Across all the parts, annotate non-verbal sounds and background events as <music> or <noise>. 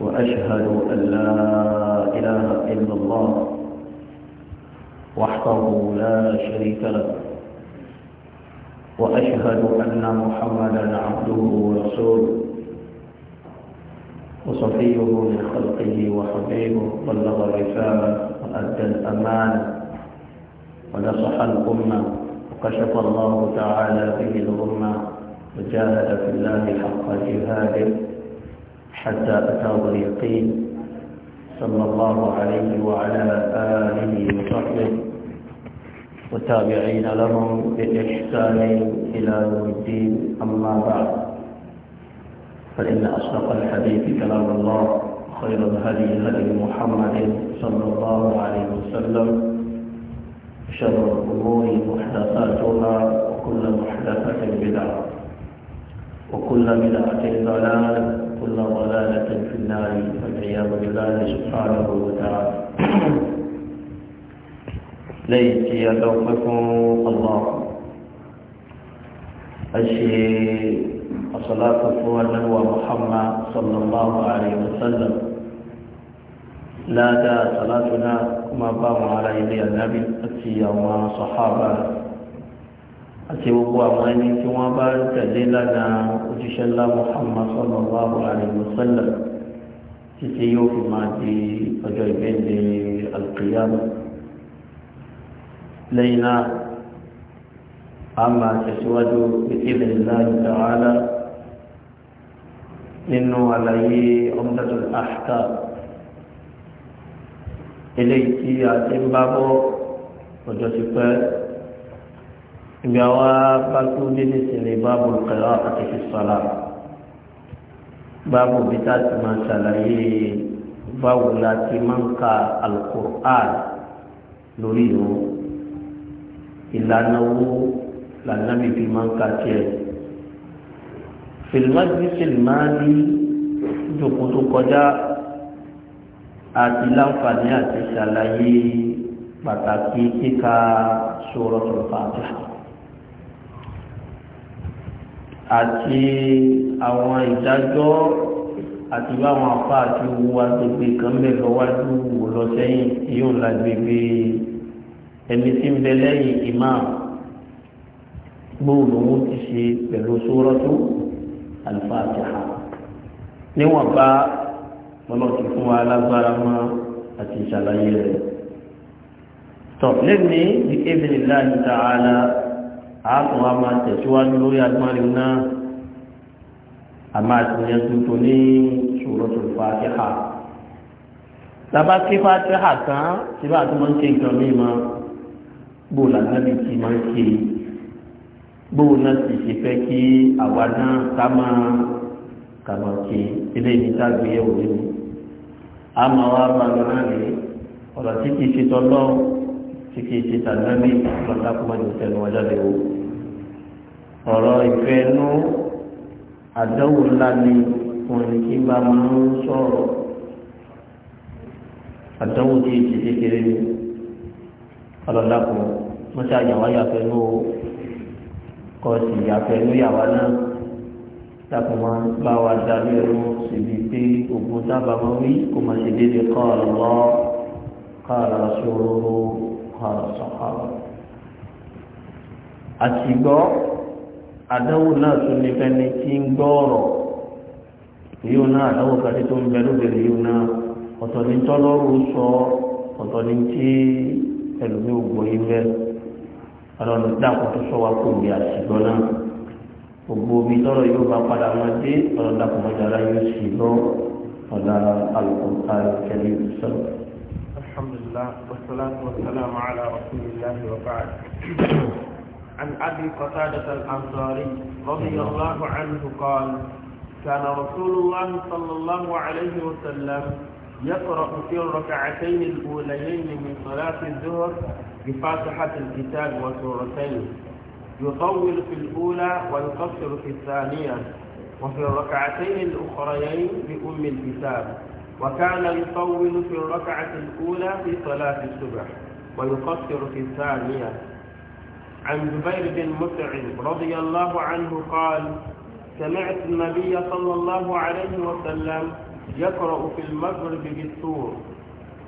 وأشهد أن لا إله إلا الله وحده لا شريك له وأشهد أن محمدا عبده ورسوله وصفيه من خلقه وحبيبه بلغ الرسالة وأدى الأمانة ونصح الأمة وكشف الله تعالى به الغمة وجاهد في الله حق جهاده حتى أتاه اليقين صلى الله عليه وعلى آله وصحبه وتابعين لهم بإحسان إلى يوم الدين أما بعد فإن أصدق الحديث كلام الله خير الهدي هدي محمد صلى الله عليه وسلم شر الأمور محدثاتها وكل محدثة بدعة وكل بدعة ضلالة كل ضلالة في النار والعياذ بالله سبحانه وتعالى ليس يدوقكم الله أشي الصلاة فوالا ومحمد صلى الله عليه وسلم لا دا صلاتنا كما قام على يدي النبي أتي صحابه àti gbogbo àwọn ẹni tí wọ́n bá tẹ̀lé lánàá òjíṣẹ́ ńlá Muhammad sallallahu alaihi wasallam títí yóò fi máa di ọjọ́ ìgbẹ́ǹde alqiyama lẹ́yìn náà a máa tẹ̀síwájú ìdílé láì ta'ala nínú àlàyé Umdatul Ahkam eléyìí tí a ti ń bá bọ́ ọjọ́ ti pẹ́ ìgbà wa bá tó dédé sílẹ̀ báàbò kẹrọ àti ìsọ̀lá báàbò bí tá a ti máa ṣàlàyé báwo la ti máa ń ka alukur'an lórí ìlú ìlànà wo lànà mi fi máa ń ka tiẹ̀ fìlímọ́tì fìlímọ́tì jòkó tó kọjá àti láǹfààní àti ṣàlàyé pàtàkì kíka suratul Fatiha àti àwọn ìdájọ́ àti báwọn afá àti owó agbègbè kan bẹ̀ lọ́wájú wò lọ sẹ́yìn yóò lágbègbè ẹni tí ń bẹ lẹ́yìn imam gbóòlù wọn ti ṣe pẹ̀lú sórọ́tò al-Fatiha níwọ̀n bá lọ́nà ti fún wa lágbára mọ́ àti ìṣàlàyé rẹ̀ tọ̀ lẹ́ni bí ebìnrin láti ta'ala àákùn wa máa tẹ̀síwájú lórí agbárin náà a máa tìyẹn tuntun ní Suratul Fatiha tàbá kí Fatiha tán tí bá tó máa ń ṣe nǹkan mí ma bó lànàbí ti máa ń ṣe bó náà sì ṣe fẹ́ kí àwa náà ká máa ká máa ṣe eléyìí tá a gbé yẹ̀wò nínú a máa wá bá lọ náà lè ọ̀rọ̀ tí kìí ṣe tọ́lọ́ tí kìí ṣe tàbí lọ́dá kó má jẹ́ òṣèlú ọjọ́ lè ọ̀rọ̀ ìfẹ́ inú àdánwò ńlá ni wọn ní kí bá máa ń sọ̀rọ̀ àdánwò tí èsì kékeré ni ọlọ́dàpọ̀ wọ́n ṣe àyàwó yàfẹ́ inú o kọ́ sí yàfẹ́ inú yàwá náà dàpọ̀ máa ń bá wa darí ẹnu síbi pé ògùn dábàá máa wí kò máa ṣe déédéé kọ́ ọ̀rọ̀ lọ́ kọ́ ọ̀rọ̀ sọ̀rọ̀ kọ́ ọ̀rọ̀ sọ̀rọ̀ àtìgbọ́ àdáwò náà tún ní fẹ́ni tí ń gbọ́ ọ̀rọ̀ yíò náà àdáwò kàtí tó ń bẹ lóbìnrin yíò náà ọ̀tọ̀ ní tọ́lọ́rù sọ ọ̀tọ̀ ní tí ẹlòmí ògbó yín bẹ́ ọlọ́run dàpọ̀ tó sọ wá kó bí àṣìgbọ́ náà gbogbo omi tọ́rọ̀ yóò bá padà máa dé ọ̀rọ̀ dàpọ̀ mọ́jára yóò sì lọ ọ̀dà alùpùpù kẹlẹ́ ìbùsọ̀rọ̀. alhamdulillah wa salatu wa salam ala rasulillah wa baad. عن أبي قتادة الأنصاري رضي الله عنه قال كان رسول الله صلى الله عليه وسلم يقرأ في الركعتين الأوليين من صلاة الظهر بفاتحة الكتاب وسورتين يطول في الأولى ويقصر في الثانية وفي الركعتين الأخريين بأم الكتاب وكان يطول في الركعة الأولى في صلاة الصبح ويقصر في الثانية عن زبير بن مطعم رضي الله عنه قال سمعت النبي صلى الله عليه وسلم يقرأ في المغرب بالسور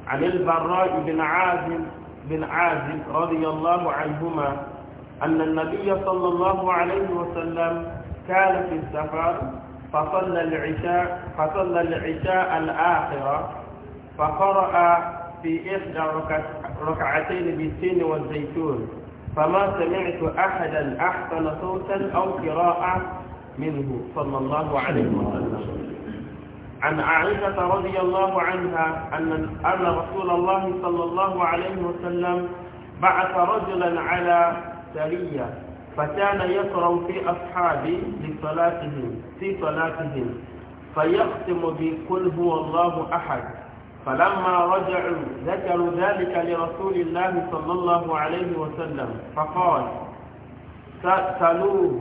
عن البراء بن عازم بن عازم رضي الله عنهما أن النبي صلى الله عليه وسلم كان في السفر فصلى العشاء فصلى العشاء الآخرة فقرأ في إحدى ركعتين بالسين والزيتون فما سمعت أحدا أحسن صوتا أو قراءة منه صلى الله عليه وسلم عن عائشة رضي الله عنها أن أن رسول الله صلى الله عليه وسلم بعث رجلا على سرية فكان يقرأ في أصحابه لصلاتهم في صلاتهم فيختم بقل هو الله أحد فلما رجعوا ذكروا ذلك لرسول الله صلى الله عليه وسلم فقال سألوه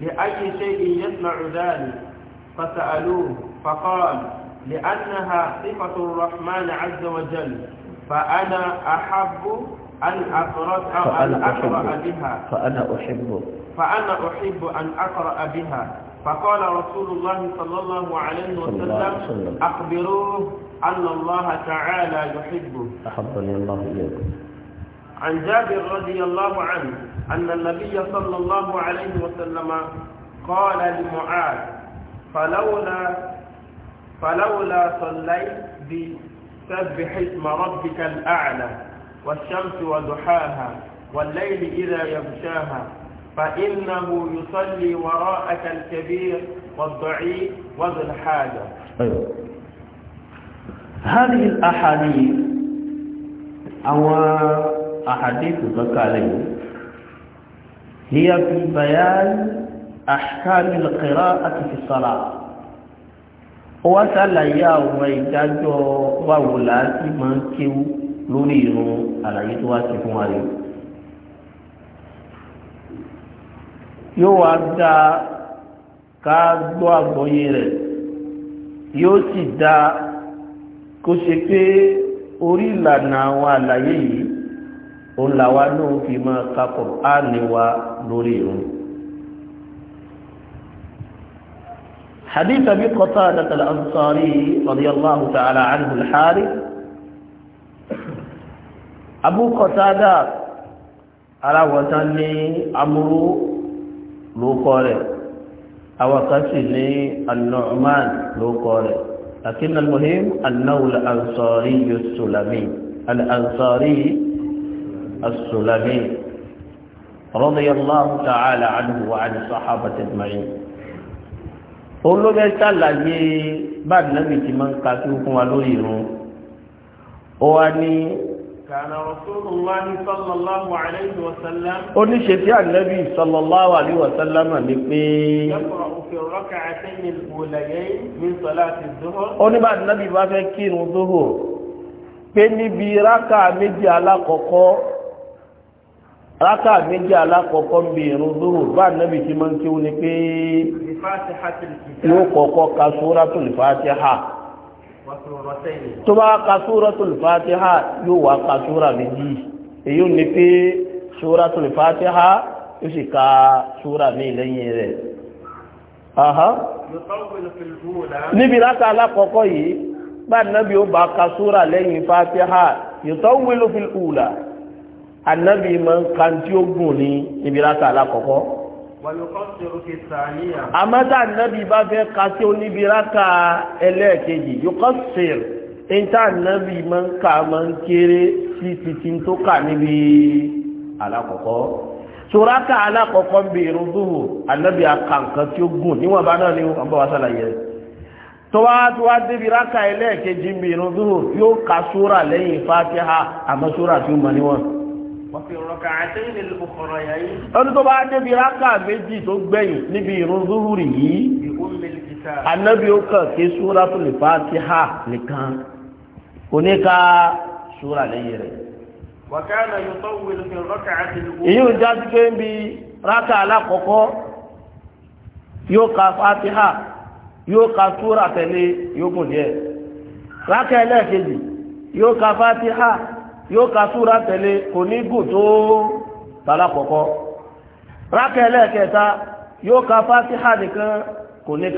لأي شيء يسمع ذلك فسألوه فقال لأنها صفة الرحمن عز وجل فأنا أحب أن أقرأ فأنا أقرأ بها فأنا أحب فأنا أحب أن أقرأ بها فقال رسول الله صلى الله عليه وسلم أخبروه أن الله تعالى يحبه أحبني الله إليكم عن جابر رضي الله عنه أن النبي صلى الله عليه وسلم قال لمعاذ فلولا فلولا صليت بسبح اسم ربك الأعلى والشمس وضحاها والليل إذا يغشاها فإنه يصلي وراءك الكبير والضعيف وذو الحاجة أيوة. هذه الأحاديث أو أحاديث الزكالين هي في بيان أحكام القراءة في الصلاة وسألي ويجاج وولاتي من كيو لولينو على يتواتي فماري يوعد كاغبو أبويري yóò sì dá kó ṣe pé orí ìlànà àwọn àlàyé yìí òun làwa náà fi máa ka Kùránì wa lórí ìrun حديث أبي قتادة الأنصاري رضي الله تعالى عنه الحارث Abu Qatada aláwọ̀tán ní amúrú lókọ rẹ̀ àwọn kan sì ní An-Nu'man lókọ rẹ̀ لكن المهم أنه الأنصاري السلمي الأنصاري السلمي رضي الله تعالى عنه وعن صحابة أجمعين olóògbé ما bá nàbì tí máa ń ka kí ó fún ó ní ṣe tí ànábì sallallahu alaihi wa sallam ní pé ó ní bá ànábì bá fẹ́ kírun zuhur pé níbi rákà méjì alákọ̀ọ́kọ́ rákà méjì alákọ̀ọ́kọ́ ń bí irun zuhur bá ànábì tí máa ń kíw ní pé yóò kọ́kọ́ ka suratul Fatiha tó bá ka suratul fatiha yóò wá ka sura méjì èyí ni pé suratul fatiha yóò sì ka sura mi lẹ́yìn rẹ̀ níbi láta alákọ̀ọ́kọ́ yìí bá nábi ó bá ka sura lẹ́yìn fatiha yutawwilu fil ula annabi man kan tí ó gùn ní níbi láta alákọ̀ọ́kọ́ àmọ́tà nàbí bá fẹ́ ka tí ó níbi ráka ẹlẹ́ẹ̀kejì yukọ́sìr níta nàbí máa ń kà máa ń kéré sí títí tó kà níbi alákọ̀ọ́kọ́ soraka alákọ̀ọ́kọ́ ń bi irun dùhù tí ó gùn níwọ̀n bá náà ni wọ́n bá wa ṣàlàyé tọ́wá tó wá débi ráka ẹlẹ́ẹ̀kejì ń bi irun yóò ka sóra lẹ́yìn fatiha àmọ́ sóra tí ó mọ̀ níwọ̀n ọdún tó bá débi rákà méjì tó gbẹ̀yìn níbi ìrun zuhuri yìí anabi ó kàn ké súra tó lè Fatiha nìkan oníka súra lẹ́yìn rẹ̀. èyí ò jáde pé ń bi rákà alákọ̀ọ́kọ́ yóò ka Fatiha yóò ka súra tẹ̀lé yóò kùn díẹ̀ rákà ẹlẹ́ẹ̀kejì yóò ka Fatiha. yóò ka súra tẹ̀lé kò ní gùn tó tàlà kọ̀kọ́ rákẹ́lẹ́ kẹta yóò ka fásíhà nìkan kò ní ka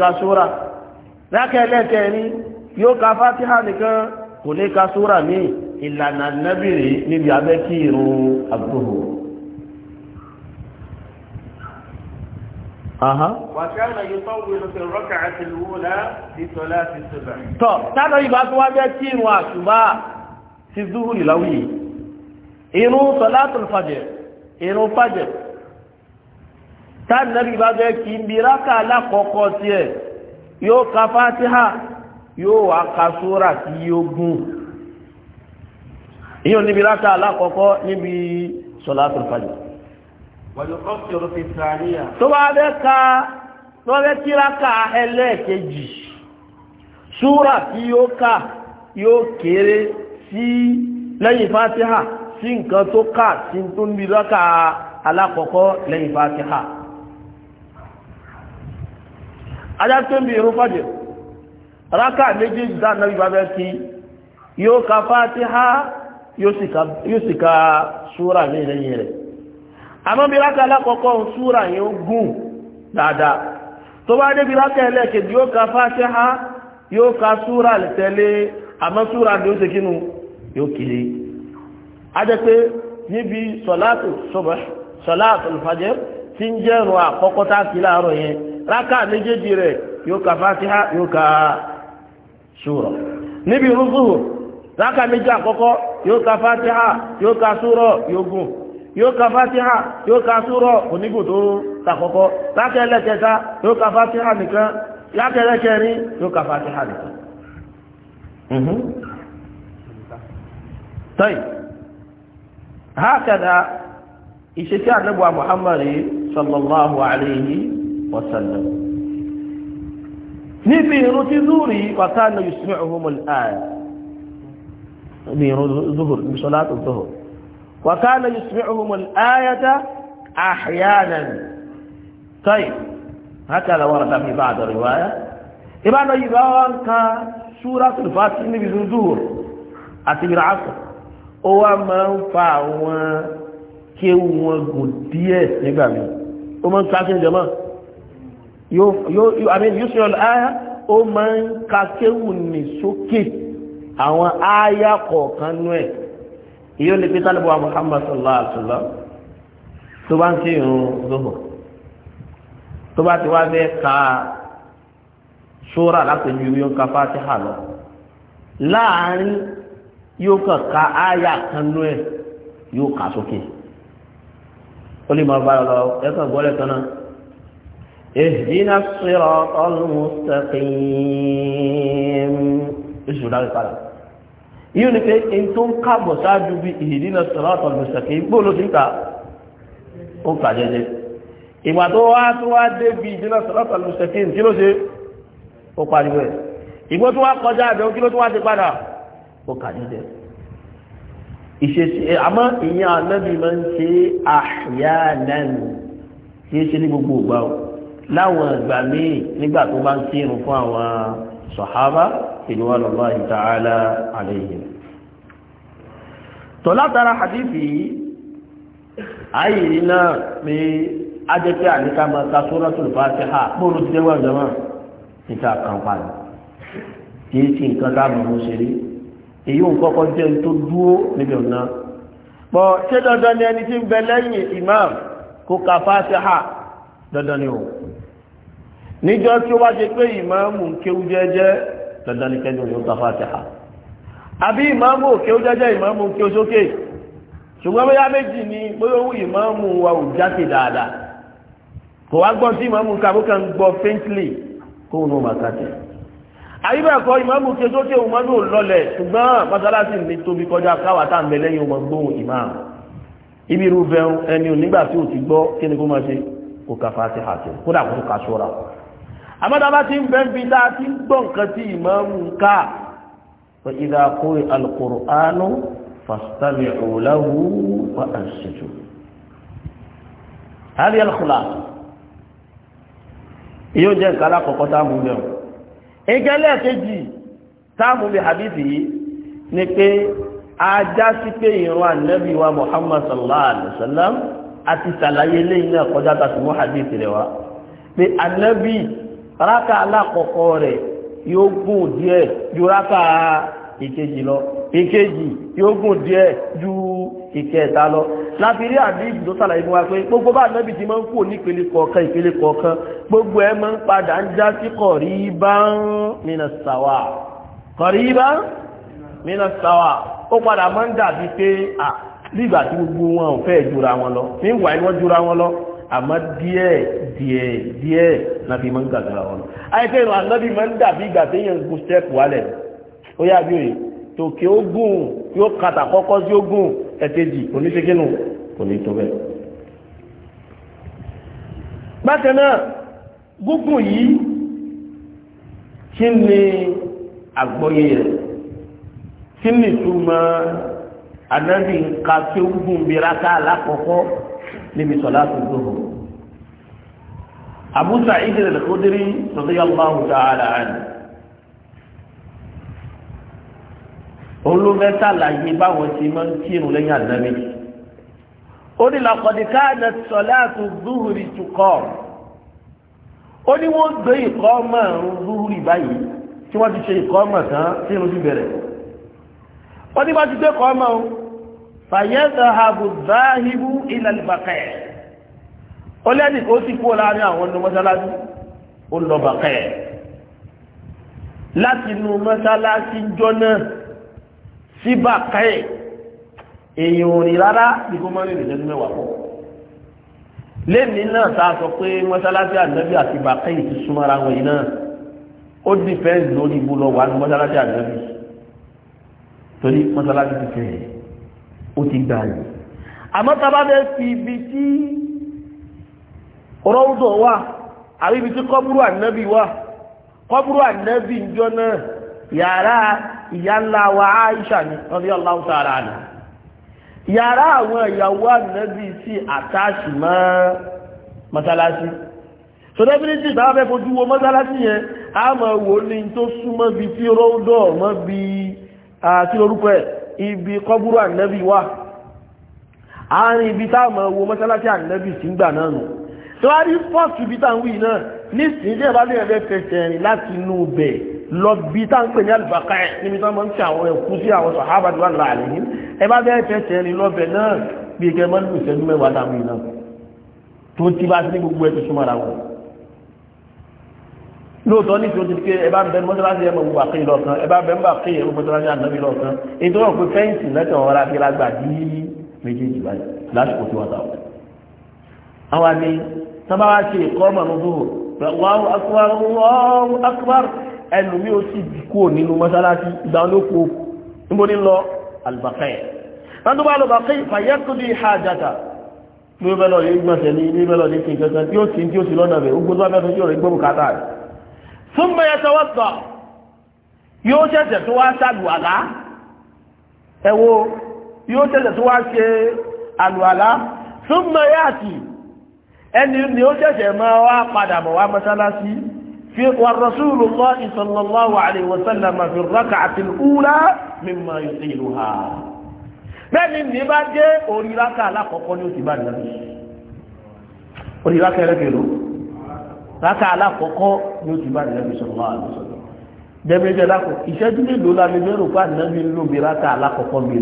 ka fásíhà nìkan kò ní ka súra ní ìlànà nẹ́bìrì níbi abẹ́ kí irun àgbòhò. Wàkánà yóò tọ́wọ́ ìlúfẹ́ sí zuhuri láwùyí irun salatul fajr irun fajr táàbí nàbí bá bẹ́ẹ̀ kí n bí rákà alákọ̀ọ́kọ́ tiẹ̀ yóò ka fatiha yóò wá ka sóra sí yóò gùn ìyẹn níbi rákà alákọ̀ọ́kọ́ níbi salatul fajr tó bá bẹ́ ka tó bẹ́ kí rákà ẹlẹ́ẹ̀kejì súra tí sí lẹ́yìn fatiha sí nǹkan tó kà sí tó ń bi rákà alákọ̀ọ́kọ́ lẹ́yìn fatiha ajá tó ń bi irun fàjẹ̀ rákà méjèèjì ka fatiha yóò sì ka súra ní lẹ́yìn rẹ̀ àmọ́ bí rákà alákọ̀ọ́kọ́ súra yẹn gùn dáadáa tó bá dé bí rákà ẹlẹ́kẹ̀ẹ́ yóò ka fatiha yóò ka súra tẹ̀lé àmọ́ súra ni ó yóò kiri níbi sọ̀láàtù sọ̀bọ̀ sọ̀láàtù fàjẹ́ tí ń jẹ́ ìrun àkọ́kọ́ tá a kí láàárọ̀ yẹn rákà méjèèjì rẹ̀ yóò ka yóò ka sùrọ̀ níbi rúzùhù rákà méjì àkọ́kọ́ yóò ka fatiha yóò ka sùrọ̀ yóò gùn yóò ka fatiha yóò ka onígùn tó rákà ẹlẹ́kẹta yóò ka fatiha nìkan rákà ẹlẹ́kẹrin yóò ka nìkan. Mhm. طيب هكذا إشتاء نبوة محمد صلى الله عليه وسلم نبي رتذوري وكان يسمعهم الآن نبي ظهر بصلاة الظهر وكان يسمعهم الآية أحيانا طيب هكذا ورد في بعض الرواية إبانا كان سورة الفاتحة نبي ظهور أتبر عصر ó wá máa ń fa àwọn kéwù wọn gùn díẹ̀ nígbà mi ó máa ń ká kéwù jọmọ́ yóò áyá ó máa ń ka kéwù ní sókè àwọn áyá kọ̀ọ̀kan nú ẹ̀ ìyóò lè pété àlùbọ̀ Muhammad sallallahu alaihi sallam tó bá ń kí irun lóhùn tó bá ti wá fẹ́ ka sóra lápẹ̀jú yóò ń ka fátíhà lọ láàárín yóò kàn ka áyà kanú ẹ̀ yóò kà sókè ó lè máa bá lọ ẹ̀kọ́ gbọ́lẹ̀ kan náà ihdina siratal mustaqim ìṣù dáre padà yíò ní pé in tó ń kàbọ̀ sáájú bí ihdina siratal mustaqim gbóòlò sí ìta ó kà jẹjẹ ìgbà tó wá tó wá dé bí ihdina siratal mustaqim kí ló ṣe ó pariwo ẹ̀ ìgbà tó wá kọjá àbẹ̀ kí ló tó wá ti padà ó kà ní dẹ̀ ìṣesí àmọ́ ìyẹn ànábì máa ń ṣe ahyanan kì í ṣe ní gbogbo ìgbà o láwọn ìgbà míì nígbà tó bá ń kírun fún àwọn sàhábà ridwanullahi ta'ala alayhim tó látara hadithi ayìí náà pé ajẹ́pẹ́ àníká máa ta suratul Fatiha bóòlù ti dẹ́wọ̀ jọmọ́ níta kan pa kì í ṣe nǹkan táàbù mú ṣe rí èyí ń kọ́kọ́ jẹ́ tó dúó níbi ọ̀nà pọ̀ ṣé dandan ni ẹni tí ń bẹ lẹ́yìn imam kó ka ha?" dandan ni o níjọ́ tí ó wá ṣe pé kéwú jẹ́jẹ́ dandan ni ka àbí kéwú kéwú sókè ṣùgbọ́n bóyá méjì ni bóyá owó wa ò jáde dáadáa kò wá gbọ́n sí àyíbẹ̀kọ́ ìmáàmù ké sókè òmọ́nù lọlẹ̀ ṣùgbọ́n mọ́sálásí ní tóbi kọjá káwàtà ń bẹ lẹ́yìn ọmọ gbóhùn ìmáàmù ibi irú bẹun ẹni ò nígbà tí ò ti gbọ́ kí ni kó máa ṣe kò kàfà ti hàtì kódà kó ká ṣọ́ra àmọ́tàbá ti ń bẹ́ ń bi dá ti ń gbọ́ nǹkan tí ìmáàmù ń ká fa idha quri al-Qur'anu fastami'u lahu wa ansitu hali al-khulasa yóò jẹ́ nǹkan alákọ̀ọ́kọ́ ìgẹ́lẹ̀ kejì táàmù bí hadith yìí ni pé ajá sí pé ìran ànábì wa muhammad sallallahu alaihi wasallam àti sàlàyé lẹ́yìn náà kọjá tàbí mú hadith rẹ̀ wá pé ànábì rákà alákọ̀ọ́kọ́ rẹ̀ yóò gùn díẹ̀ ju rákà ìkejì lọ ìkejì yóò gùn díẹ̀ ju ìkẹta lọ láti rí àdíjì tó sàlàyé fún wa pé gbogbo bá nẹ́bì ti máa ń kú ní ìpele kọ̀ọ̀kan ìpele kọ̀ọ̀kan gbogbo ẹ máa ń padà ń já sí qariban minas sawa qariban minas sawa ó padà máa ń dàbí pé à nígbà tí gbogbo wọn ò fẹ́ jura wọn lọ níwà ni àmọ́ díẹ̀ díẹ̀ díẹ̀ náà fi máa ń gàgàrà wọn lọ ìrọ̀ ànábì máa ń dàbí ìgbà téèyàn wálẹ̀ ó yà bí òye tòkè ó gùn yóò kàtà kọ́kọ́ tí ó gùn ẹ̀kejì oníṣekínú kò ní tó bẹ́ẹ̀. bákan náà gúngùn yìí kí ni àgbọ́yé rẹ̀ kí ni ìtumọ̀ anabi nka tí ó gùn bí raka alákọ̀ọ́kọ́ níbi sọ̀lá tó gbòòrò. Abu Sa'id al-Khudri radiyallahu ta'ala anhu olùfẹ́ sàlàyé báwọn ti máa ń kírun lẹ́yìn ànábì ó ní làkọ̀díkà àná sọ̀láàtù zuhuri tukọ̀ ó ní wọ́n gbé ìkọ́ márùn-ún zuhuri báyìí tí wọ́n ti ṣe ìkọ́ mọ̀ tán tí irun ti bẹ̀rẹ̀ ó ní wọ́n ti gbé ìkọ́ mọ̀ fàyẹ́sà àbù záhìbù ilẹ̀ ìbàkẹ́ ó lẹ́nì kó sì kú láàrin àwọn ọdún mọ́sálásí ó lọ bàkẹ́ látinú mọ́sálásí jọ náà sí bá káyẹ̀ èyàn ò ní rárá bí kó máa ń rìn lẹ́nu mẹ́wàá pọ̀ lẹ́ni náà tá a sọ pé mọ́sálásí ànábì àti bá káyẹ̀ ti súnmọ́ ara wọn yìí náà ó dìfẹ́ǹsì lórí ibo lọ wà ní mọ́sálásí ànábì torí mọ́sálásí ti fẹ́ ó ti gbà yìí àmọ́ tá bá fẹ́ fi ibi tí rọ́ńdọ̀ wà àbí ibi tí kọ́búrú ànábì wà kọ́búrú ànábì ń jọ náà yàrá ìyá ńlá wa Aisha ni radiyallahu ta'ala anha yàrá àwọn ìyàwó ànábì sí àtàṣì mọ́ mọ́sálásí so definitely bá fẹ́ fojú wo mọ́sálásí yẹn a mọ̀ wò ní tó súnmọ́ bí tí rọ́ọ̀dọ̀ mọ́ bí kí lórúkọ ẹ̀ ibi kọ́búrú ànábì wà àárín ibi tá mọ̀ wo mọ́sálásí ànábì sí gbà náà nù tó wá rí pọ́ọ̀tù ibi tá ń wí náà nísìnyí jẹ́ ìbálẹ̀ ẹ̀fẹ́ fẹsẹ̀ rìn láti inú bẹ̀ẹ́ lọ bí tá ń pè ní àlùbáká ẹ̀ níbi tán máa ń ṣe àwọn ẹ̀kú sí àwọn sàhábà tó wà láàrin ní ẹ bá bẹ́ẹ̀ fẹ́ tẹ̀lé lọ́bẹ̀ náà bí kẹ mọ́ lù sẹ́nu mẹ́wàá dáhùn iná tó ti bá sí ní gbogbo ẹ̀tọ́ súnmọ́ ara wọn. lóòótọ́ ní ìṣòro ti pé ẹ bá bẹ mọ́tàlásí Allahu akbar Allahu akbar ẹlòmí ó sì kúrò nínú mọ́sálásí ìgbàlókò níbo ní albaqi wọ́n tó bá lo baqi fàyẹ́kùdì hajjata ní ó bẹ́lọ̀ yìí gbọ́nsẹ̀ n'i ní bẹ́lọ̀ ní kìí kankan tí ó sì tí ó sì lọ́nà rẹ̀ o gbọ́dọ̀ abẹ́fẹ́ me ó rẹ̀ gbọ́bù ẹni ni ó ṣẹ̀ṣẹ̀ máa wá padà bọ̀ wá mọ́sálásí fi wa rasulullah sallallahu alaihi wa sallam fi raka'ati al-ula mimma yutiluha bẹ́ẹ̀ni ní bá dé oríláka alákọ̀ọ́kọ́ ní oṣù bá nàbí oríláka ẹlẹ́kẹ̀ẹ́lú láka alákọ̀ọ́kọ́ ní bá nàbí sallallahu alaihi wa sallam jẹ́mẹ́jẹ́ lákò ìṣẹ́jú mélòó la ní mẹ́rù pa nàbí lóbi láka alákọ̀ọ́kọ́ mi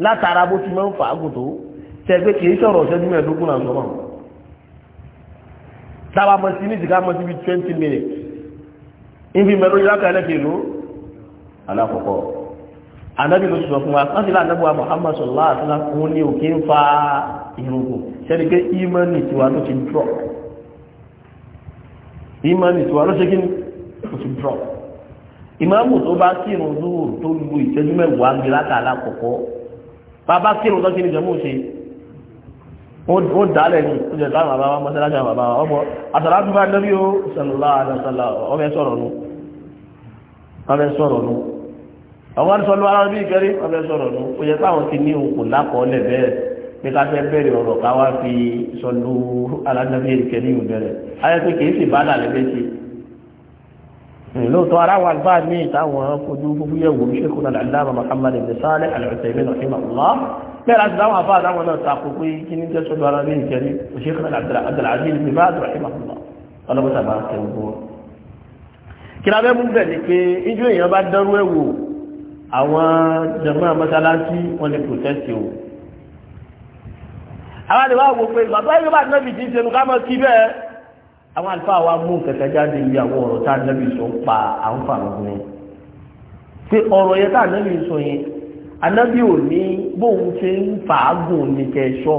látara bó ti máa ń fàágùn tó tẹgbẹ́ kìí sọ̀rọ̀ ṣẹ́jú mẹ́ẹ̀ẹ́dógún náà sọ̀rọ̀ mọ̀ sí ní mọ̀ sí bí 20 minutes ibi mẹ́rọ ìlàkà ẹlẹ́kẹ̀ ìlú alákọ̀ọ́kọ́ anábì ló sọ fún wa láti lá wa Muhammad sọ̀lá àtúnlá fún ní òkè ń fa ìrùnkùn sẹ́ni pé ìmọ̀nì tiwa ló ti ìmọ̀nì tiwa ló ṣe kí ló ti tó bá kírun tó lu mẹ́wàá bàbá kírun tó kí ni jẹ̀mú ṣe ó dálẹ̀ ní ó jẹ̀ láwọn bàbá mọ́sálásí àwọn bàbá ọmọ àtàlátù bá lórí ó sallallahu alaihi wasallam ọmọ ẹ sọ̀rọ̀ nù ọmọ ẹ sọ̀rọ̀ nù ọmọ ẹ sọ̀rọ̀ ara bí ìkẹrí ọmọ ẹ sọ̀rọ̀ nù ó yẹ káwọn ti ní òkú lákọọ́lẹ̀ bẹ́ẹ̀ pé ká fẹ́ bẹ̀rẹ̀ ọ̀rọ̀ káwá fi sallu ala nabi ìkẹrí ìbẹ̀rẹ̀ ayẹ́ pé kì í sì bá dà lẹ́gbẹ̀ẹ́ Hmm, lóòótọ́ ara wà bá mi ìtàwọn kojú fúfú yẹ wò ṣe kúrò aláàbà Muhammad ibn Salih al-Uthaymin rahimahullah bẹ́ẹ̀ láti dáwọn afá àdáwọn náà ta kò pé kí ní jẹ́ sọ́dọ̀ ara ní ìjẹ́rí òṣèlú kúrò Abdul-Aziz ibn Baz rahimahullah ọlọ́pàá bá tẹ̀ wọ́n. kí lábẹ́ mú bẹ̀ ni pé ijó èèyàn bá dánrú ẹ̀ wò àwọn jẹ̀mọ́ mọ́sálásí wọn lè protesti o. àwọn àdìbò àwọn òpin bàbá yóò bá àwọn àlùfáà wa mú kẹ̀kẹ́ jáde ibi àwọn ọ̀rọ̀ tá ànábì sọ ń pa àǹfààní ni pé ọ̀rọ̀ yẹn tá ànábì sọ yẹn ànábì ò ní bóun ṣe ń fàágùn ní kẹṣọ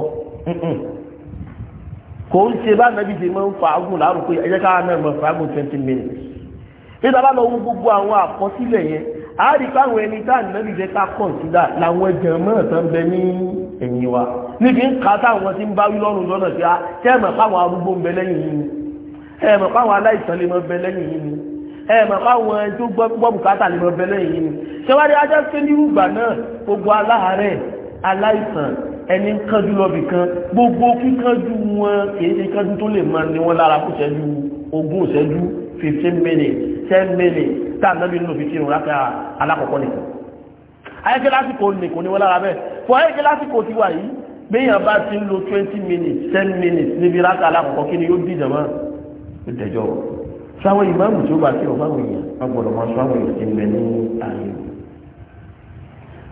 kò ń ṣe bá ànábì ṣe máa ń fàágùn láàrú pé ẹjẹ káwọn náà máa fàágùn twenty minutes nígbà bá lọ wú gbogbo àwọn àkọsílẹ̀ yẹn a rí káwọn ẹni tá ànábì jẹ́ ká kọ̀ǹsídà làwọn ẹ̀jẹ̀ mọ́ràn tán bẹ ní ẹ̀yìn wa níbi ń ka táwọn ti ń bá wí lọ́rùn lọ́nà sí a tẹ́ẹ̀mọ̀ ẹ mọ̀ fáwọn aláìsàn lè mọ bẹ lẹ́yìn yìí ni ẹ mọ̀ fáwọn tó gbọ́ bùkátà lè mọ bẹ lẹ́yìn yìí ni ṣẹwádìí ajá pé nírú ìgbà náà gbogbo aláàárẹ̀ aláìsàn ẹni ń kánjú lọ́bì kan gbogbo kíkánjú wọn kìí ṣe kánjú tó lè máa ní wọn lára kó ṣẹ́jú ogún ṣẹ́jú fifteen minutes ten minutes tá a nábì nínú fifteen rákà alákọ̀ọ́kọ́ nìkan ayẹ́kẹ́ lásìkò nìkan ní wọn lára bẹ́ẹ̀ fọ ayẹ́kẹ́ lásìkò ti wà yìí gbéyàn bá ti ń lo twenty minutes ten minutes níbi rákà alákọ̀ọ́kọ́ kí ni yóò dìjàmọ́ ìtẹ̀jọ́ sáwọn ìmáàmù tí ó bá kí ọ̀fáwọn èèyàn wọ́n gbọ́dọ̀ máa sọ àwọn èèyàn tí ń bẹ ní ààyè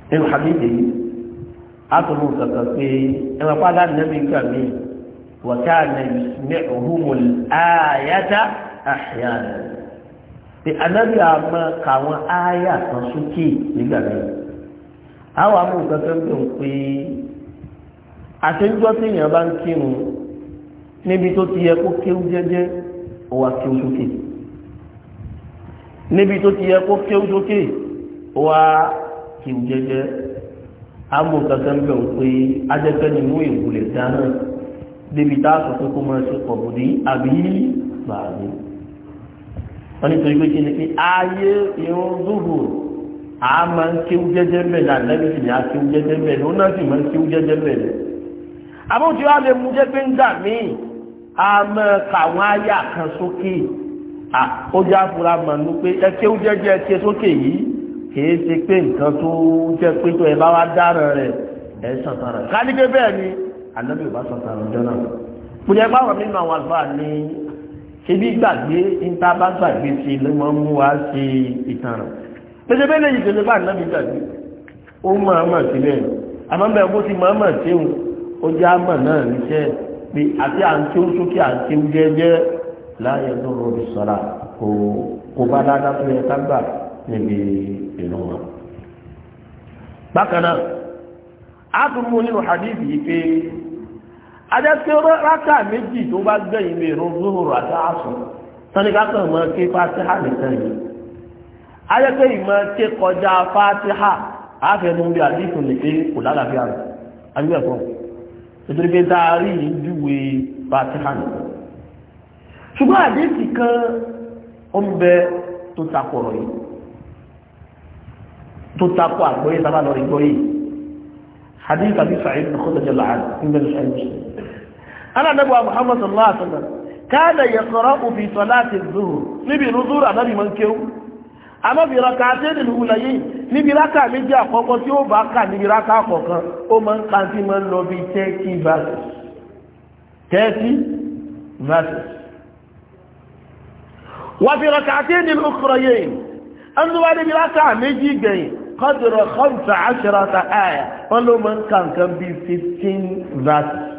nínú hadith yìí àtúnú kankan pé ẹ máa pàdé ànábì gbà mí wa kana yusmi'uhumul ayata ahyana pé ànábì àmọ́ kàwọn áyà kan sókè nígbà mí àwọn àmọ́ kankan bẹ̀ ń pé àtẹnudọ́ tí èèyàn bá ń kírun níbi tó ti yẹ kó kéwú jẹ́jẹ́ ó wá kí ó sókè níbi tó ti yẹ kó kí ó sókè ó wá kí ó jẹ́jẹ́ amú kankan bẹ̀ ń pé ajẹ́kẹ́ ni mú ìwúlẹ̀ dáná débi tá a kó máa ṣe pọ̀bùdí àbí bàbí wọ́n ní pé kí ni pé ayé irun dúró a máa ń kí ó jẹ́jẹ́ bẹ̀ ní àdẹ́bìsì ni a kí ó jẹ́jẹ́ ó náà sì máa ń kí ó jẹ́jẹ́ bẹ̀ ní àbójú á lè mú jẹ́ pé ń gbà míì a máa kàwọn àyà kan sókè ó jẹ́ àfúrà mọ̀ ní pé ẹkẹ́ ó jẹ́jẹ́ ẹkẹ́ sókè yìí kìí ṣe pé nǹkan tó jẹ́ pé tó ẹ bá wá dára rẹ̀ ẹ̀ sọ̀tàrà kálíkẹ́ bẹ́ẹ̀ ni ànábì ò bá sọ̀tàrà ọjọ́ náà kò jẹ́ báwọn nínú àwọn àlùfáà ní ṣebí gbàgbé níta bá gbàgbé ṣe ló máa mú wa ṣe ìtàn pẹ̀lẹ́pẹ́ lẹ́yìn tó ṣe bá ànábì gbàgbé ó máa mà síbẹ̀ àmọ́ bẹ́ẹ̀ bó ti máa mà ṣéun ó jẹ́ àmọ̀ náà níṣẹ́ pé àti à sókè tó rọ bí kò tó yẹ ká níbi ìlú wọn. bákan a nínú hadith yìí pé adẹ́sẹ̀ rákà méjì tó bá gbẹ̀yìn lè rún lóhùrù àti àṣọ tọ́ni ká kàn mọ́ ké fatiha nìkan yìí adẹ́sẹ̀ ké kọjá fatiha àdìsùn nìkan kò lálàáfíà rẹ̀ nítorí pé dáàrí ìjúwe Fatihan ṣùgbọ́n àdéhìí kan ó ń bẹ tó takọ̀rọ̀ yìí tó takọ̀ àgbọ́yé sábà lọ ìgbọ́ yìí hadith tàbí sa'id ní kọ́tà jẹ́ láàrín nígbẹ̀ sa'id aládàbọ̀ Muhammad sallallahu alaihi wasallam àmọ́ bí raka àtẹ́lẹ̀ ló wùlọ yìí níbi raka méjì àkọ́kọ́ tí ó bá kà níbi raka kọ̀ọ̀kan ó máa ń ka tí máa ń lọ bí thirty verses thirty verses. wà bí raka àtẹ́lẹ̀ ló kọ̀rọ̀ yìí ẹni wá níbi raka méjì gbẹ̀yìn kọ́dùrọ̀ khamsa ashrata àyà wọ́n ló máa ń ka nǹkan bí fifteen verses.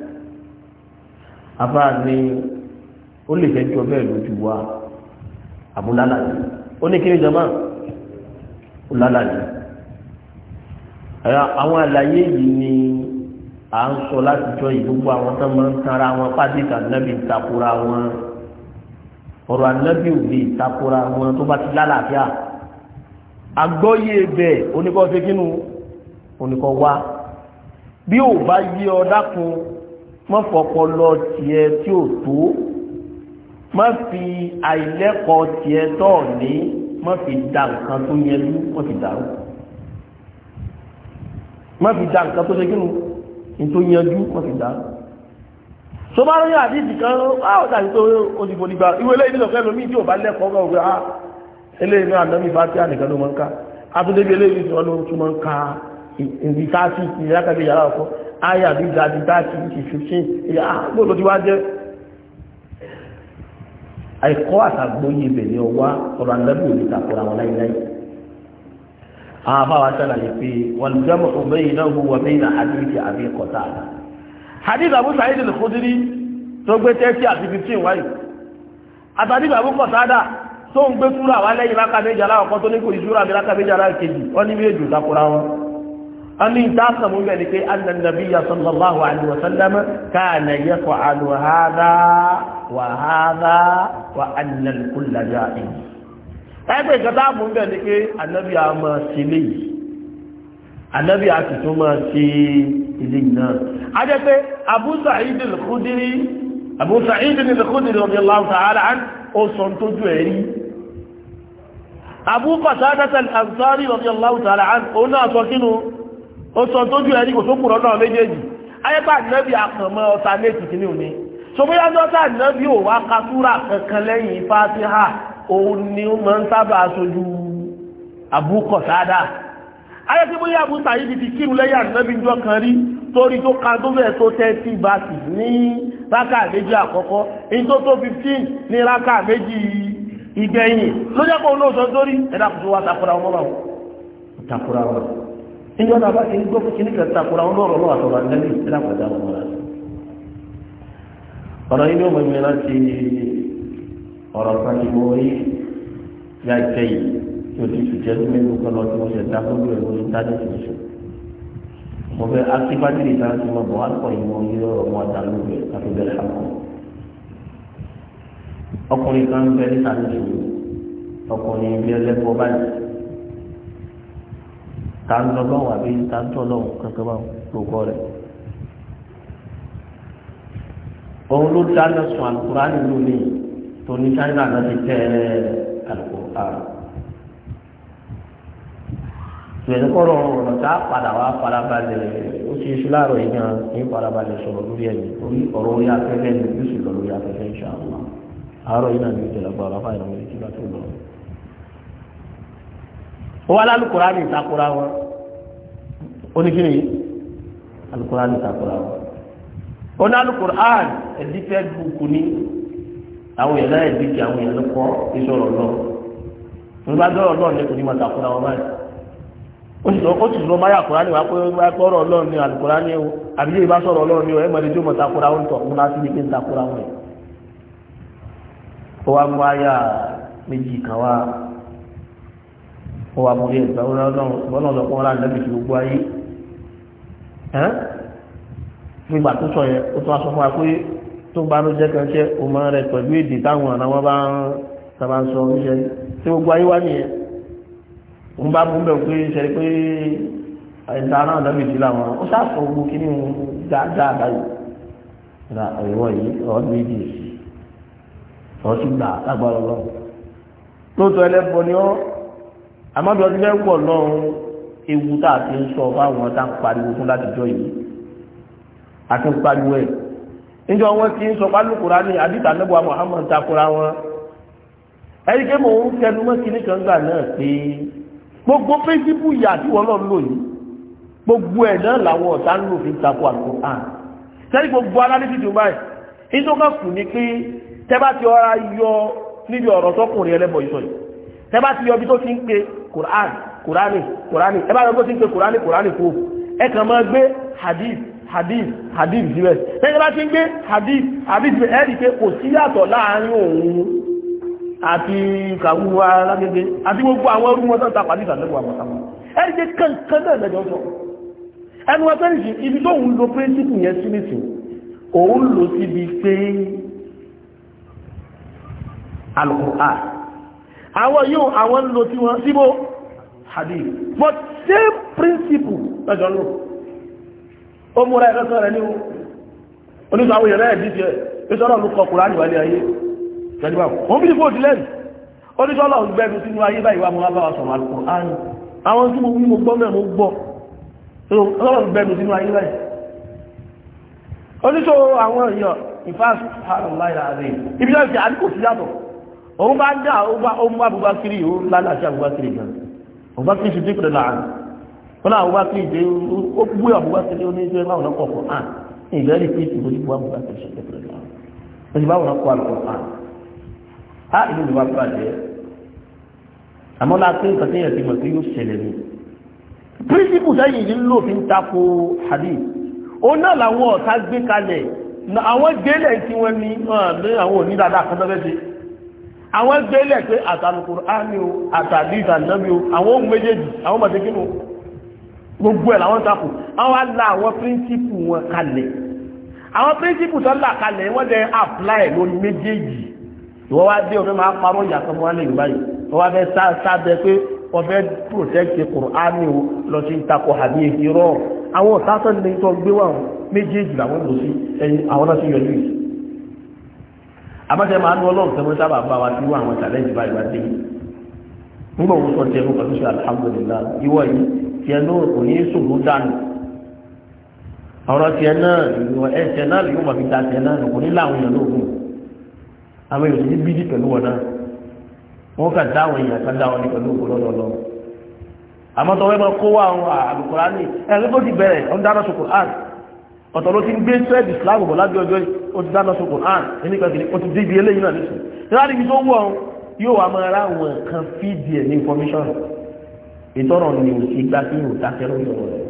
afá ni ó lè fẹ́ jọ bẹ́ẹ̀ lójú wa abulala ni ó ní kíni jama ó ni àwọn àlàyé yìí ni à ń sọ láti jọ ìgbógbó àwọn tó máa ń tanra wọn pàdé tàbí ìtakùrà wọn ọ̀rọ̀ ànábì ò lè takora wọn tó bá ti lálàáfíà agbọ́yé ẹbẹ̀ oníkọ́ ṣe oníkọ́ wá bí ò bá yí ọ dákun má fọpọlọ tiẹ̀ tí ò tó má fi àìlẹ́kọ̀ọ́ tiẹ̀ tọ̀ ní má fi da nǹkan tó yẹ lú má fi dàrú má fi da nǹkan tó ṣẹ́gun ní tó yanjú má fi dàrú tó bá rí àdíjì kan áwọ̀ tàbí tó òdìbò nígbà ìwé ilé ìdílọ̀ fẹ́ lómi tí ò bá lẹ́kọ̀ọ́ ọgbà ọgbà á eléyìí náà àdámì bá tí ànìkan ló máa ń ká abúdébí eléyìí tí wọ́n ló tún máa ń ka ìrìsáàtì ìrákàbí yàrá ọkọ̀ ayé àbíjọ àdìgbà ti ti fífín ìyá àgbò ah, ló ti wá jẹ́ àìkọ́ àtàgbóyè ìbẹ̀rẹ̀ ọwá ọ̀rọ̀ àdẹ́bù òní takora wọn láíláí àbáwá sálàyé pé wọn jẹ́mọ̀ ọ̀bẹ́ ìnáwó wọ̀n bẹ́yìn àdìgbà àbí kọ̀tà àdá hadith Abu Sa'id al-Khudri tó gbé tẹ́tí àti fífín wáyé àtàdìgbà àbí kọ̀tà àdá tó ń gbé súra wá lẹ́yìn lákàbẹ́jà láwọn kan tó ní kò ìṣúra mi lákàbẹ́jà lákejì wọ́n ní méjì takora wọn أمين تاسم ذلك أن النبي صلى الله عليه وسلم كان يفعل هذا وهذا وأن الكل جائز ẹgbẹ́ ìkàtà mú bẹ̀ ní pé ànábì a máa sí ilé yìí ànábì a sì tún máa sí ilé náà a jẹ́ pé Abu Sa'id al-Khudri Abu ó sọ tó jù ẹ̀rí Abu Qatada al-Ansari radiyallahu ta'ala ó náà sọ kínú ó sọ tójú ẹni kò tó kùrọ̀ náà méjèèjì ayẹ́pà nẹ́bí àkànmọ́ ọ̀tà méjì kìíní òní ṣòbóyá dọ́tà nẹ́bí ò wá ka súrà kankan lẹ́yìn fatiha òun ni ó máa ń sábà aṣojú àbúkọ̀sádà ayé tí bóyá àbúta yìí ti kírun lẹ́yìn ànẹ́bí jọ kan rí torí tó ka tó bẹ̀ tó tẹ́tí bàtì ní rákà méjì àkọ́kọ́ èyí tó tó fifteen ní rákà méjì ìgbẹ̀yìn ló jẹ́ kó olóòótọ́ sórí ẹ̀dá kò tó wá níjọ́ náà bá ti ń gbọ́ fún kí ní kẹta kura wọn lọ́rọ̀ lọ́wọ́ àtọ̀rọ̀ àgbẹ̀lẹ̀ ìsìlá pàdé àwọn ọmọ rẹ̀ ọ̀rọ̀ yìí ni ó mẹ́mẹ́ láti ọ̀rọ̀ kan ní mo rí ya ìfẹ́ yìí tí o ti fi jẹ́ lómi ló kọ́ lọ tí mo ṣe dáko lórí ẹ̀rọ íńtánẹ́ẹ̀tì mi sùn mo fẹ́ akíbádìrì ìtàn tí mo bọ̀ wá lọ́kọ̀ yìí mo yí ọ̀rọ̀ wọn dá lórí àtúbẹ̀rẹ̀ àkọ́ ọkùnrin kan bẹ ta ń lọ lọ́wọ́ àbí ta ń tọ́ lọ́wọ́ kankan bá lóko rẹ̀. òun ló dáná sun alukurani lónìí tó ní china náà ti tẹ alukurani. tùwẹ̀n kọ́rọ̀ ọ̀rọ̀ tá a padà wá farabalẹ̀ ó ti ṣe láàrọ̀ yìí gan ní farabalẹ̀ sọ̀rọ̀ lórí ẹ̀mí orí ọ̀rọ̀ orí afẹ́fẹ́ ni yóò sì lọ lórí afẹ́fẹ́ ìṣàlùmọ́ àárọ̀ yìí náà ní ìjọba àbáfáà ìrànwọ́ ìjìbá tó lọ ó wá lálùkùrá ní ìtakùrá wọn ó ni alùkùrá ní ìtakùrá wọn ó ní alùkùrá ẹ̀dífẹ́ bùkù ní àwọn èèyàn náà ẹ̀dí kí àwọn èèyàn ló kọ́ ìṣòro náà ní bá dọ́rọ̀ náà ní kò ní máa takùrá wọn báyìí ó sì sọ ó sì sọ máyà kùrá ní wàá pé wàá pé ọ̀rọ̀ Ọlọ́run ní alùkùrá ní o àbí yóò bá sọ̀rọ̀ Ọlọ́run ní o ẹ mọ̀ ní tí ó mọ̀ takùrá ó ń tọ̀ ó láti ní pé wọn. ó wá mú àyà méjì kan wá ó wà múlé ẹ̀gbà ọlọ́run lọ́pọ̀ ọlá lẹ́bí ti gbogbo ayé nígbà tó sọ yẹn ó tún aṣọ fún wa pé tó bá ló jẹ́ kan jẹ́ o máa rẹ pẹ̀lú èdè táwọn àna wọn bá ń sọ oúnjẹ tí gbogbo ayé wá nìyẹn ń bá mú bẹ̀rù pé ṣe pé ẹ̀ta náà lẹ́bí ti làwọn ó ṣàfọ gbogbo kí ni dáadáa báyìí ra ẹ̀wọ̀ yìí ọdún méjì ọtún gbà lágbára ọlọ́run lóòótọ́ ẹlẹ́bọ ni ọ́ àmọ́dọ̀ ọdún mẹ́wọ̀ náà ewu tá a ti ń sọ fáwọn tá ń pariwo fún látijọ́ yìí a ti ń pariwo ẹ̀ níjọ wọn ti ń sọ pálukùrá ní àdìtà níbo Muhammad takura wọn ẹni pé mò ń fẹnu mọ́ kíní kan gbà náà pé gbogbo píríncípù yà tí wọ́n lọ lò yìí gbogbo ẹ̀ náà làwọn ọ̀tá ń lò fi takò àkókò à sẹ́ni gbogbo alálẹ́sì tó báyìí nítorí kù ní pé tẹ́ bá ti ọ̀rá tẹ́bá ti yọ bí tó ti ń pe kùránì kùránì kùránì ẹbá yọ bí tó ti ń pe kùránì kùránì kò ẹkàn máa gbé hadith hadith hadith síbẹ̀ tẹ́bá ti ń gbé hadith hadith síbẹ̀ ẹ́rì pé kò sí yàtọ̀ láàárín òun àti kàwúwa lágbègbè àti gbogbo àwọn ọdún wọn tán tapàdé ìtàlẹ́wọ̀ àmọ́tàmọ́ ẹ́rì pé kankan náà lẹ́jọ́ sọ ẹnu ọjọ́ ìṣẹ́ ibi tó ń lo príncipù yẹn sí nìsín òun lò síbi pé al àwọn yóò àwọn ń lo tí wọ́n síbò hadith but same principle lọ́jọ́ lò o múra ẹ̀rọ sọ́rọ̀ ní oníṣọ́ àwọn èèyàn ẹ̀dí jẹ́ ìṣọ́rọ̀ ló kọ kùránì wà ní ayé jẹ́júbà wọ́n bí fò dílẹ̀ oníṣọ́ lọ gbẹ́nu sínú ayé báyìí wà mọ́ bá wa sọ̀rọ̀ àlùkò ààrùn àwọn tí mo wí mo gbọ́ mẹ́ mo gbọ́ ọlọ́rọ̀ gbẹ́nu sínú ayé báyìí oníṣọ́ àwọn èèyàn ìfáàsì àrùn láìra rẹ̀ ibi náà ti àdíkò sí yàtọ̀ òun bá dá òun bá Abubakar ó lálàáṣẹ́ Abubakar gan Abubakar ṣe dé pẹ̀lú àárín wọn náà Abubakar dé ó gbé Abubakar ó ní ìṣẹ́ láwọn ọkọ̀ fún àn ní ìgbẹ́rì pé ìṣòro ti bu Abubakar ṣe dé pẹ̀lú àárín ó ti báwọn ọkọ̀ àlùkò àn á ìlú ìlú bàbá jẹ́ àmọ́ láti ń tàtẹ́yẹ ti mọ̀ pé yóò ṣẹlẹ̀ ní pírísìpù sẹ́yìn yìí ló fi ń tako hadith ó náà làwọn ọ̀tá gbé kalẹ̀ àwọn gbélẹ̀ tí wọ́n ní àwọn onídàádà kan tó àwọn gbélẹ̀ pé àtàlùkùrù áni o àtàlì ìtànàbí o àwọn ohun méjèèjì àwọn mọ̀tẹ́kínú gbogbo ẹ̀ làwọn takò àwọn alá àwọn príncipù wọn kalẹ̀ àwọn príncipù tó là kalẹ̀ wọ́n dẹ̀ apply lórí méjèèjì ìwọ́n wá dé ọ̀fẹ́ máa parọ́ ìyàtọ̀ wọn lè gbáyìí wọ́n wá fẹ́ sábẹ́ pé ọ̀fẹ́ protect kùránì o lọ sí ìtakò àbí èdè rọ̀ àwọn ọ̀tá tó ní tó gbé wọn méjèèjì làwọn lò sí ẹ̀yìn àwọn náà sì yọjú yìí abájá máa ní ọlọ́run tẹ́wọ́n sábà bá wa tí wọ́n àwọn tàlẹ́ǹtì báyìí wá dé nígbà wọn sọ tiẹ̀ lóko àtúnṣe alhamdulilah ìwọ yìí tiẹ̀ náà kò ní í sòrò dànù ọ̀rọ̀ tiẹ̀ náà ìwọ ẹ̀ tiẹ̀ náà lè yóò máa fi da tiẹ̀ náà kò ní láwọn èèyàn lóògùn àwọn èèyàn ti bí pẹ̀lú wọn náà wọn kà dá àwọn èèyàn kan dá wọn ní pẹ̀lú òkú lọ́dọ̀ lọ àmọ́ tọ́wọ́ ẹ máa kó wá àwọn àlùkùránì ẹ̀ ló ti bẹ̀rẹ̀ ọ̀ ń dáná sùkùránì ah, ọ̀tọ̀ ló ti ń gbé sẹ́ẹ̀dì islam bọ̀ lábẹ́ ọjọ́ ó ti dáná sókò hàn nípa kìíní ó ti débi eléyìí náà nísìn ìwádìí ibi tó wù ọ́n yóò wá máa ra àwọn kan fídìí ẹ̀ ní information ìtọ́rọ̀ ni ò sí gbá sí ìrò dákẹ́ lórí ọ̀rọ̀ rẹ̀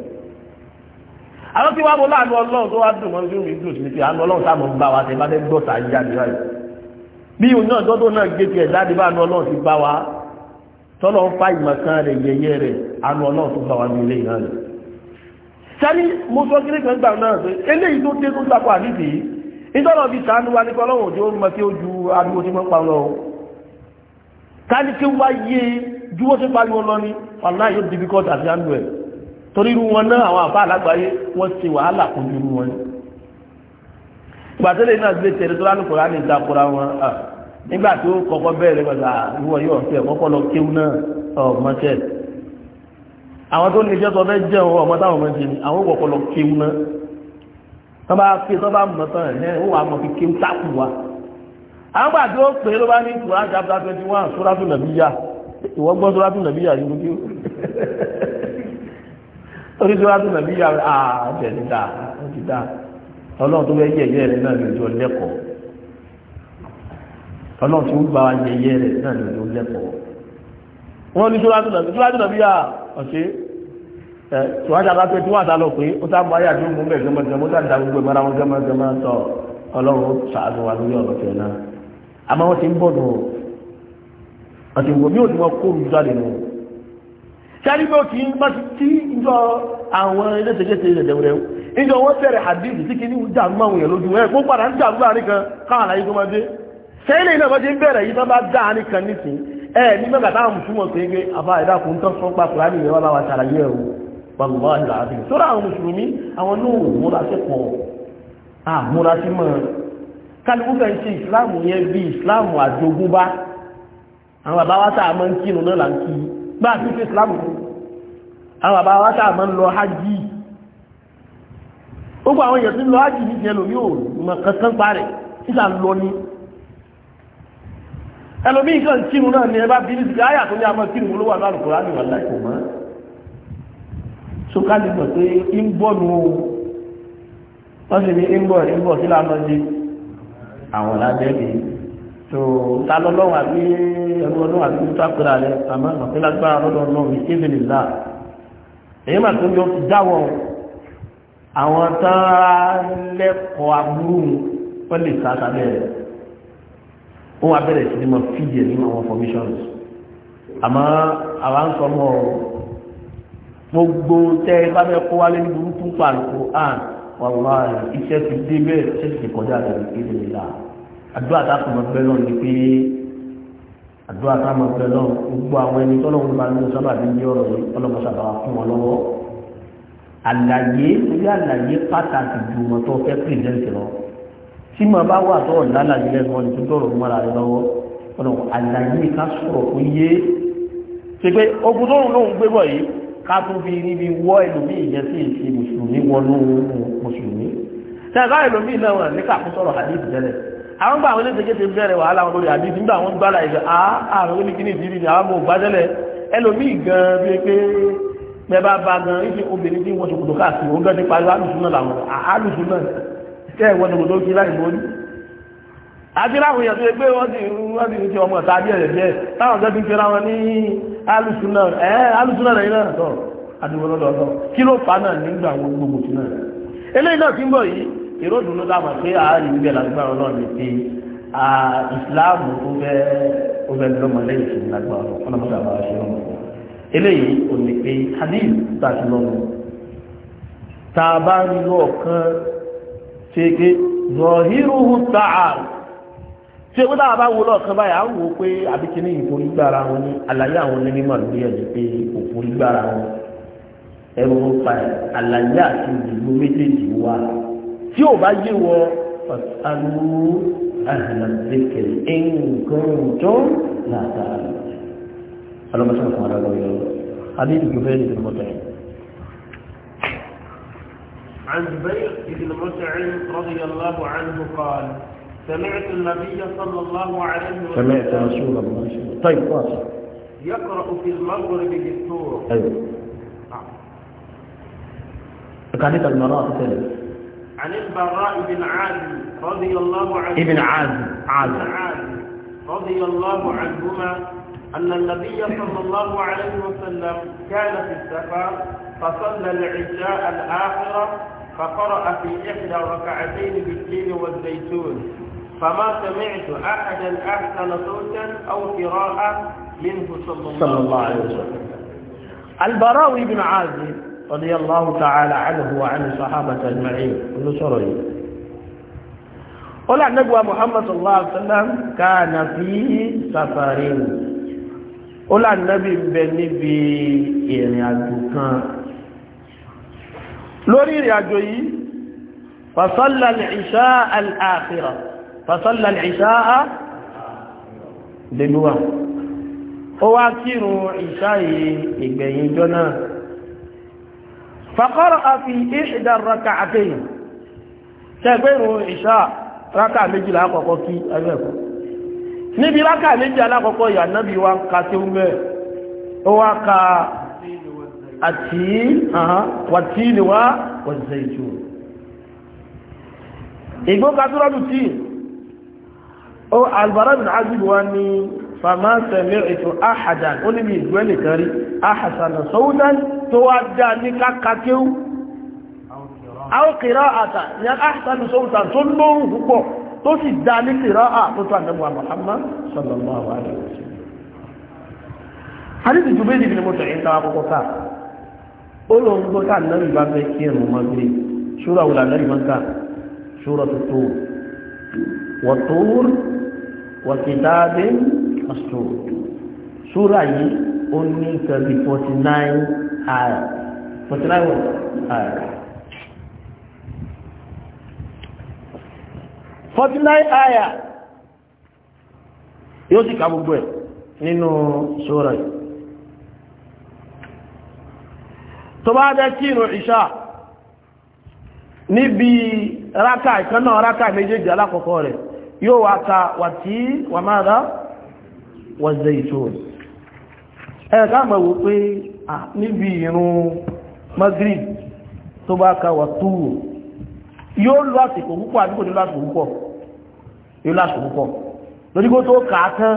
àwọn tí wàá bọ̀ láàánú ọlọ́run tó wá dùn wọn fún mi dùn sí mi pé àánú ọlọ́run sáà mọ̀ ń bá wa tẹ bá fẹ́ gbọ́ tà yíyá báyìí bí òun náà dọ́dọ̀ náà gbé tiẹ̀ jáde bá àánú ọlọ́run ti bá wa tọ́lọ́ ń fa ìmọ̀ kan rẹ̀ yẹyẹ rẹ̀ àánú ọlọ́run tó bá wa ní ilé ìran sani mo sọ kiri kan gbà náà pé eléyìí tó dé tó dàpọ̀ àdìsí ìtọ́lọ̀ bí sàánú wa ní kọ́lọ́wọ̀n òjò orúmọ tí ó ju ariwo tí mọ́ ń pa lọ káníkí wá yé ju ó ti pariwo lọ ní ọ̀nà yóò di bíkọ́ tàbí àndù ẹ̀ torí irú wọn náà àwọn àbá alágbáyé wọ́n ṣe wàhálà kún irú wọn ni ìgbàtẹ́lẹ̀ náà gbé tẹ̀lé tó lánàá kọ̀ọ̀rọ̀ àníjà kọ̀ọ̀rọ̀ wọn nígbà tó kọ́kọ́ bẹ̀rẹ̀ pẹ̀lú ìwọ yóò fẹ́ kọ́kọ́ lọ kéwú tó bá fi tó bá mọ̀ tán ẹ̀ ó wà mọ̀ fi kí ń tákù wa àwọn àti ó pè é ló bá ní Quran chapter twenty one sóràtún nàbíyà ìwọ gbọ́ sóràtún nàbíyà yìí lójú <laughs> orí sóràtún nàbíyà àà ọ̀tẹ̀ ti dà ó ti dà ọlọ́run tó fẹ́ yẹ̀yẹ́ rẹ̀ náà lójú ọlẹ́kọ̀ọ́ ọlọ́run tí ó gba yẹ̀yẹ́ rẹ̀ náà lójú ọlẹ́kọ̀ọ́ wọ́n ní sóràtún nàbíyà ọ̀ṣẹ́ tùwádà bá pé tùwádà lọ pé ó sábà ayé àdúgbò mú bẹ́ẹ̀ gẹ́mọ́gẹ́mọ́ ó sábà gbogbo mara wọn gẹ́mọ́gẹ́mọ́ tọ ọlọ́run ṣàánú wa lórí ọ̀rọ̀ tẹ̀ náà àmọ́ wọ́n ti ń bọ̀ nù àti ìwòmí ò ní wọ́n kó olùdó àlè nù. sáré bí ó ti ń bá ti tí ìjọ àwọn ẹlẹ́sẹ̀kẹsẹ̀ ìrẹ̀dẹ̀wẹ̀rẹ̀ ìjọ wọ́n bẹ̀rẹ̀ hadith tí kì ní dàrú àwọn èèyàn lójú ẹ̀ kó padà ń dàrú láàrin kan káwọn àlàyé tó máa dé sẹ́yìn náà bá ti ń bẹ̀rẹ̀ yìí tó bá dá àárín kan nísìn ẹ̀ ní mẹ́ta táwọn mùsùlùmọ̀ pé àbá ìdákùn tó fọ́n pàtó wàlúwàlú àti ìṣọ́ra àwọn mùsùlùmí àwọn náà múra sẹ́pọ̀ àmúra sí mọ́ kálukú fẹ́ ṣe ìsìláàmù yẹn bí ìsìláàmù àjogúnbá àwọn bàbá wa tá a máa ń kírun náà là ń kí gbáà tó ṣe ìsìláàmù àwọn bàbá wa tá a máa ń lọ hajj gbogbo àwọn èèyàn tí ń lọ hajj ní ìjẹ́ lómi ò ni ẹ sókàlì gbọ̀ pé ń bọ̀ nù ó wọ́n sì ní ń bọ̀ ń bọ̀ sí lànà sí àwọn lábẹ́ mi tó ta lọ́lọ́wọ́ àbí ẹ̀rọ ọlọ́wọ́ àbí tó àpẹẹrẹ rẹ àmọ́ àpẹ lágbára lọ́dọ̀ ọlọ́run ìkéfìlì là èyí mà tó yọ ti dáwọ́ àwọn tán lẹ́kọ̀ọ́ aburú wọ́n lè sá sábẹ́ rẹ̀ ó wà bẹ̀rẹ̀ sí ni mo fíjì nínú àwọn formations àmọ́ àwọn sọmọ ọ̀rọ̀ gbogbo tẹ́ ẹ bá fẹ́ kó wálé ní burúkú pàlùkù àn wàlúwà iṣẹ́ ti dé bẹ́ẹ̀ iṣẹ́ ti kọjá àtàrí kéde nílà àdúrà tá a kàn mọ́ bẹ́ẹ̀ lọ ni pé àdúrà tá a mọ̀ bẹ́ẹ̀ lọ gbogbo àwọn ẹni tọ́lọ́ wọn bá ń lọ sábà bí ní ọ̀rọ̀ yìí ọlọ́mọ sábà fún wọn lọ́wọ́ àlàyé orí àlàyé pàtàkì ju ọmọ tó fẹ́ pèsèǹtì lọ tí mo bá wà tó tọ̀rọ̀ ṣe pé ogun tó ń lóun gbé bọ̀ yìí ká tún fi níbi wọ́ ẹlòmíì yẹn sí ìfi mùsùlùmí wọnú mùsùlùmí tẹ́gbà ẹlòmíì náà wọ̀n ní kàkún sọ̀rọ̀ hadith tẹ́lẹ̀ àwọn gbà àwọn ẹlẹ́sẹ̀ kéde bẹ̀rẹ̀ wàhálà wọn lórí hadith nígbà wọn gbára ìgbà ààrùn oníkíní ìdírí ni àwọn ọmọ ògbájẹ́lẹ̀ ẹlòmíì gan bí pé pẹ́bá bá gan ife obìnrin tí wọ́n ṣokùnlò káàkiri ó gbẹ́ nípa alùsùn náà làwọn alùsùn náà kẹ́ ẹ̀wọ́n ni mo ló kí láì mọ́ àti láwọn èèyàn tó yẹ pé wọ́n ti wọ́n ti ti ọmọ ọ̀tá díẹ̀ díẹ̀ táwọn ọ̀gá ti ń fẹ́ra wọn ní alùsùnà ẹ̀ alùsùnà rẹ̀ náà tọ̀ àdúgbò lọ́dọọdọ kí ló fà náà nígbà wọn gbogbo tí náà eléyìí náà ti ń bọ̀ yìí èrò ìdùnnú dáhùn pé àárín ibẹ̀ lágbára náà lè pe ìsìláàmù tó fẹ́ ó fẹ́ lọ́mọ lẹ́yìn sí lágbára a ti tí ewé dára bá wo lọ́ọ̀kan báyìí á wò ó pé àbíkíní ìforí gbára wọn ní àlàyé àwọn onímọ̀ lórí ẹ̀jẹ̀ pé òforí gbára wọn ẹ̀rọ pa àlàyé àti ìdìbò méjèèjì wa tí ò bá yé wọ fasalu ahla dhikr in kuntum alọ́mọṣẹ́ fún ara lọ́yọ̀ adé ìdìbò fẹ́ẹ́ ní ìdìbò mọ́tò عن زبير بن مطعم رضي الله عنه قال سمعت النبي صلى الله عليه وسلم سمعت رسول الله طيب واضح يقرأ في المغرب بالسورة أيوه نعم كانت المرأة ثلاث عن البراء بن عازم رضي الله عنه ابن عازم عازم رضي الله عنهما أن النبي صلى الله عليه وسلم كان في السفر فصلى العشاء الآخرة فقرأ في إحدى ركعتين بالتين والزيتون فما سمعت أحدا أحسن صوتا أو قراءة منه صلى, الله عليه وسلم البراوي بن عازب رضي الله تعالى عنه وعن الصحابة أجمعين ونصره قال النبي محمد صلى الله عليه وسلم كان في سفرين قال النبي بني في يعني أدوكان لوري رياجوي فصلى العشاء الآخرة fasalla ìṣáà lèlúwà ó wá kírun ìṣáàyè ìgbẹ̀yìn ìjọ náà faqara fi ihda rak'atayn tẹ́gbẹ̀rún ìṣá rákà méjìlá àkọ́kọ́ kí ẹgbẹ̀kọ́ níbi rákà méjì alákọ̀ọ́kọ́ ìyànábí wa ń ka tí ó mẹ́ ó wá ka àti wàtí ni wá wàtí ìgbókatúrọ́dù tí ó Al-Bara bin Azib wa ní fama sami'tu ahadan ó níbi ìlú ẹnì kan rí ahasana sawtan tó wá dá ní kákakéwú àwọn kìrá àtà ní ahasana sawtan tó lóhùn púpọ̀ tó sì dá ní kìrá àtúntò àdàmù Muhammad sallallahu alaihi wa sallam hadith Jubayr ibn Mut'im wa kitabin mastur súrà yìí ó ní kẹ́bí 49 ayat 49 ayat 49 ayat yóò sì ká gbogbo ẹ̀ nínú súrà yìí tó bá dẹ́ kí ìrò ìṣà níbi rákà ìkanáà rákà méjèèjì alákọ̀ọ́kọ́ rẹ̀ yóò wá ka wàtí wà máa dá wàzẹ̀ ìṣòro ẹ̀ẹ̀ká mọ̀ wò pé níbi ìrun Maghrib tó bá ka wàtúwò yóò lọ àsìkò púpọ̀ àdúgbò ní lásìkò púpọ̀ yóò lásìkò púpọ̀ lórí kó tó kà á tán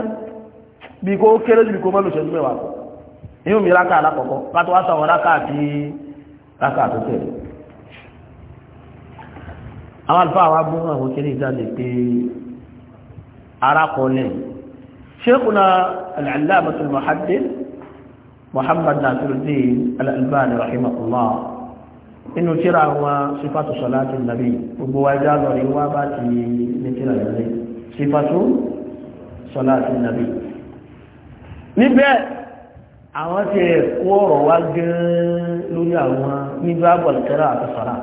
bí kó kéré jù bí kó mọ́lù ṣẹ́jú mẹ́wàá kọ̀ inú mi rákà alákọ̀ọ́kọ́ pátó wá sàwọn rákà àti rákà tó tẹ̀lé àwọn àlùfáà wa gbóhùn àwọn kéré ìjáde pé arákùnrin ṣékùnà alàlámàtul muhaddid muhammad nasiruddin al-albani rahimahullah inú tíra wọn sífàtù sọlátù nàbí gbogbo wa já lọ rí wá bá ti ní tíra lẹ́lẹ́ sífàtù sọlátù nàbí níbẹ̀ àwọn ti kó ọ̀rọ̀ wá gẹ́ẹ́ lórí àwọn nígbà bọ̀lẹ̀kẹ́rà àti sọ̀rà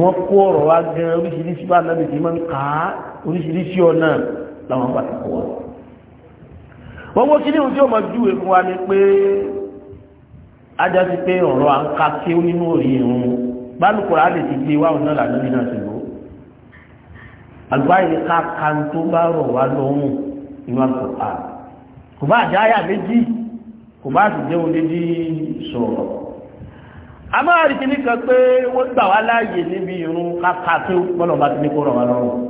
wọ́n kó ọ̀rọ̀ wá gẹ́ẹ́ oríṣiríṣi bá nàbì tí máa ń kàá oríṣiríṣi ọ̀nà làwọn bá ti kọ́ wọn. wọ́n wọ́n kí ní ojú ọmọ ju èkó wa ni pé ajá ti pé ọ̀rọ̀ à ń ka kí ó nínú òrí ìrún gbálùkùrà lè ti gbé wáhùn náà lànà nínú àṣìlò àlùbáyé ká kan tó bá rọ̀ wá lọ́hùn nínú àkùkà kò bá àjá àyà méjì kò bá sì jẹ́ oúnjẹ dí sọ̀rọ̀ a máa rí kíní kan pé wọ́n gbà wá láàyè níbi ìrún ká ka kí ó pọ́nà bá ti ní kó rọ̀ wá lọ́rùn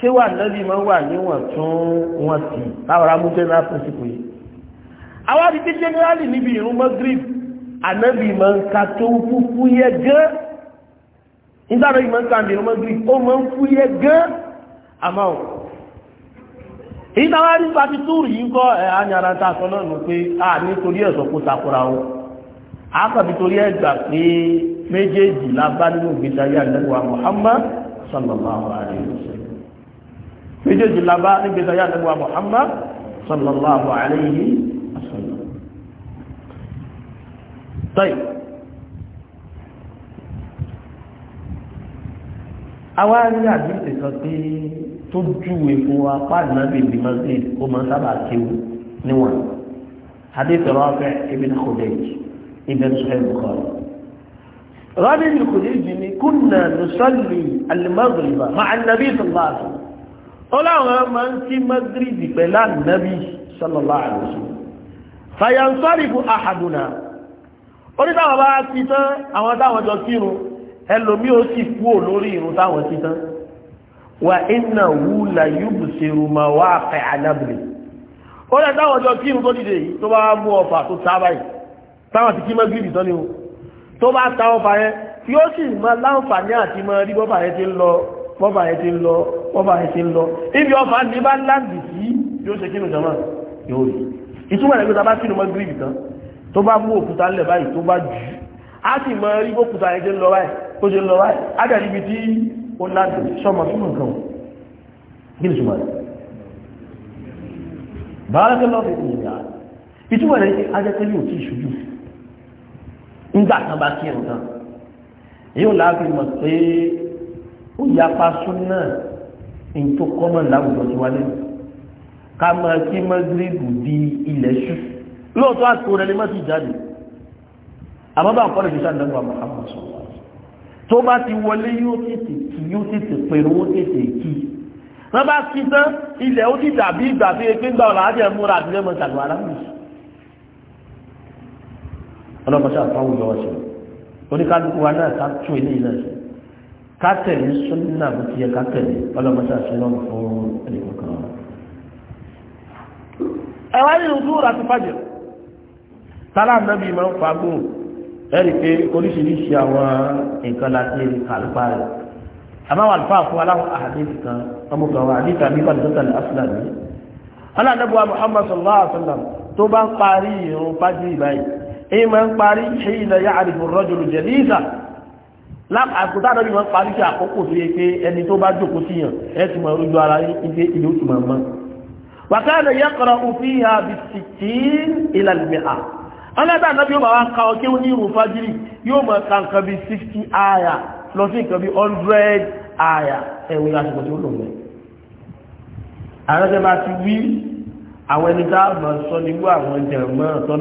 kéwà nẹ́bí máa wà níwọ̀n tún wọn sí láwọ́rá mú general principle yìí àwọn àdìgbé generally níbi ìrún Maghrib ànẹ́bí máa ń ka tó fúfú yẹ gán nígbàdá yìí máa ń ka àmì ìrún Maghrib ó máa ń fú gán àmọ́ èyí táwọn pàtí túrù yìí kọ́ ẹ̀ ányára tá a sọ náà nù pé a nítorí ẹ̀sọ́ kó takora wọn torí ẹ̀ gbà Muhammad sallallahu alayhi méjèèjì la bá níbi ìdáyà nígbà Muhammad sallallahu alayhi wa sallam tayib àwa ní àdìsí kan pé tó júwe fún wa pàdánù bèbè masjid ó máa sábà kéwù níwọ̀n hadith Rafi' ibn Khudayj ibn Sahih Bukhari Rafi' ibn Khudayj ni kunna nusalli al-maghriba ma'a an-nabi sallallahu alayhi wa sallam ọláwọn máa ń kí magridi pẹ̀lá nàbí sallallahu alaihi wasallam fàyànsọ́rìfù àhàdùnà onítàwọn bá ti tán àwọn táwọn jọ kírun ẹlòmí ó sì kúò lórí irun táwọn ti tán wà iná wúlà yúbù sí rùmà wà fẹ́ alábìrì ó lẹ́ táwọn jọ kírun tó dìde yìí tó bá mú ọfà tó sábà yìí táwọn ti kí magridi tán ni ó tó bọ́bà yẹn ti ń lọ bọ́bà yẹn ti ń lọ ibi ọfà ní bá láǹdì sí yóò ṣe kínú jama yóò rí ìtumọ̀ rẹ̀ pé ta bá kínú mọ́ gírígì tán tó bá mú òkúta lẹ̀ báyìí tó bá jù á sì mọ rí bókúta yẹn ti ń lọ báyìí ó ṣe ń lọ báyìí á dẹ̀ níbi tí ó láǹdì sọmọ fún nǹkan kí ni ìtumọ̀ rẹ̀ bàárẹ̀ tó lọ́ọ̀fẹ́ ìyá ìtumọ̀ rẹ̀ pé ajẹ́tẹ́lẹ̀ ò tí ì ṣojú nígbà mọ̀ pé ó yapa súnà ní tó kọ́mọ̀ láwùjọ tí wálé ká máa kí mọ́gírìbù di ilẹ̀ ṣú lóòótọ́ àtò rẹ̀ lè má ti jáde àmọ́ bá ń kọ́ lè ṣiṣẹ́ àdánwò àmọ́ tó bá ti wọlé yóò tètè kí yóò tètè pèrò ó tètè kí wọ́n bá kí tán ilẹ̀ ó ti dàbí ìgbà tó yẹ pé ń gbà ọ̀la á jẹ́ múra àdúlẹ̀ mọ́ tàbí aláwùjọ ọlọ́mọṣẹ́ àtàwùjọ ọ̀ṣẹ́ oníkálukú wa náà ká tún ilé ìlẹ̀ ṣe kátẹ̀lé súnà bó ti yẹ kátẹ̀lé ọlọ́mọta sílọ́mù fún ẹnìkan kan ẹwà ní ojú rà ti fàjẹ̀ tálà nàbí máa ń fagbó ẹ̀rì pé oríṣiríṣi àwọn nǹkan láti rí kàlùpà rẹ̀ àbáwọn àlùfáà fún aláwọ̀ àdéhùn kan ọmọ kan wà ní tàbí bá dọ́tà ní asúlàmì alánàbùwà Muhammad sallallahu alaihi wa sallam tó bá ń parí ìrún fájì báyìí àkótá àdọ́jú máa ń parí sí àkókò tó yẹ pé ẹni tó bá jókòó sí yàn ẹ ti mọ̀ ojú ara yín pé ìlú ti mọ̀ mọ́. wàkàlẹ̀ yẹ kọ̀rọ̀ òfin ìhà bìtìtì ìlàlùmẹ̀ à. ọlọ́dà nàbí yóò máa wá ka ọkẹ́ ní irun fájírì yóò máa ka nǹkan bíi sixty aya lọ sí nǹkan bíi hundred aya ẹ̀wọ̀n ìlà àsìkò tó lò mẹ́. bá ti wí àwọn ẹni tá a mọ̀ sọ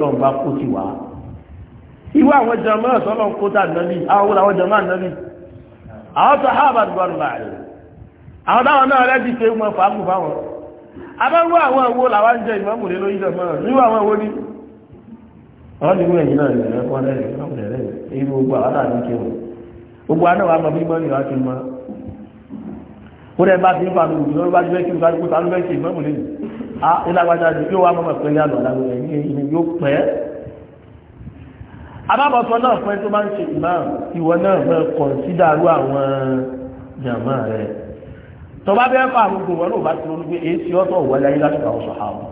irú àwọn jàmáà sọ́lọ́ ń kó dà nàbí àwọn àwọn jàmáà nàbí àwọn tó hábà gbọ́n báyìí àwọn táwọn náà rẹ́ ti ṣe mọ́ fàákù fáwọn abẹ́rú àwọn owó làwọn jẹ ìmọ̀mùlé lórí jàmáà irú àwọn owó ní wọ́n ní wọ́n ẹ̀yìn náà rẹ̀ rẹ̀ fọ́n rẹ̀ fọ́n rẹ̀ rẹ̀ irú gbogbo àwọn náà ní kéwọ̀n gbogbo àwọn náà wà mọ̀ bí mọ́ ìrọ̀ àti mọ́ kó dẹ́ bá ti ń fanu òbí lọ́rọ́ bá ti fẹ́ kí nǹkan kó sanu fẹ́ kí ìmọ̀mùlé yìí ah ìlàgbàjà yóò wá mọ́ mọ̀ pẹ́lú àlọ́ àlọ́ ẹ̀yìn yóò pẹ́ abábọ̀sọ náà fún ẹ tó bá ń ṣe imam ìwọ náà mọ́ kọ̀ǹsídàrú àwọn jàmá rẹ̀ tọba bẹ́ẹ̀ fà gbogbo wọn náà bá ti ronú pé èsì ọ̀tọ̀ wọlé ayé lásìkò àwọn sọ̀háàmù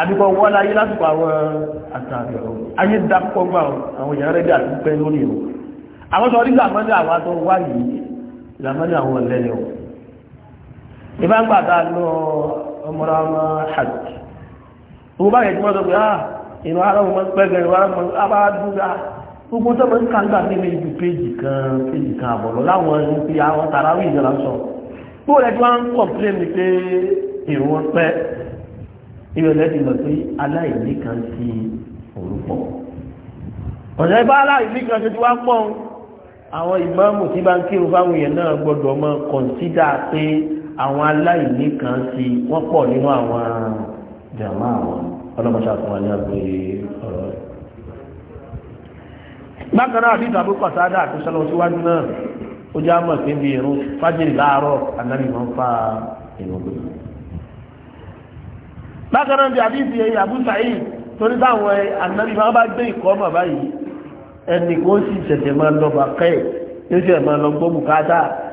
àbíkọ wọlé ayé lásìkò àwọn àtàbí ọ̀rọ̀ ayé dápọ̀ gbà àwọn èèyàn rẹ̀ bí àti pẹ́ lórí o àwọn sọ orí làmọ́lẹ́ àwọn atọ́ wá yìí làmọ́lẹ́ àwọn ọ̀lẹ́lẹ́ o ìbá ń gbà tá a lọ ọmọ ìran ara wọn pẹ́gẹ̀ ìran abádúrà gbogbo tó máa ń kàgbà nínú ibi péjì kan péjì kan àbọ̀lọ́ láwọn ibi àwọn tàràwì ìjọba sọ tó rẹ̀ tí wọ́n ń kọ̀m̀plé mi pé ìrún pẹ́ ìrọ̀lẹ́ ti mọ̀ pé aláìní kan orúkọ ọ̀sẹ̀ bá aláìní kan ti wá pọ̀ àwọn ìmáàmù tí bá ń kírun fáwọn èèyàn náà gbọ́dọ̀ máa kọ̀ǹsídà pé àwọn aláìní kan ti wọ́n pọ̀ nínú àwọn jàmá àwọn ọlọ́mọṣà fún wa ní àgbẹ̀ ọ̀rọ̀ rẹ̀ bákan náà àdìsí àbúkọ̀ sáádà àti sọlọ síwájú náà ó fa irun gbé Abu Sa'id torí táwọn ànábì máa bá gbé ìkọ́ mọ̀ báyìí ẹnì kó sì ṣẹ̀ṣẹ̀ máa lọ bàkẹ́ yóò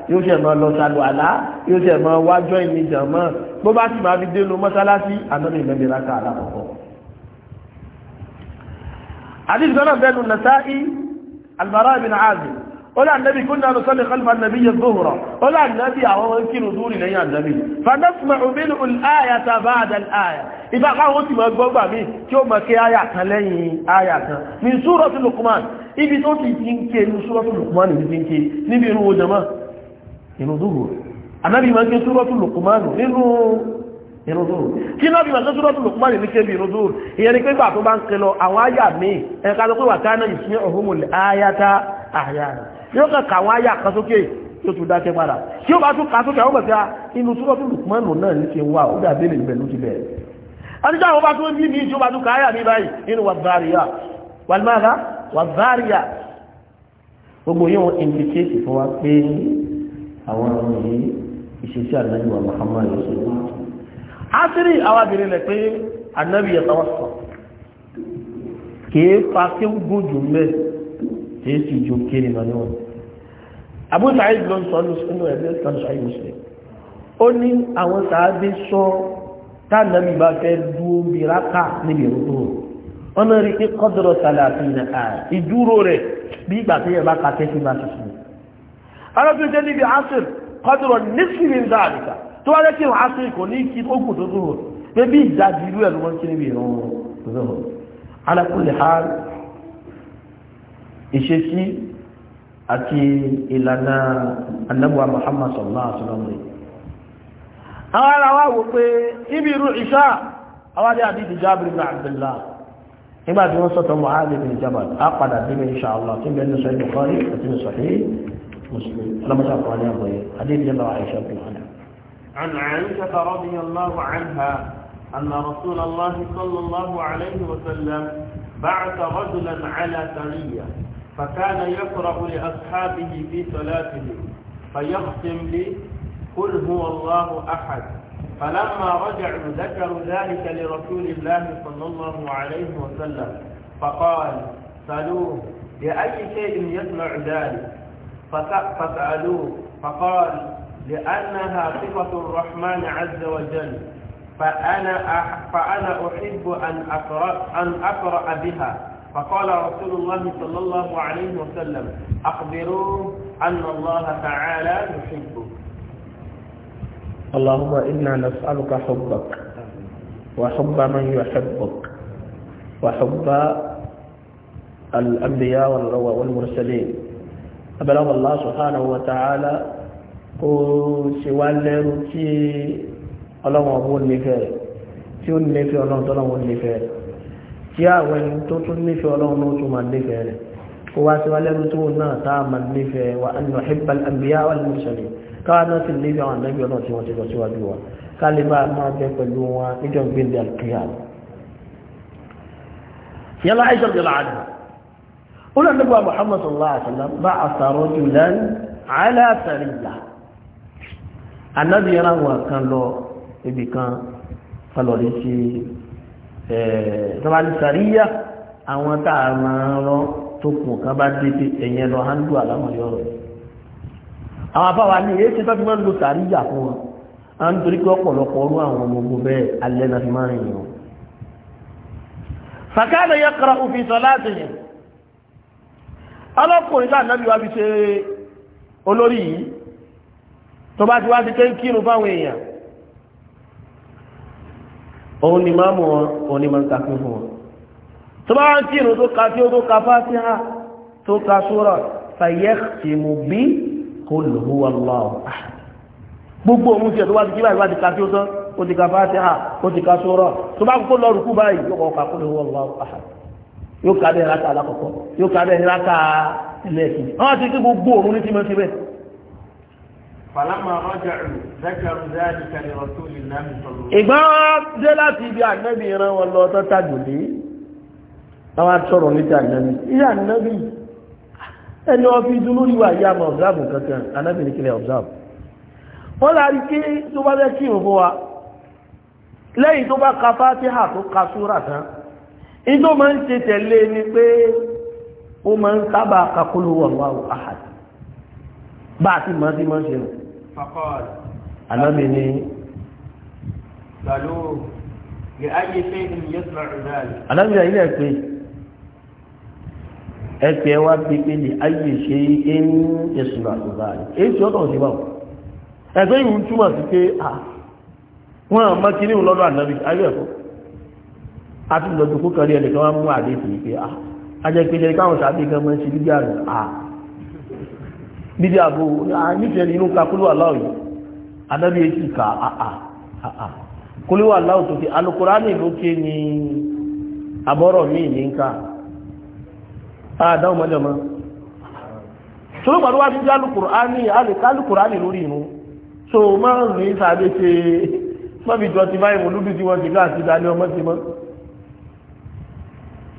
yóò ṣe máa lọ sàlù àlá yóò ṣe máa wájọ́ ìní jàmọ́ bó bá sì máa fi dénú mọ́sálásí ànábì ìlẹ́bẹ̀ rákà alákọ̀ọ́kọ́. àdìsí kan náà bẹ́nu nasa'i albara bin azim ó lá ànábì kó náà sọ́lẹ̀ kọlùmọ̀ ànábì yẹ zuhra ó lá ànábì àwọn ohun kírun zúrì lẹ́yìn ànábì fanasma omin ul'aya ta bá àdàl aya ibà káwọn ti máa gbọ́gbà mí tí ó mọ̀ kí aya kan lẹ́yìn aya kan min súrọ̀tù ibi tó ti ti ń ké ní súrọ̀tù ní ti ń ké níbi irú ojàmọ́ irun dúró anábì máa ń ké súrọ́tù lùkùmánù nínú irun dúró kí náà bí máa ń ké súrọ́tù lùkùmánù ní kébi irun dúró ìyẹn ni pé gbà tó bá ń ké lọ àwọn àyà mi ẹ̀ ká ló pé wà káná ìsúnyẹ́ ọ̀húnmùlì ayáta àyà rẹ̀ yóò kà káwọn àyà kan sókè tó tún dákẹ́ padà tí ó bá tún ká sókè àwọn gbàgbà àwọn ọmọ yìí ìṣesí ànábì wa Muhammad ṣe asiri àwọn abìnrin lẹ pé ànábì yẹn tọwọ́ sọ kìí fa kéwú gòjò mbẹ kìí sì ju kéèrè náà níwọ̀n Abu Sa'id ló ń sọ nínú ẹgbẹ́ sanu Sa'id Muslim ó ní àwọn sàábé sọ tánàbì bá fẹ́ dúró bí rákà níbi ìrútó wọn rí pé kọ́dọ̀rọ̀ sàlàfin náà ìdúró rẹ̀ bí ìgbà tó yẹ bá ka tẹ́sí bá tuntun arábìnrin jẹ́ níbi asir kọ́dùrọ̀ nísìnyí dáadìka tó wá lẹ́kìn asir kò ní kí ogun tó dúró pé bí ìdajì irú ẹ̀ ló wọ́n kí níbi ìrún dúró ala kulli hal ìṣesí àti ìlànà anábùwà Muhammad sallallahu alaihi wasallam rẹ̀ àwọn ará wa wò pé níbi irú ìṣá àwọn adé àdìdì Jabir ibn Abdullah nígbà tí مسلم لما تعرف عليها ضيق حديث جمع عائشة رضي الله عنها عن عائشة رضي الله عنها أن رسول الله صلى الله عليه وسلم بعث رجلا على سرية فكان يقرأ لأصحابه في صلاته فيختم لي قل هو الله أحد فلما رجعوا ذكروا ذلك لرسول الله صلى الله عليه وسلم فقال سألوه بأي شيء يسمع ذلك فسألوه فقال لأنها صفة الرحمن عز وجل فأنا أح فأنا أحب أن أقرأ أن أقرأ بها فقال رسول الله صلى الله عليه وسلم أخبروه أن الله تعالى يحبه اللهم إنا نسألك حبك وحب من يحبك وحب الأنبياء والمرسلين abẹ́lọ́wọ̀ Allah subhanahu wa ta'ala kó ṣe wá lẹ́rú tí ọlọ́wọ̀n ọgbọ́n nífẹ̀ẹ́ rẹ̀ tí ó nífẹ̀ẹ́ ọlọ́run tọ́lọ́wọ̀n nífẹ̀ẹ́ rẹ̀ tí àwọn ẹni tó tún nífẹ̀ẹ́ ọlọ́run ló kó wá sí wá lẹ́rú tó náà náà sì nífẹ̀ẹ́ àwọn wa ká lè bá a máa bẹ pẹ̀lú olóògbà Muhammad sallallahu alaihi wasallam bá àsàrò jùlọ aláàtàríyà anábìyàn àwọn kan lọ ibì kan falọ̀lẹ́ sí ẹ̀ẹ́dọ́bálẹ́sàríyà àwọn táà máa rán tó kù kan bá dé pé ẹ̀yẹn lọ handú àlámọ̀lẹ́ ọ̀rọ̀ àwọn afáwà ní èyí tí tọ́jú máa ń lo sàríyà fún wọn a ń torí pé ọ̀pọ̀lọpọ̀ ọrú àwọn ọlọ́kùnrin tá ànábì wá fi ṣe olórí yìí tó bá ti wá ti tẹ́ ń kírun fáwọn èèyàn òun ni máa mú wọn òun ni máa ń kàfí fún wọn tó bá ń kírun tó ka tí ó tó ka fásíhà tó ka súrà fàyẹ́ tì mú bí qul huwa Allahu gbogbo òun ti ẹ̀ tó bá ti kí báyìí wá ti ka tí ó tán ó ti ka fásíhà ó ti ka súrà tó bá kó lọ rùkú báyìí yóò kọ́ ka qul huwa Allahu yóò ká bẹ́ẹ̀ rákà alákọ̀ọ́kọ́ yóò ká bẹ́ẹ̀ rákà ẹlẹ́ẹ̀kì wọ́n ti kí gbogbo òun ní ti mọ́ síbẹ̀. ìgbọ́n dé láti ibi àgbẹ́bí ìran wọn lọ tọ́ tàjòlé àwọn atọ́rọ̀ ní ti àgbẹ́bí ilé àgbẹ́bí ẹni ọ́fíìsì lórí ní ìjọ máa ń ṣe tẹ̀lé ni pé ó máa ń sábà kakúlù wallahu ahad bá àti máa ti máa ṣe rẹ̀ alámi ni alámi ni ilẹ̀ pé ẹ̀pẹ̀ wá bí pé lè ayé ṣe inú ìṣúra ìgbà rẹ̀ èyí tí ó tọ̀ sí báwọn ẹgbẹ́ ìhun túmọ̀ sí pé à wọ́n àmọ́ kí ní ìlọ́dọ̀ ànábì ayé ẹ̀kọ́ atúndọ̀dù kó kọrí ẹnìkan wá mú àdéhùn yìí pé ah, a ajẹ́pẹ̀lẹ̀ káwọn sàbí gan mọ́ sí bíbí àrùn a bíbí àbò nífẹ̀ẹ́ inú ka kúlú aláwọ̀ yìí adábí etí ka àà kúlú aláwọ̀ tó fi alukurani lókè ní abọ́rọ̀ míì ní nǹka àdáwọn mọ́jọ́mọ́ sọ́lọ́ pàdé wá bíbí alukurani alukurani lórí inú so máa ń rìn sàbẹ̀ ṣe mọ́bìjọ́ ti báyìí mọ́lúdù tí wọ́n ti ká àti ìdálẹ́ ọmọ ti mọ́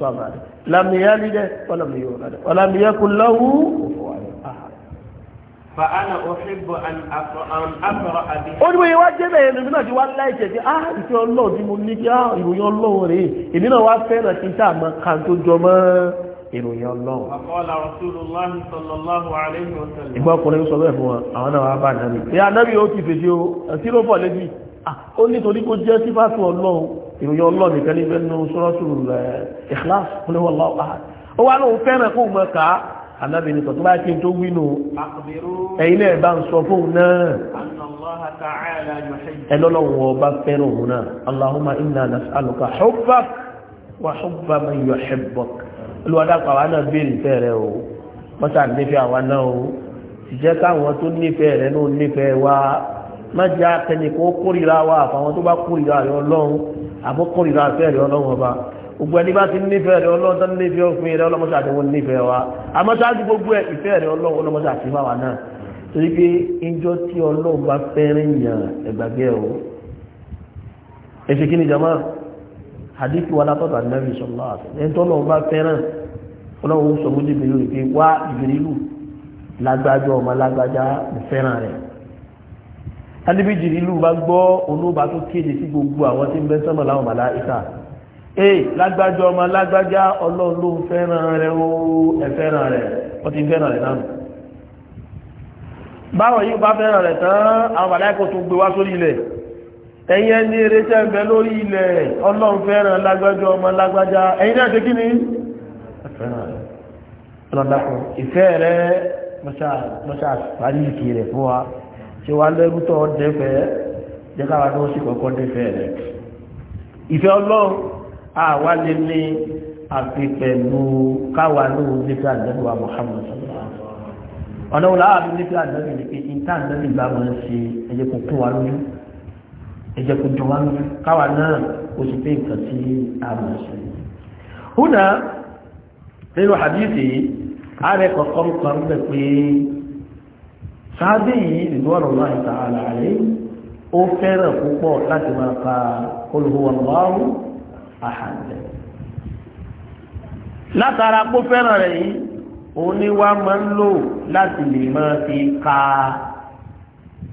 samad lam yalid wa lam yulad wa lam yakul lahu kufuwan ahad. fa ana uhibbu an afraha bi. ó ní mo yẹ wá jẹ́ bẹ́ẹ̀ ẹ̀mí náà ti wá láìpẹ́ sí ah ìfẹ́ ọlọ́run tí mo ní kí ah ìròyìn ọlọ́run rèé èmi náà wá fẹ́ràn kí n tá àmọ́ kan tó jọ mọ́ ìròyìn ọlọ́run. àkọọ́lá Rasulullah sallallahu alayhi wa sallam. ìgbà ọkùnrin sọ bẹ́ẹ̀ fún wa àwọn náà wá bá nàbì. ìyá nàbì ó ti fèjì o sí ló bọ̀ lẹ́bí. Ah, ó nítorí kó jẹ́ sífàtún ọlọ́run ìròyìn ọlọ́ọ̀ nìkan ní bẹ́ẹ̀ nínú suratul eh, Ikhlas fún ẹwọ́ lọ́wọ́ ó wá lóun fẹ́ràn kó mọ̀ ká anábì ní tọ̀tún bá kí n tó wínú ẹ̀yin náà bá ń sọ fóun náà ẹlọ́lọ́wọ́ ọba fẹ́ràn òun náà Allahumma inna nas'aluka hubbak wa hubba man yuhibbuk olùwádàpọ̀ àwa náà béèrè fẹ́ rẹ àbúkùnrin àfẹ́ rẹ̀ ọlọ́run ọba gbogbo ẹni bá ti nífẹ̀ẹ́ rẹ̀ ọlọ́run tó nífẹ̀ẹ́ òfin rẹ̀ ọlọ́mọṣẹ́ àtẹwọ́ nífẹ̀ẹ́ wa àmọ́ ṣáájú gbogbo ẹ̀ ìfẹ́ rẹ̀ ọlọ́run ọlọ́mọṣẹ́ àti máa wà náà torí pé ìjọ tí ọlọ́run bá fẹ́rẹ̀ yàn ẹ̀gbàgbé ẹ̀ wa látọ̀tà nẹ́bí sọ̀lá ẹni tó adébíjì ìlú bá gbọ́ olóba tó kéde sí gbogbo àwọn tí ń bẹ sọ́mọ̀ láwọn màláìka ee lágbájá ọmọ lágbájá ọlọ́run ló ń fẹ́ràn rẹ̀ ó ẹ fẹ́ràn rẹ̀ wọ́n ti fẹ́ràn rẹ̀ náà báwọn yìí bá fẹ́ràn rẹ̀ tán àwọn màláìka tó gbé wá sórí ilẹ̀ ẹ̀yin ẹni eréṣẹ́ ń bẹ lórí ilẹ̀ ọlọ́run fẹ́ràn lágbájá ọmọ lágbájá ẹ̀yin náà ṣe kí ni fẹ́ràn rẹ̀ ìfẹ́ rẹ̀ mọ́ṣáà parí ìkì rẹ̀ fún wa ṣe wá lẹ́rú tó dẹ́fẹ́ jẹ́ káwa ní ó sì kọ́kọ́ dẹ́fẹ́ rẹ̀ ìfẹ́ ọlọ́run àwa lè ní àfi pẹ̀lú káwa ní òun nífẹ̀ẹ́ àdẹ́bí wa Muhammad ọ̀nà òun láwa fi nífẹ̀ẹ́ àdẹ́bí ni pé ìta àdẹ́bí bá wọn ṣe ẹ̀jẹ̀ kò kún wa lójú ẹ̀jẹ̀ kò dùn wa lójú káwa náà kò sì pé nǹkan tí a mọ̀ sí. kan bẹ̀ pé sáábì yìí nínú ọ̀rọ̀ náà ìta àlàyé ó fẹ́ràn púpọ̀ láti máa ka olùhùwàláwù àhàjẹ́ látara kó fẹ́ràn rẹ̀ yìí òun ni wá máa ń lò láti lè máa fi ka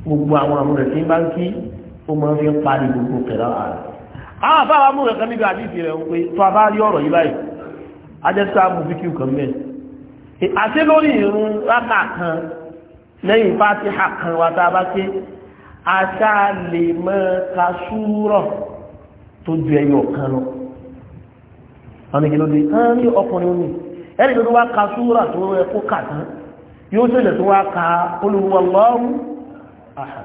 gbogbo àwọn àmúrẹ̀ tí bá ń kí ó máa fi ń parí gbogbo kẹ̀lá rẹ̀ àwọn àfáwà mú ẹ̀kan níbi àdíjì rẹ̀ wípé tó a bá rí ọ̀rọ̀ yìí báyìí ajẹ́sà mú fíkì kan mẹ́ àti lórí ìrún rákà kan lẹ́yìn fatiha kan wa tá a bá ké aṣá lè mọ́ ka súrọ̀ tó ju ẹyọ kan lọ ọ̀nìkìlódé kan ní ọkùnrin omi ẹni tó wá ka súrọ̀ tó rẹ kó kà tán yóò tó ilẹ̀ tó wá ka olùwọ̀ lọ́rùn àhà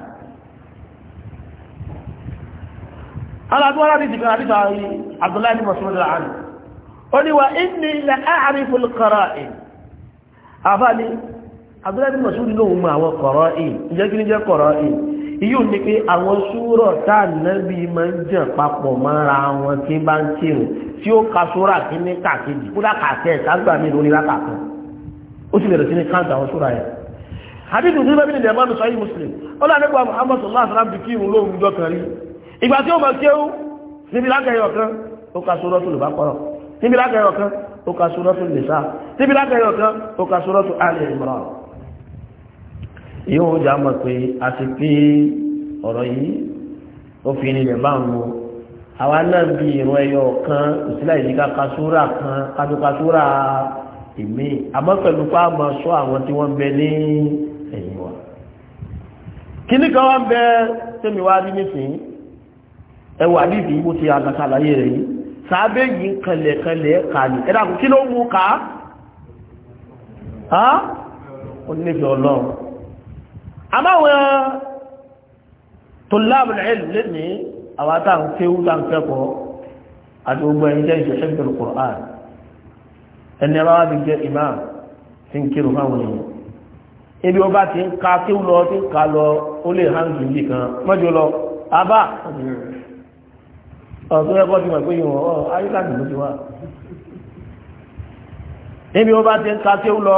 Abdullahi abdullahi masudi lóhun mọ àwọn kọ̀rọ̀ ìn ǹjẹ́ kí ní jẹ́ kọ̀rọ̀ ìn iyú ni pé àwọn súrọ̀ tá ànábì máa ń jàn papọ̀ mọ́ra wọn tí bá ń kírun tí ó ka súrà kí ní kàkejì kúrà kàkẹ́ ìtàgbà mi lórí rákà kan ó sì bẹ̀rẹ̀ sí ní káńtà àwọn súrà yẹn hadith ní bẹ́bí nílẹ̀ mọ́nu sọ́yí muslim ó lọ nípa muhammad sallallahu alaihi wasallam bí kírun lóhun jọ kan rí ìgbà tí ó mọ̀ kí ó níbi lágẹ̀yọ̀ kan ó ka súrọ̀ tó lè bá kọ́rọ̀ níbi lágẹ̀yọ̀ kan ó ka súrọ̀ tó lè sá níbi lágẹ̀yọ̀ kan ó ka súrọ̀ tó alẹ́ ìmọ̀ràn yóò já mọ̀ pé a ti pé ọ̀rọ̀ yìí ó fi nílẹ̀ bá ń lo àwa náà bí ìrún ẹyọ kan òsílẹ̀ yìí ká kasúrà kan kájú kasúrà èmi àmọ́ pẹ̀lú pa máa sọ àwọn tí wọ́n bẹ ní ẹ̀yìn wa kíní kan wá ń bẹ tẹ́mi wá rí nísìnyí ẹwà nídìí bó ti àlàkalàyé rẹ̀ yìí sàábẹ́ yìí kẹlẹ̀kẹlẹ̀ kàlì ẹ̀dàkùn kí ló mú ká ó nífẹ̀ẹ́ ọlọ́run àmáwọn tòlábùl ilm lẹ́ni àwọn táwọn kéwú táwọn kẹ́kọ̀ọ́ àti ogun ẹ̀yìn jẹ́ ìṣẹ̀ṣẹ́ ìbẹ̀rù Qur'an ẹni ara wá ti jẹ́ imam tí ń kírun fáwọn èèyàn ebi ọba ti ń ka kéwú lọ ti ń ka lọ ó lè hàn jù yìí kan mọ́jọ lọ abá ọ̀tún ẹ̀kọ́ ti mọ̀ pé yìí wọ́n ayé láti ló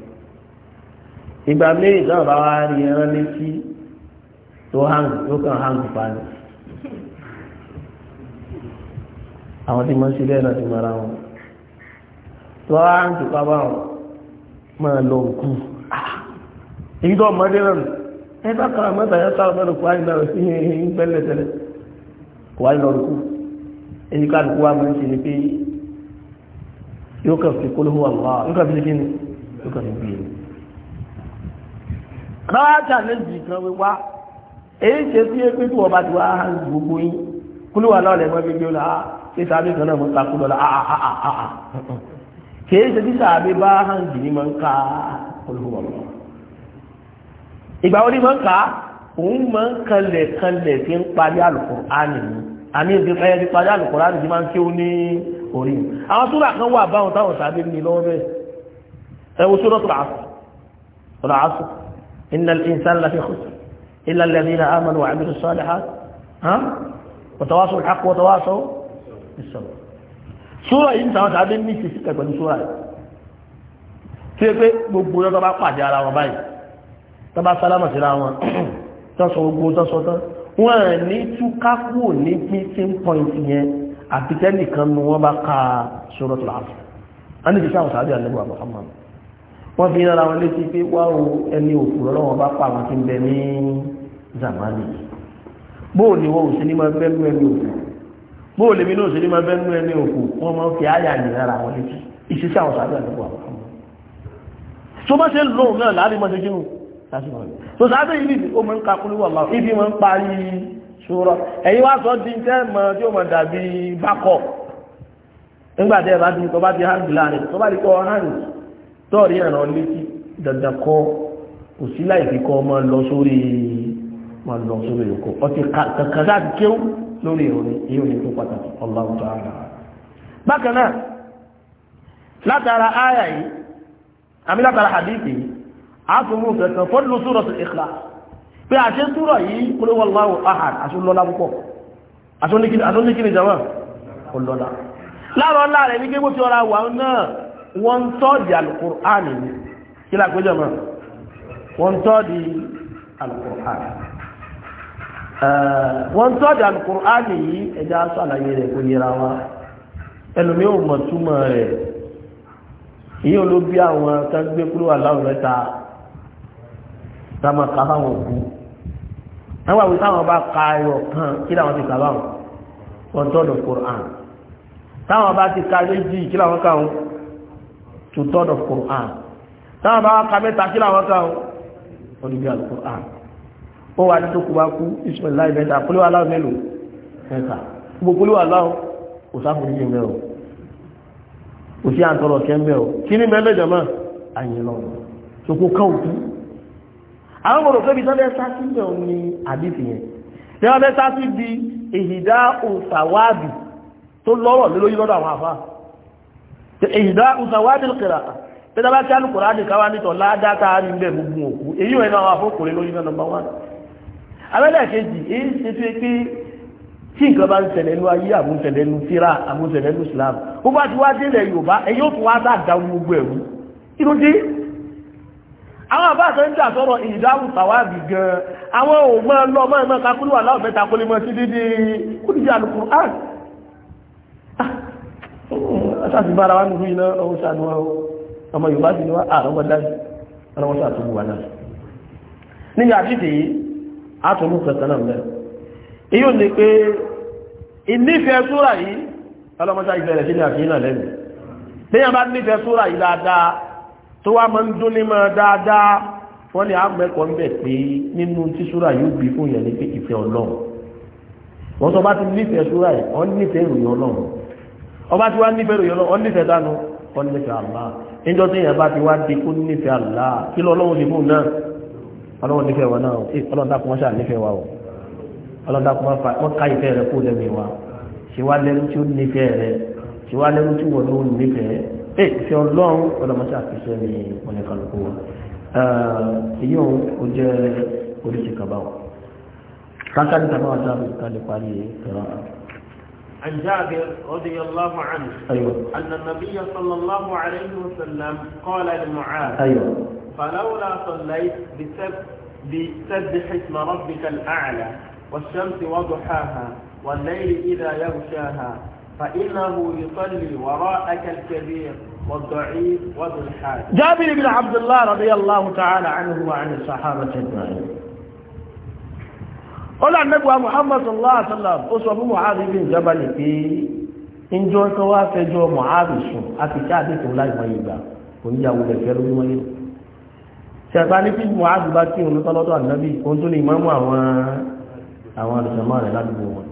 ìgbà méjì náà bá wá rí ẹran létí tó hàn tó kàn hàn pa ni àwọn tí wọ́n ṣe bẹ́ẹ̀ náà ti mara wọn tó wá hàn tó pa báwọn máa lọ òkú èyí tó ọmọdé náà ẹ bá kàrà mọ́ta yẹn sáà fẹ́ràn kó wáyé náà sí ẹ̀yìn pẹ́lẹ̀ tẹ́lẹ̀ kó wáyé lọ òkú èyí ká lùkú wa máa ń ṣe ni pé yóò kàn fi kólóhùn àwọn yóò kàn fi ṣe kí ni yóò kàn fi gbìyànjú. E báwa ṣàlẹ́jì kan wíwá èyí ṣe sí pé tí wọ́n bá ti wá gbogbo yín kúlúwà náà lẹ́gbọ́n gbégbé ó là á ṣe sàbí kan náà mo ta kúlọ̀ là ah, áhàhàhà ah, ah, kìí ṣe tí sàbí bá hàn jì ní máa ń ka olùwọ̀ lọ. ìgbà wo ni máa ń ka òun máa ń kanlẹ̀ kanlẹ̀ fi ń parí Al-Kùránì ni àmì ìdí ẹyẹ ti parí Al-Kùránì ti máa ń kí ó ní orí mi. àwọn súrà kan wà báwọn táwọn sàbí ní lọ́wọ́ bẹ́ẹ̀ ẹ wo súrà tó إن الإنسان لفي خسر إلا الذين آمنوا وعملوا الصالحات ها وتواصوا الحق وتواصوا بالصبر súra yìí tàwọn tàbí ní ìsìsíkẹ̀ pẹ̀lú súra yìí tí é pé gbogbo ọjọ́ bá pàdé ara wọn báyìí tó bá sálámà síra wọn tọ́sọ gbogbo tọ́sọ tán wọ́n ní túká kúrò ní meeting point yẹn àti tẹ́nìkan ni wọ́n bá ka suratul Asr wọ́n fi rárá wọn létí pé wá o ẹni òkú lọ́wọ́ bá pa àwọn tí ń bẹ ní zamani bóò ni wọn ò sí ní máa ẹni òkú bóò lèmi náà ò sí ní máa ẹni òkú wọ́n máa ń fi àyà ní wọn létí ìṣiṣẹ́ àwọn sábẹ́ àdúgbò àwọn ọmọ tó bá ṣe ń lóun náà láàrin kí wọn tó yìí ó máa ń ka wà ibi máa ń parí ṣòro ẹ̀yin wá sọ di mọ tí ó mọ dàbí bákọ̀ nígbà tọ́ọ̀rí àrán létí dandan kọ́ kò sí láì fi kọ́ máa lọ sórí máa ọtí kankan láti kéwú lórí ìròyìn ni tó pàtàkì Allahu ta'ala bákan náà látara áyà yìí àmì látara hadithi yìí a tún mú kẹsàn fọ́nlù suratul ikhlas pé àṣẹ súrọ̀ yìí kúrò wallahu ahad àṣúlọ́lá púpọ̀ àṣúnikiri jama ọlọ́lá láàrọ̀ láàrẹ̀ ní gbé bó ti ọra wà náà wọ́n tọ́dì alùkùránì ní kí lápéjọ mọ́ wọ́n tọ́dì alùkùránì wọ́n tọ́dì alùkùránì yìí ẹjá sọ àlàyé rẹ̀ kò yẹra wa ẹlòmí ò mọ̀ túmọ̀ rẹ̀ èyí ò ló bí àwọn tágbé kúrò aláwọ̀ mẹ́ta táwọn kà fáwọn òkú àwọn àwọn táwọn bá ka ẹyọ kan kí làwọn ti kà báwọn wọ́n tọ́dì alùkùránì táwọn bá ti ka méjì kí làwọn kà wọn to third of Quran táwọn bá ka mẹ́ta kí làwọn ká ó ní bí al-Quran ó wà nínú kó bá kú Ismaila ìbẹ́ta kó ló wà láwọn mélòó mẹ́ta gbogbo ló wà láwọn kò sáfòrí yẹn mẹ́rọ kò sí àtọrọ kẹ́ mẹ́rọ kí ni mẹ́lẹ́ jọmọ́ àyìn lọ so kó ká òkú àwọn ọmọdé kébi tó bẹ́ sá sí bẹ́ẹ̀ ní àdìsí yẹn tí wọ́n bẹ́ sá sí di ìhìdá òsàwábì tó lọ́rọ̀ lórí lọ́dọ̀ àwọn àfáà ìdá ìsàwádìí kìrà pé dábá kí alùkùrá ní káwà nítọ̀ ládáta ní ilẹ̀ gbogbo òkú èyí ẹ̀nà àwọn afọ́kùnrin lórí náà nọmba wán abẹ́lẹ̀ kejì èyí ṣe tó pé tí nǹkan bá ń ṣẹlẹ̀ ní ayé àmúṣẹlẹ̀ ní síra àmúṣẹlẹ̀ ní Islam ó bá ti wá délẹ̀ Yorùbá èyí ó tún wá dáadáa gbogbo ẹ̀rú kí ló dé àwọn àbáṣe ń sáàtì bára wá nínú iná ọwọ́ sàánú wa ọmọ Yorùbá sì ni wá àrọ́gbọ́ dájú ọlọ́wọ́ sàtúgbù wa náà níbi àtìtì yìí àtúnú kẹta náà mẹ́rin èyí ò ní pé ìnífẹ̀ẹ́ súrà yìí ọlọ́mọta ìfẹ̀rẹ̀ sí ní àfihàn lẹ́nu bẹ́yàn bá nífẹ̀ẹ́ súrà yìí dáadáa tó wá máa ń dún ní máa dáadáa wọ́n ní àmẹ́kọ̀ọ́ ń bẹ̀ pé nínú tí súrà yìí ó bí fún yẹn ní pé ìfẹ́ Ọlọ́run wọ́n sọ bá ti nífẹ̀ẹ́ súrà yìí wọ́n nífẹ̀ẹ́ ìròyìn Ọlọ́run ọba tí wá nífẹ̀ẹ́ rẹ̀ yọlọ ọ́nífẹ̀ẹ́ dánú ọ́nífẹ̀ẹ́ àlá níjọ́ tí èèyàn bá ti wá di kó nífẹ̀ẹ́ àlá kí lọ ọlọ́run dìbò náà ọlọ́run nífẹ̀ẹ́ wa náà ọlọ́run dákun wọ́n ṣáà nífẹ̀ẹ́ wa o ọlọ́run dákun wọ́n ká ìfẹ́ rẹ̀ kó lẹ́nu wa ṣe wá lẹ́nu tí ó nífẹ̀ẹ́ rẹ̀ ṣe wá lẹ́nu tí wọ́n ló nífẹ̀ẹ́ ẹ ìfẹ́ ọlọ́run ọlọ́mọṣẹ́ àfihàn ní mọ̀lẹ́kàlùkù wa èyí òun ó jẹ́ oríṣi kaba wa káńtà níta bá wà sáà عن جابر رضي الله عنه أيوة. أن النبي صلى الله عليه وسلم قال لمعاذ أيوة. فلولا صليت بسبح بسبح اسم ربك الأعلى والشمس وضحاها والليل إذا يغشاها فإنه يصلي وراءك الكبير والضعيف وذو الحاجة جابر بن عبد الله رضي الله تعالى عنه وعن الصحابة أجمعين ọlá nẹ́gbà Muhammad sallallahu alaihi wasallam ó sọ fún Mu'adh ibn Jabal lè pé ìjọ tó wá fẹjọ́ Mu'adh sùn àti káàdé tó láì wọ́n yìí gbà oníyàwó rẹ̀ fẹ́ lórí wọ́nyí. ṣẹ̀fà ní bí Mu'adh bá kí òun lọ́tọ́ lọ́tọ́ ànábì ohun tó ní ìmọ̀mú àwọn àwọn àlùsàmọ́ rẹ̀ ládùúgbò wọn.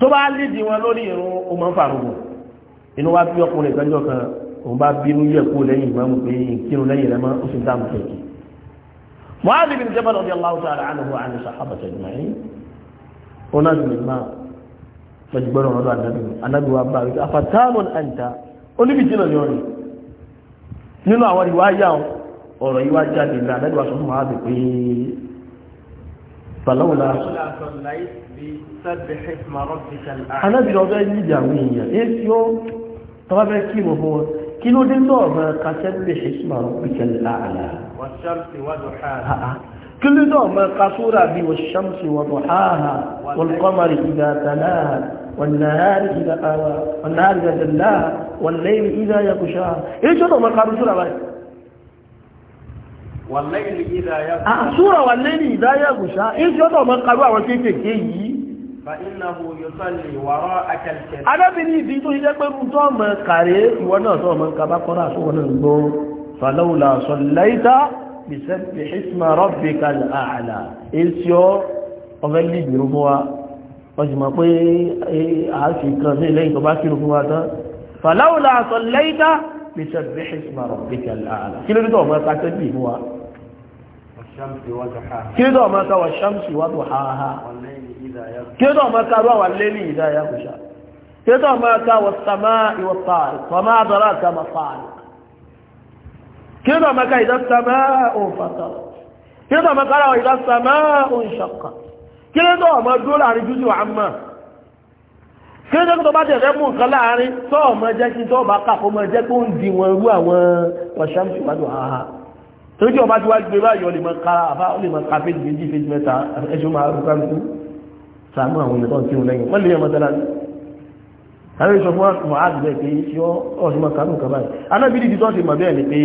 tó bá lédi wọn lórí irun ó máa ń fàrùwọ̀ inú wa bí ọkùnrin ìgbẹ́jọ́ kan òun bá bínú yẹ̀ kó lẹ́yìn ìmọ̀mú Mu'adh bin Jabal radiyallahu ta'ala anhu wa anhu sahabata ajma'in ona ni ma majigboro ro da nabi anabi wa ba wi afatamun anta oni bi jina yori nínú àwọn riwaya ọ̀rọ̀ yi wa jáde la nabi wa sallallahu alaihi wasallam falawla anabi ro be ni jawi yan e ti o tó bá fẹ́ kí mo fún كيلو دلوب كسبح اسم ربك الأعلى والشمس وضحاها كل دوم قصورة والشمس وضحاها والقمر إذا تلاها والنهار إذا أوى والنهار إذا دلاها والليل إذا يغشاها إيش شو دوم قصورة سورة والليل إذا يغشاها آه، سورة والليل إذا يغشاها إيه شو دوم قصورة وكيف كيف arábìnrin ìdí tó jẹ́ pé mú tó mọ̀ kàrí ìwọ náà tó mọ̀ kàbá kọ́rà tó wọ́n ń gbọ́ fàlọ́wùlà sọ̀lẹ́ta bìsẹ́bì ìsmà rọ́bì kalẹ̀ àlà èsì ọ́ ọ̀fẹ́ lìgbìrún fún wa wọ́n sì mọ̀ pé àáṣì kan sí ilé ìtọ́bá kírù fún wa tán fàlọ́wùlà sọ̀lẹ́ta bìsẹ́bì ìsmà rọ́bì kalẹ̀ àlà kí ló dé tó mọ̀ ṣámsì wà tó háhá kí ó tó máa ka ruwa lẹ́lì ìdáyà kò ṣá kí ó tó máa ka wàsàmá ìwàsàárì wàmá àdọ́rà ká máa fàárì kí ó tó máa ka ìdásàmá òun fàtà kí ó tó máa ka ìdásàmá òun ṣàkà kí ó tó máa dúró láàrin jújù àmà kí ó tó bá tẹ̀lé mú nǹkan láàrin tó ọmọ jẹ́ kí tó bá kà fọmọ jẹ́ kó ń di wọn rú àwọn wàṣàmùsù wájú àhá torí kí ọba tí wá gbé báyọ̀ lè mọ ká àbá ó lè mọ ká fèjì méjì fèjì mẹ́ta ẹ̀ṣọ́ máa rú ká nìkú sàánú àwọn èèyàn tó ń kírun lẹ́yìn wọ́n lè yẹ mọ́sálásí àwọn ìṣọ́ fún àtùmọ̀ àgbẹ̀ pé ṣọ́ ọ̀ṣùmọ̀ kanú kan báyìí anábìdì tí tọ́ ti mọ̀ bẹ́ẹ̀ ni pé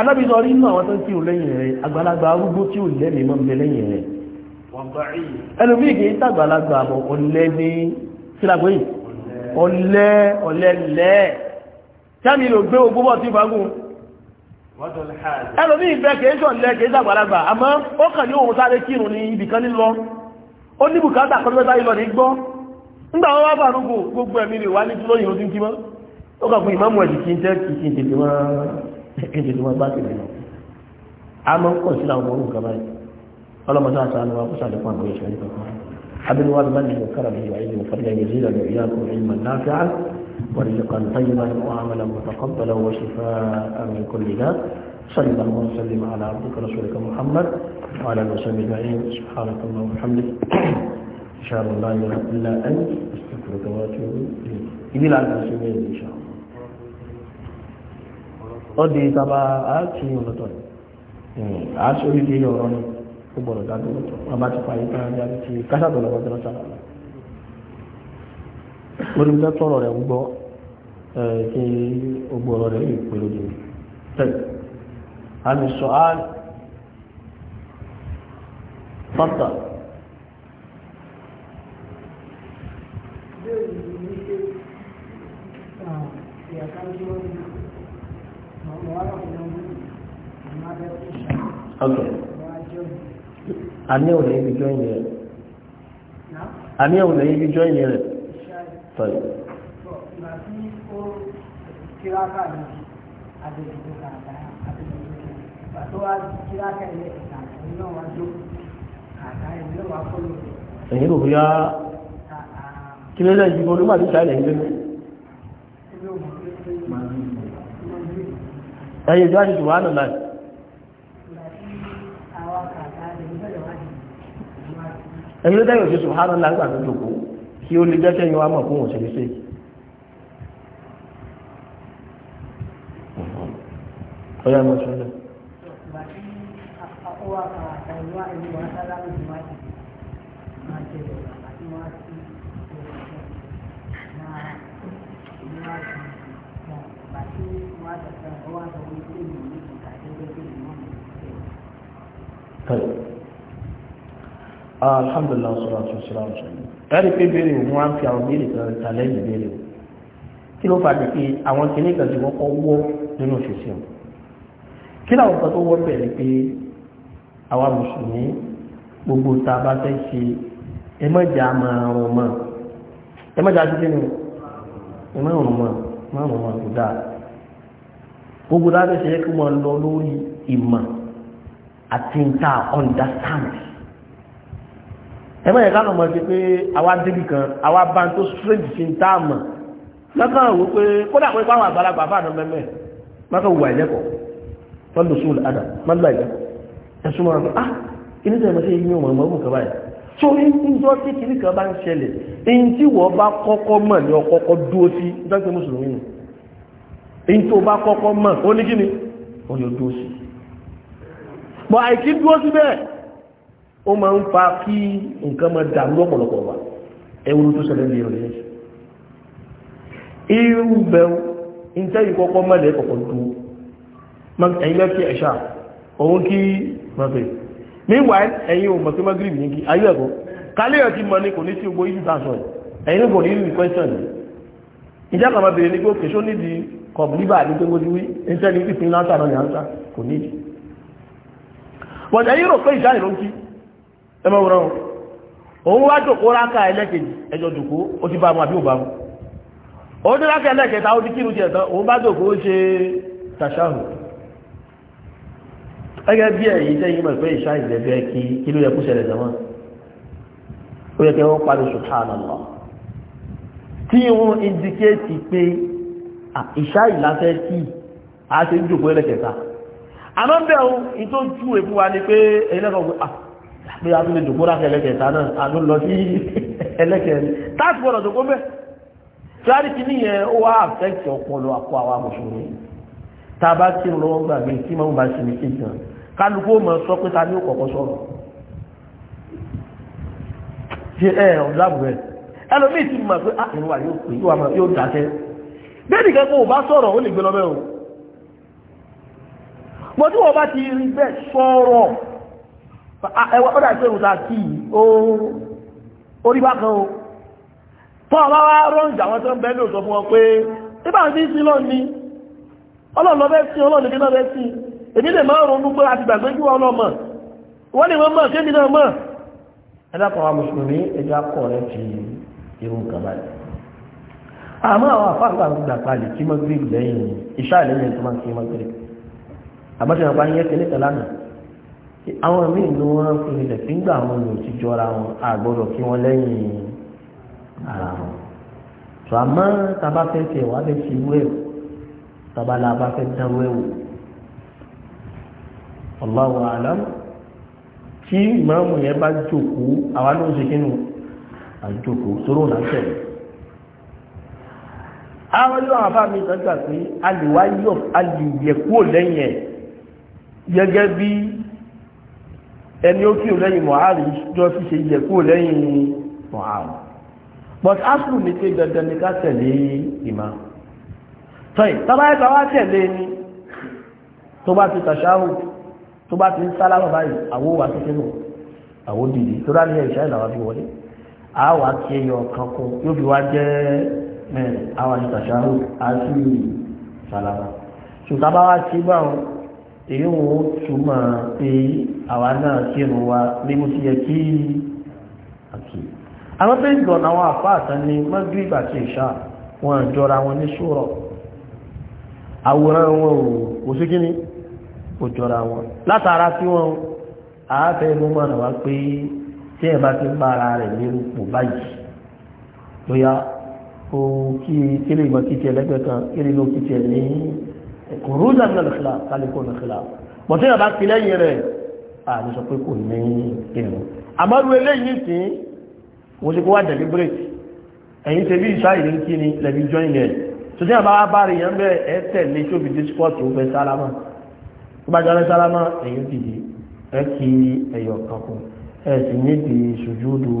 anábìdì sọ rí inú àwọn tó ń kírun lẹ́yìn rẹ̀ àgbàlagbà arúgbó tí ò lẹ́mìí mọ́ bẹ lẹ́yìn rẹ̀ ẹlòmíì kì í tàgbàlagbà àbọ̀ ọ̀lẹ́ ní sílágbóyè ọ̀lẹ́ ọ̀lẹ́ lẹ́ẹ̀ ẹlòmí ìfẹ́ kìí sọ lẹ kìí sàgbàlagbà àmọ́ ó kàn ní òun sáré kírun ní ibìkan nílọ ó ní bùkátà kan mẹ́ta ìlọ ní gbọ́ nígbà wọn bá fàánúgbò gbogbo ẹ̀mí rẹ̀ wá ní tí lóyìn ojú kímọ́ ó kàn n tẹ́ kí n tètè a عبد الوهاب منه وكرمه وعلمه وفضله يزيدنا واياكم علما نافعا ورزقا طيبا وعملا متقبلا وشفاء من كل داء صلى الله وسلم على عبدك ورسولك محمد وعلى اله وصحبه اجمعين سبحانك اللهم وبحمدك ان شاء الله لا اله الا انت استغفرك واتوب اليك الى الاسمين ان شاء الله odi taba a ti ọlọtọ ni ti ọrọ ni ó gbọ́dọ̀ dá dúró wọn bá ti parí kára ní àti kásàtọ̀ lọ́wọ́ tó lọ́sà lọ́wọ́. lórí ibi tọ́rọ rẹ̀ ń gbọ́ kí ogbó ọ̀rọ̀ rẹ̀ yìí pé lójú tẹ̀. àmì sọ á pátá. Okay àmì ò lẹ́yìn ìjọ ìyẹn rẹ̀ àmì ò lẹ́yìn ìjọ ìyẹn rẹ̀ tọ́yì. èyí ló fi yá kí ló lẹ́yìn ìjọ nígbà tí sáyẹn lẹ́yìn lẹ́nu. ẹ̀yin ìjọ àti ìjùmọ̀ àná láì. ẹ̀yìn ló dáyọ̀ sí subhanahu wa ta'ala tó jòkó kí ó lè jẹ́ kẹ́yìn wa mọ̀ fún òṣèlú sí ọ̀yá mọ̀ ṣẹlẹ̀ Thank you alhamdulilah sọ̀rọ̀ àtúnṣe ẹ̀rí pé béèrè òun wá ń fi àwọn béèrè kan ta lẹ́yìn béèrè o kí ló fà á di pé àwọn kìnnì kan ti wọ́n kọ́ wọ́ nínú òṣìṣì o kí làwọn kan tó wọ́ bẹ̀rẹ̀ pé àwa mùsùlùmí gbogbo tá a bá fẹ́ ṣe ẹ má jà máa rùn mọ́ ẹ má jà sí kíni ẹ má rùn mọ́ ẹ má rùn mọ́ kò dáa gbogbo dáa fẹ́ ṣe é kí wọ́n lọ lórí ìmọ̀ àti ń understand ẹgbẹ́ yẹn kánà mọ̀ sí pé àwa débì kan àwa bá ń tó strange sí ń táàmù lọ́kàn wò pé kódà pé pàwọn àgbàlagbà fà nà mẹ́mẹ́ máa kàn wù àìlẹ́kọ̀ọ́ wọ́n lò sóòlù àdà máa lọ àìlẹ́kọ̀ọ́ ẹ̀sùn máa rọ̀ ah inú tẹ̀ mọ́ sí iye ọmọ ọmọ kan báyìí tó níjọ́ tí kìíní kan bá ń ṣẹlẹ̀ èyí tí wọ́n bá kọ́kọ́ mọ̀ ní ọkọ́kọ́ dúró sí dọ́gbẹ́ mùsùlùmí ni èyí tó bá kọ́kọ́ mọ̀ ó ní kíni ó yọ dúró sí. bọ̀ àìkí dúró sí ó máa ń fa kí nǹkan máa dàrú ọ̀pọ̀lọpọ̀ wà ẹwọ́n tó ṣẹlẹ̀ ní ìrìn irú bẹ̀rù ìtẹ́yìn kọ́kọ́ mẹ́lẹ̀ kọ̀kọ́ dúró ẹ̀yìn lẹ́kí ẹ̀ṣà òun kí mọ̀fẹ́ meanwhile ẹ̀yìn òun mọ̀fẹ́ magrib ní kí ayé ẹ̀kọ́ kálẹ̀ ẹ̀ ti mọ̀ ní kò ní sí ogbó ìlú tàṣọ ẹ̀yìn kò ní ìlú question ní ìjà kan máa bèèrè ní pé òkèṣó nídi kọ̀bùlíbà ní pé mojú wí ẹ̀ṣẹ́ ní pípín látà náà ní àńsà kò ló ń kí ẹmọ wúrọ òun wá jòkó ráka ẹlẹ́kejì ẹjọ́ jòkó ó ti bá mu àbí ò bá mu ó dé ráka ẹlẹ́kẹta ó ti kírun tiẹ̀ tán òun bá jòkó ó ṣe tàṣàhù ẹgẹ́ bí ẹ̀yìn tẹ́yìn mọ̀ pé ìṣá ìlẹ̀fẹ́ kí kí ló yẹ kó ṣẹlẹ̀ a ṣe ń jòkó ìtọ́jú èkú ni pé ẹ̀yìn pé a tún lè dòkó láti ẹlẹ́kẹ̀ẹ́ta náà a ló lọ sí ẹlẹ́kẹ̀ẹ́ni táàtì gbọ́dọ̀ dòkó bẹ́ẹ̀ tíwárí ti níyẹn ó wá àfẹ́kì ọpọlọ àpò àwa mùsùlùmí tá a bá tí ń lọ́wọ́ gbàgbé tí máa ń bá sinmi sí gan kálukú ó mọ sọ pé ta ní òkọ̀kọ́ sọ̀rọ̀ ṣe ẹ ọ̀dàbù rẹ ẹlòmíì ti mọ̀ pé àìrò ah, wà yóò pè yóò yóò dákẹ́ o bá sọ̀rọ̀ ó lè gbé o mo tí wọ́n Ah, ẹwọ́ ọ̀dá ìpé òun tàbí orí bákan o tọ́ ọmọ wá rọ́njà wọn tó ń bẹ́ẹ̀ lóòsọ fún wọn pé nígbà tí sí lọ ní ọlọ́lọ́bẹ́ sí ọlọ́lọ́bẹ́ lọ́bẹ́ sí èmi lè máa ronú pé àti gbàgbé jù ọlọ́mọ wọ́n lè mọ́ kémi náà mọ́ ẹ̀dàkọ̀ wa mùsùlùmí ẹjọ́ akọ̀ rẹ̀ ti irun kan báyìí àmọ́ àwọn àfáàgbà gbà palẹ̀ kí mọ́ gírí lẹ́yìn iṣẹ́ àlẹ́yìn tó máa ń kí mọ́ gírí àbájọ́ àwọn míì ni wọ́n fi ilẹ̀ tí ń gbà wọn lò ti jọra wọn àgbọ̀dọ̀ kí wọ́n lẹ́yìn ara wọn tó a máa tàbá fẹ́ fẹ́ wà fẹ́ fi wẹ́ẹ̀ tàbá la bá fẹ́ dán wẹ́ẹ̀wò Allahu alam tí ìmáàmù yẹn bá jókòó àwa ló ń ṣe kínú àjókòó sóró là ń tẹ̀lé àwọn yóò àfa mi sọ́jà pé a lè lẹ́yìn ẹ̀ gẹ́gẹ́ bíi ẹni ó kí o lẹ́yìn mọ̀hárì jọ fi ṣe yẹ kó lẹ́yìn mọ̀hárì but asu ní pé dandan ní ká tẹ̀lé ìmá tọ́yì tọ́bá ẹ̀ta wá tẹ̀lé ní tó bá ti tàṣáhù tó bá ti ń sálá bàbá yìí àwọ̀ wà kékeré nù àwọ̀ dìde tó rá ní ẹ̀ṣá ìlàwà fi wọlé àwọ̀ àti ẹyọ kan kún yóò fi wá jẹ́ mẹ́rin àwọ̀ àti tàṣáhù àti sálá ṣùgbọ́n bá wá sí báwọn èyí wọn ó túmọ̀ pé àwa náà kírun wa ní mo ti yẹ kí àkì àwọn tó ń gbọ̀nà àwọn àfáà tán ní Magrib àti Ìṣà wọn jọra wọn ní ṣúrọ̀ àwòrán wọn ò sí kíní ò jọra wọn látara tí wọn àáfẹ́ inú mọ̀nà wá pé tí ẹ̀ bá ti ń bára rẹ̀ ní rúpò báyìí lóyá ó kí kílè ìmọ̀ kí ti ẹlẹ́gbẹ́ kan kílè ló kí ti ẹ̀ ní kòrónà náà nìkìlá kálíkò nìkìlá bọ̀tí ẹ̀ bá ti lẹ́yìn rẹ̀ àti sọ pé kò ní ìrùn àmọ́rú eléyìí tí wọ́n ti kó wá deliberate ẹ̀yìn tẹ́bí ìṣá ìrìn kí ni lẹ́bí join ẹ̀ tó tí àbá bá rí yẹn bẹ́ẹ̀ ẹ tẹ̀lé tó fi dé sport ó fẹ́ sálámà tó bá jẹ́ sálámà ẹ̀yìn ti di ẹ kí ẹ̀yọ̀ kankan ẹ̀ sì ní di sùjúdù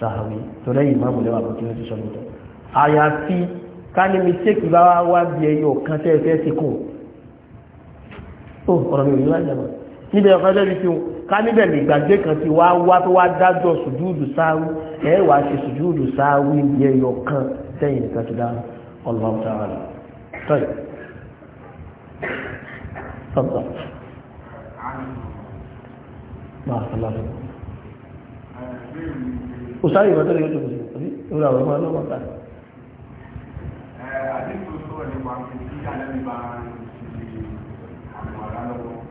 sàhàwì tó lẹ́yìn máàmù lẹ́wà bó ti ní ti sọ nìkan àyàfi ká ní mistake bá wá bí ẹyọ kan tẹ́ fẹ́ oh, ọ̀rọ̀ mi ò ní láì níbẹ̀ ọ̀fẹ́ lẹ́bi tí ká níbẹ̀ lè gbàgbé kan ti wá wá tó wá dájọ́ sùjúùdù sáwí ẹ wàá ṣe sùjúùdù sáwí ní ẹyọ kan sẹ́yìn nìkan ti dáhùn Allahu ta'ala tọ́yì. sọ́tọ̀ máa sọ́lá lọ. òṣàlì ìwọ́n tó lè yọjú kùsùn àbí ìwúrà àwọn ọmọ ọlọ́wọ́ ta. àdéhùn tó sọ̀rọ̀ nípa kí alẹ́ mi bá ń ṣe àwọn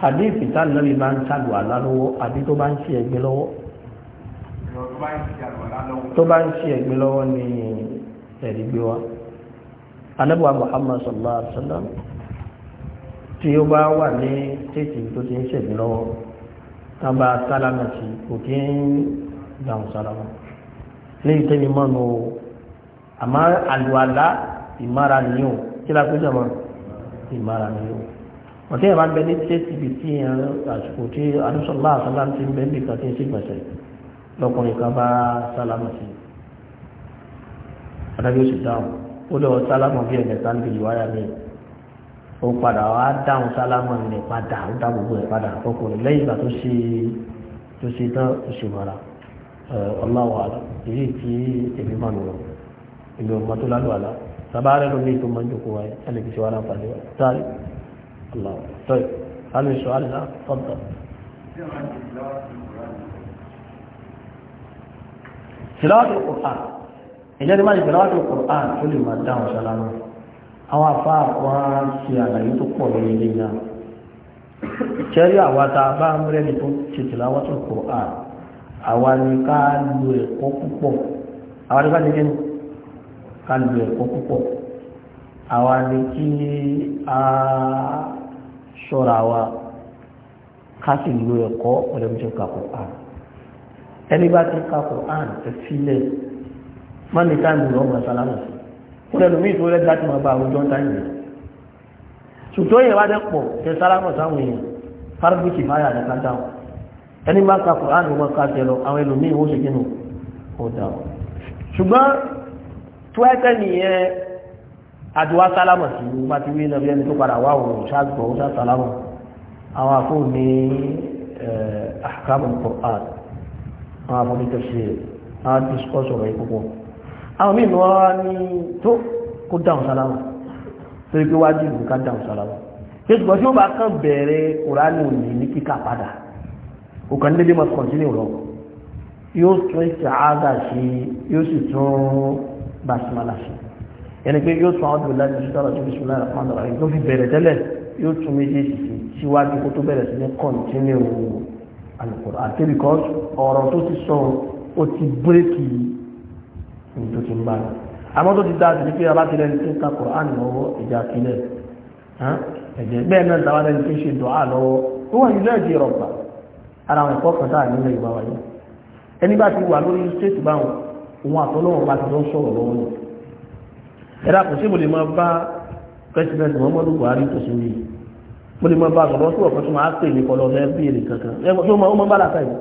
hadithi tá nàbí bá ń ṣàlùwàlá lọ́wọ́ àbí tó bá ń ṣe ẹ̀gbẹ́ lọ́wọ́ tó bá ń ṣe ẹ̀gbẹ́ lọ́wọ́ ní ẹ̀rí gbé wa anábùwà Muhammad sallallahu alaihi wa sallam tí ó bá wà ní tètè tó ti ń ṣẹ̀gbẹ́ lọ́wọ́ tá bá sálámà sí kò kí ń dáhùn sálámà ní ìtẹ́mi mọ́nu àmọ́ àlùwàlá ìmára ni ó kí lápẹ́jọ́ mọ́ ìmára ni ó ọ̀tí ẹ̀ bá gbẹ ní tẹ́tì bí tí ẹ̀ àsìkò tí alùsọ̀lá àsálà ti ń bẹ bí kan tí ń sígbẹ̀sẹ̀ lọkùnrin kan bá sálámà sí i ọ̀dájú sì dáhùn ó lọ sálámà bí ẹ̀mẹ̀ta ń bìlì wáyà mi ó padà wá dáhùn sálámà ní padà ó dá gbogbo ẹ̀ padà ọkùnrin lẹ́yìn ìgbà tó ṣe tó ṣe tán ó ṣe mọ́ra ọláwọ̀ èyí tí èmi máa nù lọ ìlú ọmọ tó lálù àlà sábà rẹ̀ lómi tó máa ń jókòó wáyé ẹ̀ الله طيب هل من سؤال لا تفضل تلاوة القرآن إذا ما تلاوة القرآن كل ما دعوا سلامه àwọn afá wọn ṣe àlàyé tó pọ̀ lórí ilé náà ṣẹ́rí àwa tá a bá ń rẹ́ni tó ṣe tilawatul Qur'an àwa ni ká lo ẹ̀kọ́ púpọ̀ àwa ni ká ṣe kí ni ká lo ẹ̀kọ́ púpọ̀ àwa ni kí a ṣọ́ra wa ká sì lo ẹ̀kọ́ ọ̀dọ́mọṣẹ́ ka Qur'an ẹni bá ti ka Qur'an ẹ sílẹ̀ má ní táìmù lọ́mọ sálámù sí fún ẹlòmíì tó rẹ́gbá tí máa bá àwùjọ táìmù ṣùgbọ́n èèyàn bá dẹ́ pọ̀ tẹ sálámù sáwọn èèyàn fárúkì fáyà àdàkà dáhùn ẹni bá ka Qur'an ló máa lọ àwọn ẹlòmíì ó ṣe kí nù ó ṣùgbọ́n tó ẹ̀kẹ́ nìyẹn àdúwá sálámà sí i bá ti wí lọ bí ẹni tó padà wá òun ṣáàgbọ̀ ó sálámà àwọn afọ́ ní ahkam al-Qur'an àwọn afọ́ ní tẹ̀sí àwọn discourse ọ̀rọ̀ yìí púpọ̀ àwọn míì wọ́n ní tó kó dáhùn sálámà torí pé wájú ìlú ká dáhùn sálámà ṣùgbọ́n tí ó bá kàn bẹ̀rẹ̀ Kùránì òní ní kíkà padà òkàn nílé mọ́ continue lọ yóò tún ìtì àádà sí yóò sì tún basmala sí yẹni pé yóò tún àwọn ìbílẹ̀ ìṣúná tó bísí náà fún àdàrà yìí tó fi bẹ̀rẹ̀ tẹ́lẹ̀ yóò tún méjèèjì sí síwájú kó tó bẹ̀rẹ̀ sí ní kọ́ńtínú alùpùpù àti because ọ̀rọ̀ tó ti sọ ó ti bírèkì ní tó ti ń bá àmọ́ tó ti dáa sí pé alákìlẹ̀ ní tó ń ka Qur'an lọ́wọ́ ìjà kílẹ̀ ẹ̀jẹ̀ bẹ́ẹ̀ náà táwọn ẹni tó ṣe dùá lọ́wọ́ ó wà nílẹ̀ ìdí rọ̀gbà ara àwọn ẹ̀kọ́ táà nílẹ̀ ìwà wáyé ẹni bá ti wà lórí stéètì báwọn òun àtọ́lọ́wọ́n bá ti lọ sọ̀rọ̀ lọ́wọ́ yìí ẹ̀rọ àkùnṣe mo lè máa bá president Muhammadu Buhari tó sí mi mo lè máa bá sọ̀rọ̀ sí ọ̀kan tó máa pè ní kọlọ lẹ́bí èrè kankan tó máa máa bá làkà yìí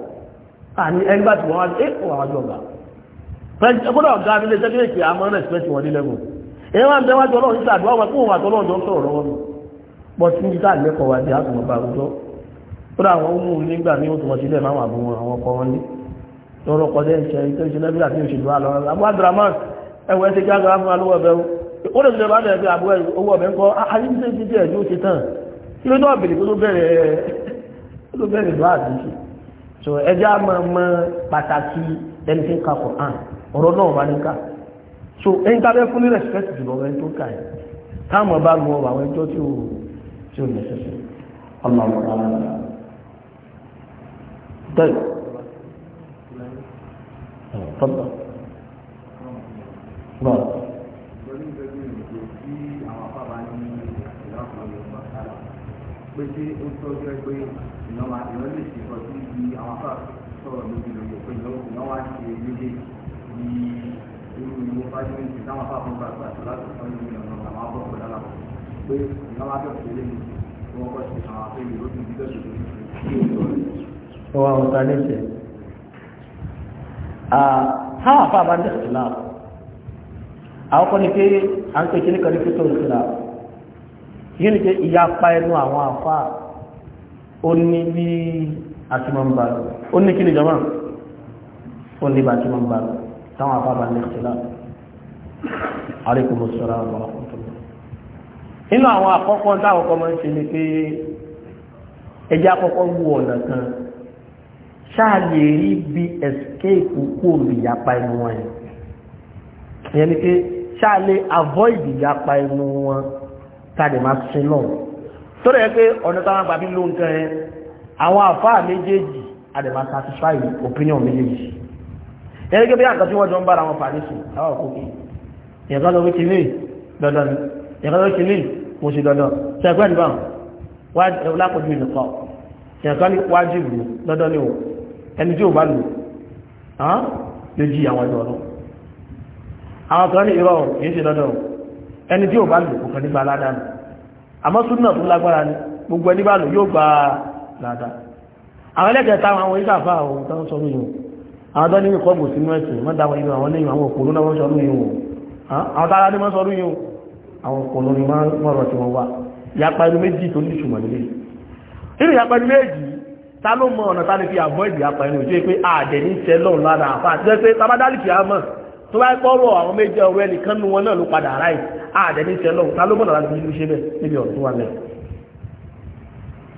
àní ẹgbà tí wọ́n wá ẹ́ wà wájú ọ̀gá ọgbọ́dọ̀ ọ̀gá mi lè jẹ́ kéèké àmọ́ respect wọn nílẹ̀ mọ̀ èyí wá ń bẹ wájú ọlọ́run títà àdúrà wọn kó wọn àtọ́lọ́run jọ sọ̀rọ̀ lọ́wọ́ mi pọ̀ sí ní sáà lẹ́kọ̀ọ́ wa di àtùmọ̀ bá àwùjọ ó ẹwọ ẹsẹ jágà á alówó ọbẹ̀ ó lè sọ̀rọ̀ ẹgbẹ́ àbúrò owó ọbẹ̀ ńkọ́ ayébíṣẹ́ ti díẹ̀ yóò ṣe tán kí náà bèrè kó tó bẹ̀rẹ̀ lọ́ àdúgbò so ẹjẹ́ á máa mọ pàtàkì ẹni tí ń ka Quran ọ̀rọ̀ náà wà ní ká so ẹni tá a bẹ́ fún ní respect jùlọ ẹni tó kà yìí táwọn bá lu ọ̀rọ̀ àwọn ẹjọ́ tí ó tí ó lè ṣẹṣẹ ọlọ́run rọ. pé ṣé ó tọ́jú ẹ pé ìnáwó àdìrọ́ lè ṣe kọ́ sí ibi àwọn afá sọ̀rọ̀ lójú lóye pé ìnáwó àti èyí ní irú ìwọ fájúmẹ́ntì táwọn afá fún gbàgbà tó láti sọ ní ìlànà ọ̀nà àwọn abọ́ ọ̀pọ̀ lára pé ìnáwó àti ọ̀pọ̀ lè ní wọ́n kọ́ sí àwọn afẹ́ ìlú lójú bí lọ́jọ́ lójú. Ọwọ́ àwọn ta ní ṣe. Táwọn afá bá ní ìlànà àwọn kan ní pé à ń pè kí nìkan ní fító ìtura kí ní pé ìyapa ẹnu àwọn àfa ó ní bí àtìmọ̀ǹbà ó ní kí ni jọmọ́ ó ní bá àtìmọ̀ǹbà táwọn àfa bá ní ìtura àríkùmọ̀ sọ̀rọ̀ àwọn ọkùnrin nínú àwọn àkọ́kọ́ táwọn kan máa ń ṣe ni pé ẹjẹ́ àkọ́kọ́ wú ọ̀nà kan ṣáàlì èrí bí ẹ̀sìkéèkù kó olùyapa ẹnu wọn yẹn ni pé ṣá lè avoid ìyapa ẹnu wọn tàbí máa sin náà tó rẹ̀ pé ọ̀nà táwọn àgbà bí ló ń kẹrin àwọn àfáà méjèèjì àdèmà satisfy opinion méjèèjì ẹni gẹ́gẹ́ bí àkàtí wọ́n jọ ń bára wọn fà nísìn àwọn òkúkú ìyẹ̀kọ́ lọ wí kìíní dandan ni ìyẹ̀kọ́ lọ kìíní mo ṣe dandan ṣẹ̀gbẹ́ nígbà lápòjú ìnìkan ìyẹ̀kọ́ ní wájú ìlú dandan ni ò ẹni tí ò bá lò lè jí àwọn ẹgbẹ́ ọlọ́run àwọn kan ní irọ́ yìí ṣe dandan ẹni tí ò bá lò kọ̀kan nígbà ládàá nù àmọ́ súnà tó lágbára ni gbogbo ẹni bá lò yóò gba ládàá àwọn ẹlẹ́kẹ̀ẹ́ta àwọn ìṣàfà àwọn tó ń sọ lóyún àwọn tó ní kọ́ bò sínú o àwọn tára ní wọ́n sọ lóyún àwọn òpòlú ni wọ́n rọ̀ tí wọ́n wà ìyapa inú méjì tó ní ìṣùmọ̀ nílé nínú ìyapa inú méjì ta ló mọ ọ̀nà tá lè fi àbọ̀ ìdí ìyapa inú ìjọ pé àdẹ̀ ní ìṣẹ́ lọ́run lára àfa àti tó bá kọ́rọ̀ àwọn méjì ọ̀rọ̀ ẹnìkan nú wọn náà ló padà ráì àdẹ̀ní tẹ́ lọ́wọ́ ta ló mọ̀nà láti inú ṣe bẹ́ẹ̀ níbi ọ̀rọ̀ tó wà lẹ̀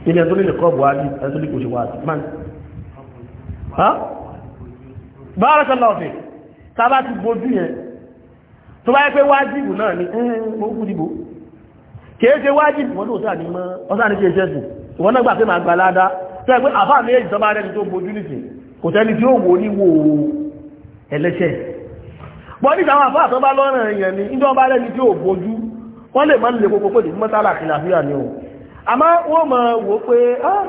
ilé ẹ̀tọ́ nílẹ̀ kọ́ buhari ẹ̀tọ́ ní kò ṣe wà á man bára kan lọ́ọ̀fẹ́ ta bá ti bójú yẹn tó bá yẹ pé wájìbù náà ni mo kú dìbò kìí ṣe wájìbù wọn ló sáà ní mọ́ ọ̀sán ní kí ẹṣẹ́ sùn ìwọ náà gbà pé màá gbà ládàá tó yẹ pé àfáà méjì tó bá rẹ́ni tó bójú nìsín kò sẹ́ni tí ó wò ní wo ẹlẹ́ṣẹ̀ bọ́ ní àwọn àfáà tó bá lọ́nà èèyàn ni ìjọ bá rẹ́ni tí ó bójú wọ́n lè máa ń lè kókó pé ní mọ́sálà kìláfíà ni o àmọ́ wọ́n mọ̀ wò pé ah,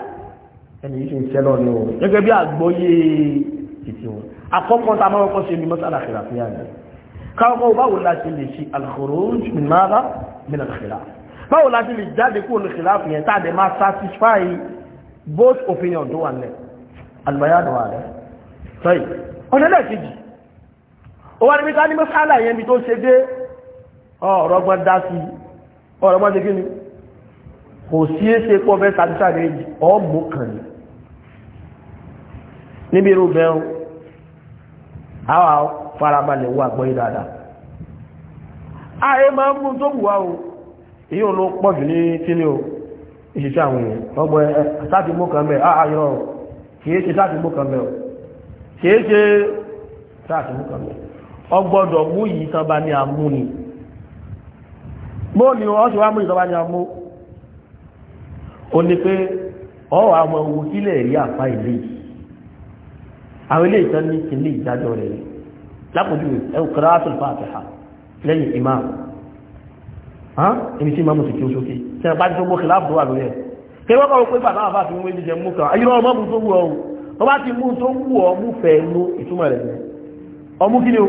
ẹni yìí ṣe ń ṣẹlọ ni o gẹ́gẹ́ bí àgbọ́yé títí wọn àkọ́kọ́ ta máa kọ́ ṣe ní mọ́sálà kìláfíà ni káwọ́kọ́ báwo la ṣe lè ṣe al-khuruj min mara min al-khilaf báwo la ṣe lè jáde kúrò ní khilaf yẹn tá a dẹ̀ máa satisfy both opinion tó wà nílẹ̀ àlùbáyà lọ́wọ́ rẹ̀ ọ̀nà lẹ́ẹ̀kejì ó wá ní mítà ní mọ́sálà yẹn bí tó ṣe dé ọ̀rọ̀gbọ́n dá sí ọ̀rọ̀gbọ́n ṣe kí ni kò sí éṣe pọ̀ bẹ́ sàtísàrí èjì ọmọ kan ní níbi irú bẹ́ẹ̀ àwà farabalẹ̀ wà gbọ́ ìdàdà ààrẹ máa ń mú tó wùwá o èyí àwọn èèyàn ọgbọ̀ sáti mú ààyọ̀ ah, ah, kìí ṣe sáti mú kìí ṣe sáti mú ọgbọ́dọ̀ mú yìí tán bá ní amú ni bóòlù wọn ṣe wá mú yìí tán bá ní amú ó ní pé ọwọ́ àwọn owó sílẹ̀ rí àpá ilé àwọn ilé ìtàn ní ilé ìdájọ́ rẹ̀ lápòjú ẹ̀wù kírátù fàtìhà lẹ́yìn ìmáàmù ẹni tí ìmáàmù sì kí ó sókè tí a bá ti tó gbókè láàbùdó wà lórí ẹ̀ kí wọ́n kọ́ pé ọmọ mú kí ni o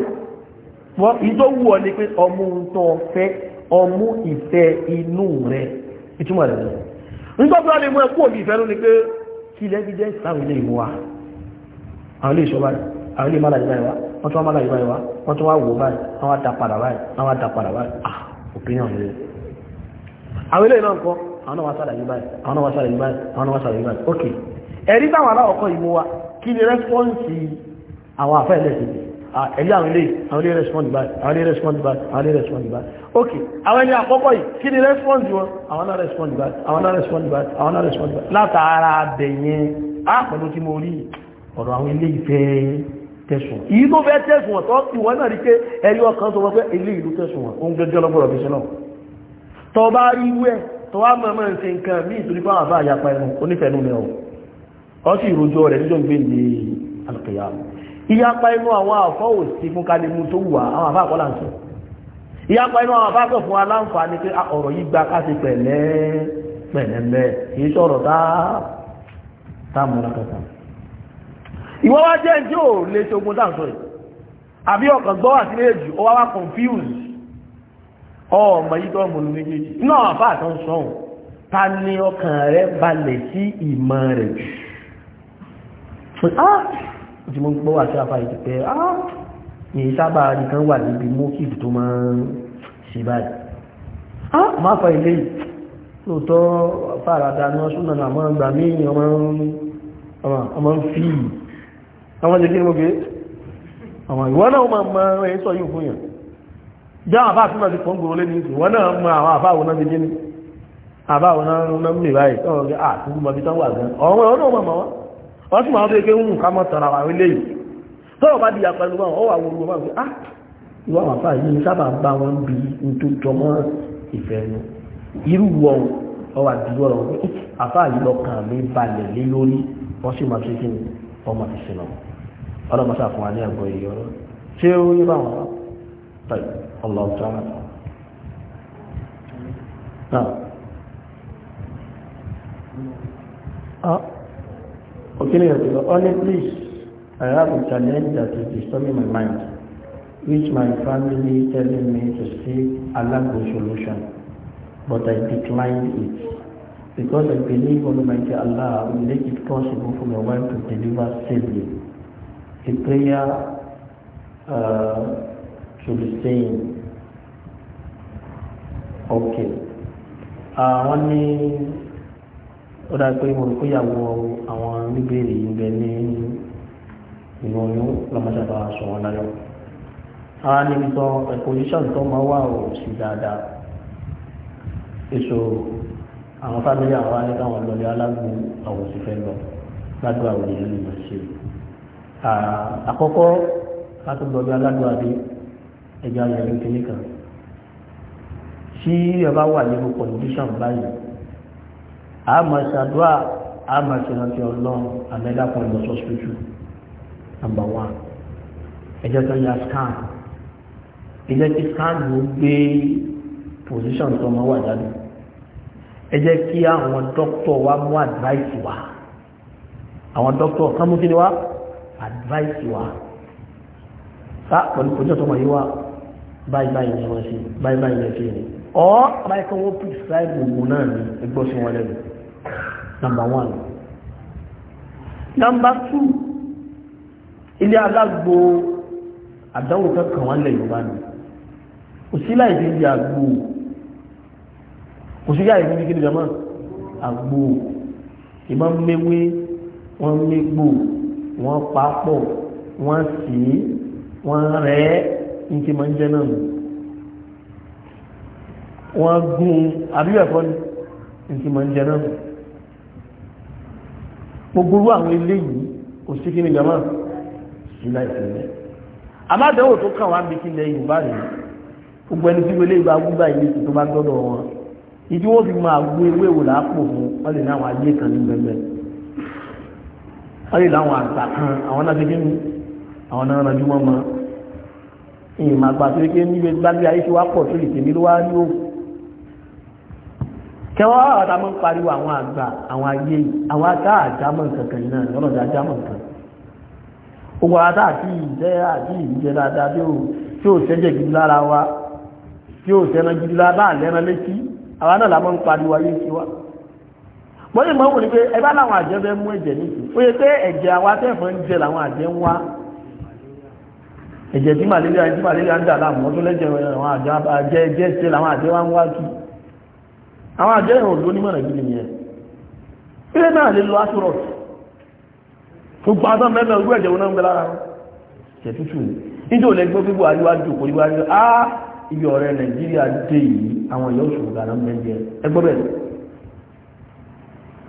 wọ́n ìjọ wù ọ ni pé ọmú tó fẹ́ ọmú ìfẹ́ inú rẹ̀ ìtumọ̀ rẹ̀ lọ nígbà tó lè mú ẹkú òbí ìfẹ́ ló ni pé kí ilẹ̀ jíjẹ́ ìsáwọn ilé ìwọ wa àwọn ilé ìṣọ́ àwọn ilé ìmọ̀lá ìbáyìí ah opinion rẹ̀ àwọn ilé ìnáà ń kọ́ àwọn náà wá sára yìí báyìí àwọn náà wá sára yìí báyìí àwọn náà Ah, ẹ̀rí àwọn ilé àwọn ilé respond back àwọn ilé respond back àwọn ilé respond back ok àwọn ẹni àkọ́kọ́ yìí kí ni respond wọn àwọn náà respond back àwọn náà respond back àwọn náà respond back látara abẹ̀yẹn á pẹ̀lú tí mo rí ọ̀rọ̀ àwọn ilé ìfẹ́ tẹ̀sùn ìyí tó fẹ́ tẹ̀sùn ọ̀tọ́ ìwọ náà rí pé ẹ̀rí ọkàn tó wọ́n pé ilé ìlú tẹ̀sùn wọn ó ń gẹ́gẹ́ lọ́gbọ̀rọ̀ bí sinọ́ tọ́ bá rí wẹ́ tọ́ wá mọ̀ mọ́ ṣe nǹkan bí ìtorí fáwọn àbá àyàpá ẹnu onífẹ̀ẹ́nu lẹ́ọ̀ ọ sì rojọ́ rẹ̀ níjọ́ gbé ní alùpẹ̀yà ìyapa inú àwọn àfọ́ òsì fún kalẹ̀mú tó wà àwọn àfá àkọ́lá ń sọ ìyapa inú àwọn àfáàkọ̀ fún aláǹfààní pé ọ̀rọ̀ yìí gba káṣe pẹ̀lẹ́ pẹ̀lẹ́mẹ́ kìí sọ̀rọ̀ táàmùra kẹta ìwọ́ wá jẹ́ tí ò lè ṣogun táàsọ̀ yìí àbí ọ̀kan gbọ́ àti méjì ó wá wá confused ọmọ yìí tó mọ̀ ní méjèèjì náà àfá àtọ́ sọ̀hún ta ni ọkàn rẹ̀ balẹ̀ sí ìmọ̀ rẹ̀ jù ah, tí mo gbọ́ wà sí àfàyè ti pẹ́ ah èyí sábà nìkan wà níbi mokif tó máa ń ṣe báyìí ah máa fa ilé lóòótọ́ fàràdà ni wọ́n súnà náà máa ń gbà mí ọmọ ń fi àwọn jẹ́ kí ní gbogbo àwọn ìwọ́n náà ma ma ẹ̀yìn sọ yìí fún yàn já àbá tí ma ti fún gbòrò lé ní ìsìn wọ́n náà ma àwọn àbá àwọn náà ti jẹ́ ní àbá àwọn náà mẹ́rin báyìí wọ́n tún máa fẹ́ ń ká mọ́ tọ̀rọ̀ àwọn eléyìí tọ́rọ̀ bá di àpẹẹrẹ wọn ó wà wọ́n wọ́n wọ́n ah ìwọ àwọn àfáà yìí sábà bá wọn bí n tó jọmọ́ ìfẹ́ nu irú wọn ọwà dúró lọ pé eh, àfáà yìí lọkàn mi balẹ̀ lé lórí wọ́n sì máa fi kí ni wọ́n máa fi sinmi Okay, please. I have a challenge that is disturbing my mind, which my family telling me to seek Allah solution, but I declined it because I believe Almighty Allah will make it possible for my wife to deliver safely. The prayer uh, to the Okay. Uh, only ó dáa pé mo rò pé ìyàwó àwọn níbèrè yìí bẹ ní inú oyún lọ́mọṣàbà sọ wọn láyọ̀ ara níbi tán position tó máa wà ò sí dáadáa èso àwọn fámìlì àwọn alẹ́ káwọn lọlé alágbó àwọn òṣìfẹ́ lọ ládùúgbò àwọn èèyàn lè máa ṣe àkọ́kọ́ láti lọlé alágbó adé ẹja yẹn ní tí ẹ bá wà nínú condition báyìí àmà ṣàdúrà àmà ṣìrántí ọlọ́run àmẹ́dàpọ̀ ìlọsọ́sọ́sọ́ number one ẹjẹ́ tó yá scan ẹjẹ́ kí scan ló gbé position tó máa wà jáde ẹjẹ́ kí àwọn dókítọ̀ wa mú advice wa àwọn dókítọ̀ kan mú kí ni wa advice wa sá pẹ̀lú position tó máa yí wa báyìí báyìí ni wọ́n ṣe báyìí báyìí ni wọ́n ṣe ni ọ́ báyìí kan wọ́n prescribe ògùn náà ni ẹgbọ́sùn wọn number one number two ilé alágbo àdáwò kankan wọn lẹ yorùbá ni kò sí láì fi ń di àgbo kò sí láì fi ń di kí ni jọmọ àgbo ìmọ̀ mẹ́wé wọ́n mẹ́gbò wọ́n papọ̀ wọ́n sì wọ́n rẹ̀ ní kí máa ń jẹ́ náà nù wọ́n gún ní kí máa ń jẹ́ náà gbogbo irú àwọn eléyìí kò sí kí ni jama ìlà ìpínlẹ̀ àmàdánwò tó kàn wá bí kí ilẹ̀ yorùbá rẹ̀ gbogbo ẹni tí wọlé ìgbà gbúgbà ilé tó bá gbọ́dọ̀ wọn ìdí wọn fi máa gbó ewé wò lápò fún wọn lè láwọn ayé kan ní gbẹgbẹ wọn lè láwọn àgbà kan àwọn náà fi kíni àwọn náà ranjú mọ́ mọ́ ìmọ̀ àgbà tó yẹ kí níbi gbàgbé ayé ti wá pọ̀ tó lè tèmi ló wá ní tẹwọ́ ọ̀tá mọ́ ń pariwo àwọn àgbà àwọn ayé àwọn àtà àjámọ̀ kankan náà lọ́nà àjámọ̀ kan ogun àtà àti ìjẹ́ àti ìjẹ́ dáadáa tí ó sẹ́jẹ̀ gidi lára wa tí ó sẹ́nà gidi lára lẹ́ran létí àwọn náà lámọ́ ń pariwo ayé sí wa mọ́lẹ̀ mọ́ wò ní pé ẹbá láwọn àjẹ́ bẹ́ mú ẹ̀jẹ̀ àwọn àjẹ́ ìhùn ló nímọ̀ràn ìbílì yẹn ilé náà lè lọ aṣọ rọ̀tù tó gba ọdún mẹ́lẹ̀ ogún ẹ̀jẹ̀ onáwó lára ṣẹ̀ tútù níjò lẹ́gbẹ́ gbogbo àríwájú kò ríwá rí á ibi ọ̀rẹ́ nàìjíríà dé yìí àwọn ìyá òṣù gàdá mẹ́jẹ ẹgbẹ́ bẹ̀rẹ̀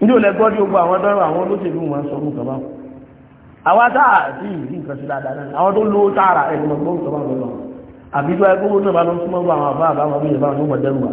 níjò lẹ́gbọ́ tí gbogbo àwọn dọ́rọ̀ àwọn olóṣèlú wọn sọ fún kaba àwa tá a sì rí nǹkan sí dáadáa náà àwọn tó lo tààrà ẹ̀gbọ́n gbọ́n kaba lọ́wọ́ àbí tó ẹgbẹ́ owó náà bá lọ súnmọ́ àwọn àbá àbá àwọn abúlé bá wọn ní ó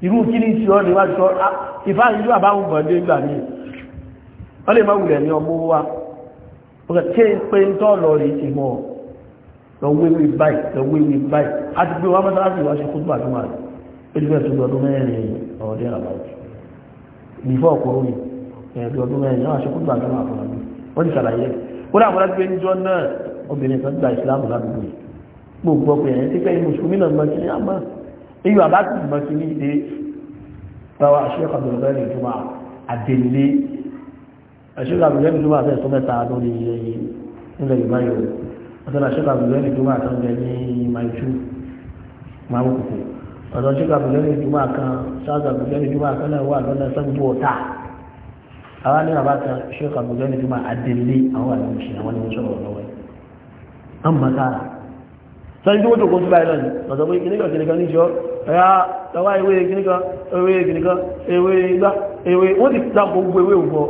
irú kí ní ṣe ọ́ níwájú ọ́ ìfá ìlú àbáwọn mọ̀dé gbà ní ọ lè ah, má wùlẹ̀ ní ọmọ wa ṣe ń pé ń tọ́ lọ rí ti mọ́ lọ́wọ́wé báyìí lọ́wọ́wé báyìí a ti gbé wá mọ́tàlá sí ìwáṣẹ́ kó gbà fún wa pẹ̀lúfẹ́ tó lọ́dún mẹ́rin ọ̀dẹ́ àbáwọ̀ bífọ́ ọkùnrin ẹ̀rọ ọdún mẹ́rin náà ṣe kó gbà fún wa fún wa wọ́n ti ṣàlàyé kódà àwọn alágbé ń jọ náà obìnrin kan gba ìsìlámù ládùúgbò gbogbo ọkùnrin ẹ̀ ti fẹ́ mùsùlùmí náà mọ́ èyí wà bá ti mọ̀ sí ní ilé báwa Sheikh Abdul Ghani ìjọba àdèlé Sheikh Abdul Ghani ìjọba àbẹ́ sọ́mẹ́ta lórí ilẹ̀ ìbáyọ̀ ọ̀tọ́lá Sheikh Abdul Ghani ìjọba àtọ́jẹ ní maichu máa kùkù ọ̀dọ̀ Sheikh Abdul Ghani ìjọba kan Sheikh Abdul Ghani ìjọba kan náà wà lọ́nà sẹ́gbù ọ̀tá àwọn ní bàbá kan Sheikh Abdul Ghani ìjọba àdèlé àwọn àlọ́ sọ́jú tó kó síbáyé lọ́nà ọ̀sọ̀ pé kìníkọ̀ kìníkan ní ṣọ́ ẹ̀yà tọwá ewé kìníkan ewé kìníkan ewé igbá ewé wọ́n ti dá gbogbo ewé ògbọ́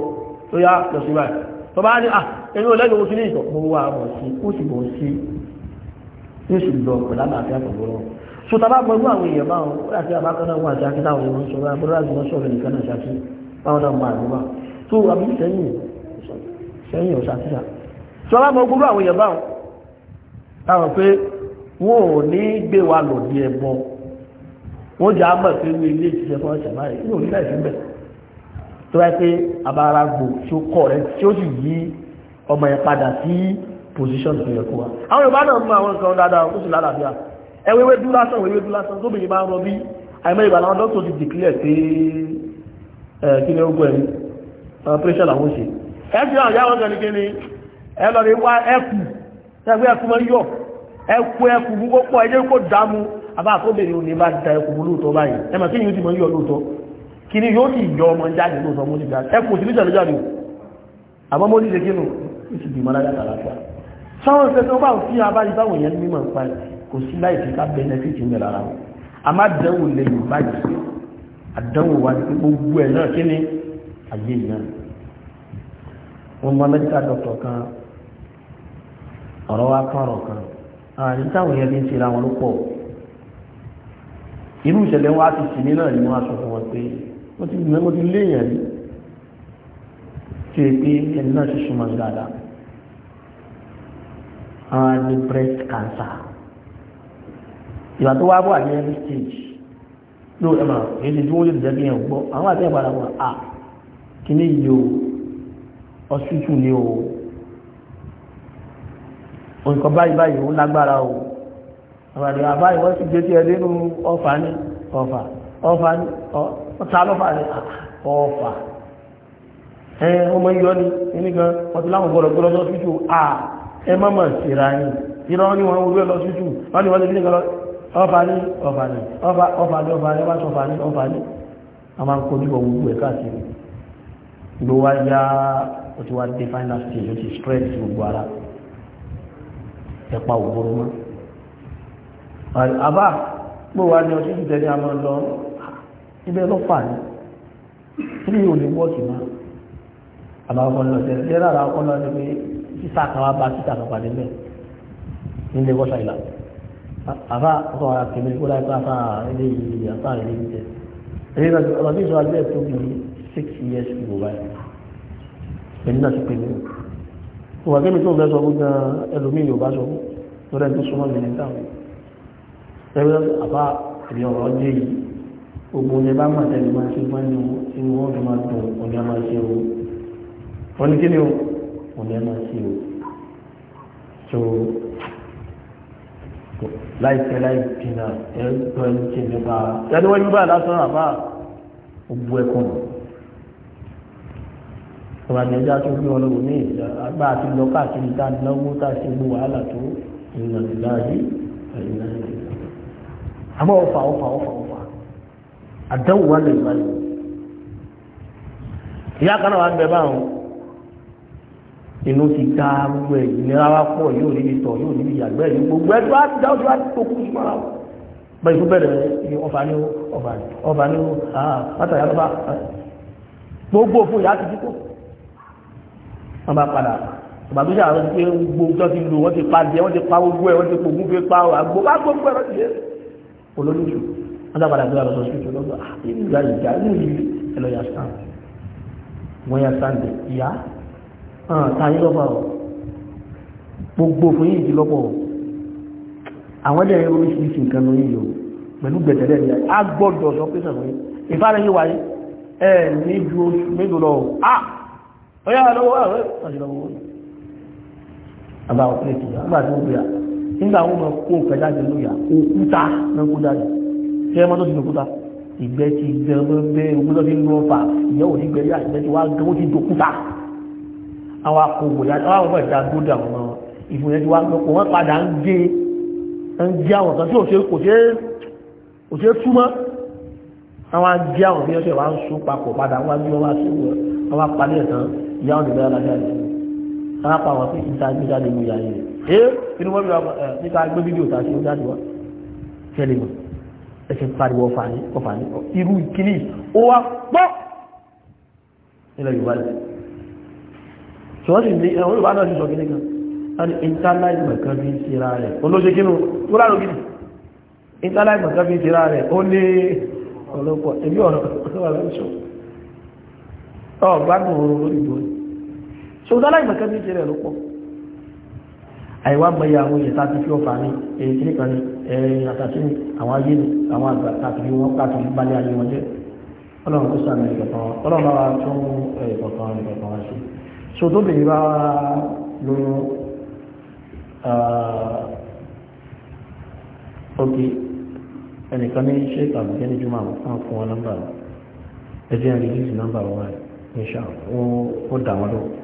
tó yá lọ síbáyé tó bá ní à ah, ẹni olẹ́gbẹ̀ oṣù ní ìtọ̀ mọ́ wà mọ̀ sí ó mọ̀ sí ní ṣùgbọ́n pẹ̀lú àmàfíà pẹ̀lú ọ̀rọ̀ so tá bá inú àwọn èèyàn báwọn ó dàbí abákanáà wọn àti akíta àwọn èèyàn sọ̀rọ̀ abúlé láti wọn sọ̀rọ̀ nìkan náà ṣáàtì báwọn náà mọ àdúrà tó àbí sẹ́yìn sẹ́yìn ọ̀sàtìsà so tá bá mọ gbogbo àwọn èèyàn báwọn táwọn pé wọn ò ní gbé wa lòdì ẹbọ wọn jẹ àmọ́ pé wọn ilé ìṣiṣẹ fún ọṣẹ báyìí yóò ní láì síbẹ̀ tó wáyé pé abara gbò tí ó kọ rẹ tí ó sì yí ọmọ yẹn padà sí position tó yẹ kó wa àwọn Yorùbá náà mú àwọn nǹkan dáadáa ó sì lálàáfíà ẹwéwé dú lásán ẹwéwé dú lásán tóbi yìí máa ń rọbí àìmọ́ ìgbà làwọn dókítà ti dìklẹ̀ pé ẹ kí ni ó gbọ́ ẹ̀mí pírẹ́ṣẹ̀ làwọn ṣe ẹ ti hàn yáwọn gan ni kí ni ẹ lọ rí wá ẹkù ẹgbẹ́ ẹkù máa ń ẹkú ẹkù gbogbo pọ̀ ẹjẹ́ kó dámú àbá àkóbìnrin ò ní bá da ẹkù gbogbo lóòtọ́ báyìí ẹmọ̀ kí yóò ti mọ̀ yọ lóòtọ́ kí ni yóò ti yọ ọmọ jáde lóòtọ́ mọ́ nígbà ẹkù sí níjàdó jáde àmọ́ mọ́ níṣe kínú ìsì bí mọ́ láyàtà láfíà sáwọn ìfẹ́ tó bá ń fi abáyé báwọn èèyàn mímọ̀ pa kò ni ayé náà wọn mọ lẹ́jà dọ̀tọ̀ kan ọ̀rọ̀ wa kọ̀rọ̀ kan ààrin ah, táwọn yẹn ní ń ṣera wọn ló pọ̀ irú ìṣẹ̀lẹ̀ wọn á ti sì ní náà ni wọ́n á sọ fún wọn pé wọ́n ti gbìyànjú wọ́n ti léèyàn rí tí o pé ẹni náà ṣe súnmọ́ dáadáa àwọn ní breast cancer ìgbà tó wá bọ̀ àti ẹni stage ló ẹ̀ máa èyí ti dúró lè jẹ́ bí ẹ̀ gbọ́ àwọn àti ẹ̀ padà wọ̀ à ah, kíní yìí o hospital ni o nǹkan báyìí báyìí ó lágbára o àbàdì àbá ìwọ́n ti gbé sí ẹ nínú ọfà ní ọfà ọfà ní ọta lọ́fà ní ọfà ẹ ọmọ yọ ni ẹni kan wọ́n ti láwọn gbọ́dọ̀ gbọ́dọ̀ lọ tútù à ẹ má mà síra yín ìran ni wọ́n wúlò lọ tútù wọ́n ni wọ́n ti fi nìkan lọ ọfà ní ọfà ní ọfà ní ọfà ní ọfà ní ọfà ní ọfà ní a máa ń kojú wọn gbogbo ẹ̀ káàkiri gbogbo wa ya ó ti wá dé final stage ó ti stress gbogbo ara ẹ̀pà òbúrú mọ́. àbá pé wàá ní ọtí títẹ̀ ní a máa lọ ibẹ̀ ló fà ní kí ni òní wọ́ọ̀kì mọ́ àbá ọkọ lọ sí ẹ̀ rárá ọkọ lọ sí pé sísá kan wá bá sísá kan pàdé bẹ́ẹ̀ ní Lagos Island àbá ọkọ wa kìíní kó láì pàfà ilé yìí àbá ilé yìí tẹ̀ ọ̀rọ̀ bí ìṣòro àgbẹ̀ tó bí six years ago báyìí èyí náà ti pè mí wà kí ni tó fẹ́ sọ fún gan ẹlòmíì yóò bá sọ fún lórí ẹni tó súnmọ́ mi ní táwọn ẹgbẹ́ àbá ẹ̀rí ọ̀rọ̀ ọjọ́ yìí gbogbo ní bá mọ̀ tẹ́lẹ̀ máa ṣe máa ń yọ inú wọn fi máa dùn òní a máa ṣe o wọ́n ní kí ni o òní a máa ṣe o so láìpẹ́ tó gbé wọn lọ́wọ́ ní ìgbà àti lọ káàkiri tá a tá a ṣe gbó wàhálà tó ìnà ìlàyé ìnà ìlàyé àmọ́ ọ̀fà ọ̀fà ọ̀fà ọ̀fà àdánwò wà lè wáyé ìyá kan náà wà gbẹ báwọn inú ti ká gbogbo ẹ̀ ìnira wa pọ̀ yóò níbi tọ̀ yóò níbi yàgbẹ́ yìí gbogbo ẹ̀dùn á ti dá ojú á tó kú sí mọ́ra bẹ́ẹ̀ tó bẹ̀rẹ̀ ọ̀fà ni ọ̀fà ni ọ̀fà ni pátá yàrá bá gbogbo òfin ìyá ti dípò wọ́n bá padà ìgbàgbé sáà wọ́n ti pé gbogbo tó ti lò wọ́n ti pa díẹ̀ wọ́n ti pa gbogbo ẹ̀ wọ́n ti pògún fi pa àgbo bá gbogbo ẹ̀ lọ́sí olólùjù wọ́n dábàdà gbé àlọ́sọ sí ìtò lọ́gbà ìgbà ìjà inú yìí ẹ̀lọ́ ya sáà wọ́n ya sáà dẹ̀ ìyá ta yín lọ́fà ọ̀ gbogbo fún yìí ti lọ́pọ̀ àwọn ẹ̀dẹ̀ oríṣiríṣi nǹkan lóyìn yìí o pẹ̀lú gbẹ̀tẹ̀lẹ̀ ni a gbọ́dọ̀ sọ pé sọ̀rọ̀ yìí ìfáàrẹ̀ yìí wáyé ẹ̀ ní ju oṣù mélòó lọ ọ̀ ah ọ̀yá lọ́wọ́ ẹ̀ àbá òkúlẹ̀ tì nígbà tí ó gbéra nígbà wọn máa kó nǹkan jáde lóyà òkúta náà kó jáde ṣé ẹ máa tó ti lòkúta ìgbẹ́ ti gbẹ ọmọ bẹ́ẹ̀ òkúta ti lọ fà ìyẹ́wò ní gbẹ yá ìgbẹ́ ti wá gbẹ ó ti dòkúta àwọn akọ̀wò yá àwọn ọmọ ìdá gbódà wọn ìfòyẹ ti wá gbẹ kò wọ́n padà ń gé ń gé àwọn kan tí ò ṣe kò ṣe kò àwọn agé àwọn fi ẹsẹ̀ wá ń sún papọ̀ padà wá bí wọ́n wá sí wọn àwọn apalẹ̀ tán ìyá ọ̀nìyàn wọn pa àwọn pé níta gbé jáde mú yàrá rẹ̀ ẹ́ inú wọn bí wọn níta gbé fídíò tá a ṣe ó jáde wá fẹ́lẹ̀ mọ́ ẹ ṣe ń pariwo ọ̀fàní ọ̀fàní irú ìkíní ó wá pọ́ nílẹ̀ Yorùbá rẹ̀ ṣùgbọ́n kan wọ́n ní intanẹ́ẹ̀tì mọ̀kan fi ń ṣera rẹ̀ olóṣè kínú tó láàrú kínú intanẹ́ẹ̀tì mọ̀kan fi ń ṣera rẹ̀ ó ní ọ̀lọ́pọ̀ ẹ̀mí ọ̀rọ̀ ọ̀gbádùn oró lórí ṣùgbọ́n aláìmọ̀kẹ́ bí ìṣẹ̀lẹ̀ ló pọ̀ àìwá gbẹ̀yẹ àwọn èèyàn tá a ti fi ọ̀fà ní èyí kiri kan ní ẹ̀yìn àtàtì ní àwọn ayé ní àwọn àgbà káàkiri wọn káàkiri balẹ̀ ayé wọn jẹ́ ọlọ́run kó sàmì ìkọ̀kan ọlọ́run bá wa tún ìkọ̀kan ìkọ̀kan wá sí so tó bèèrè bá wa lóyún ókè ẹnìkan ní ṣe àbújẹ́ ní jùmọ̀ àwọn fún wọn nọ́mbà ẹjẹ́ àrídìsì nọ́mbà wọn ní ṣáà ó dà wọn lóhùn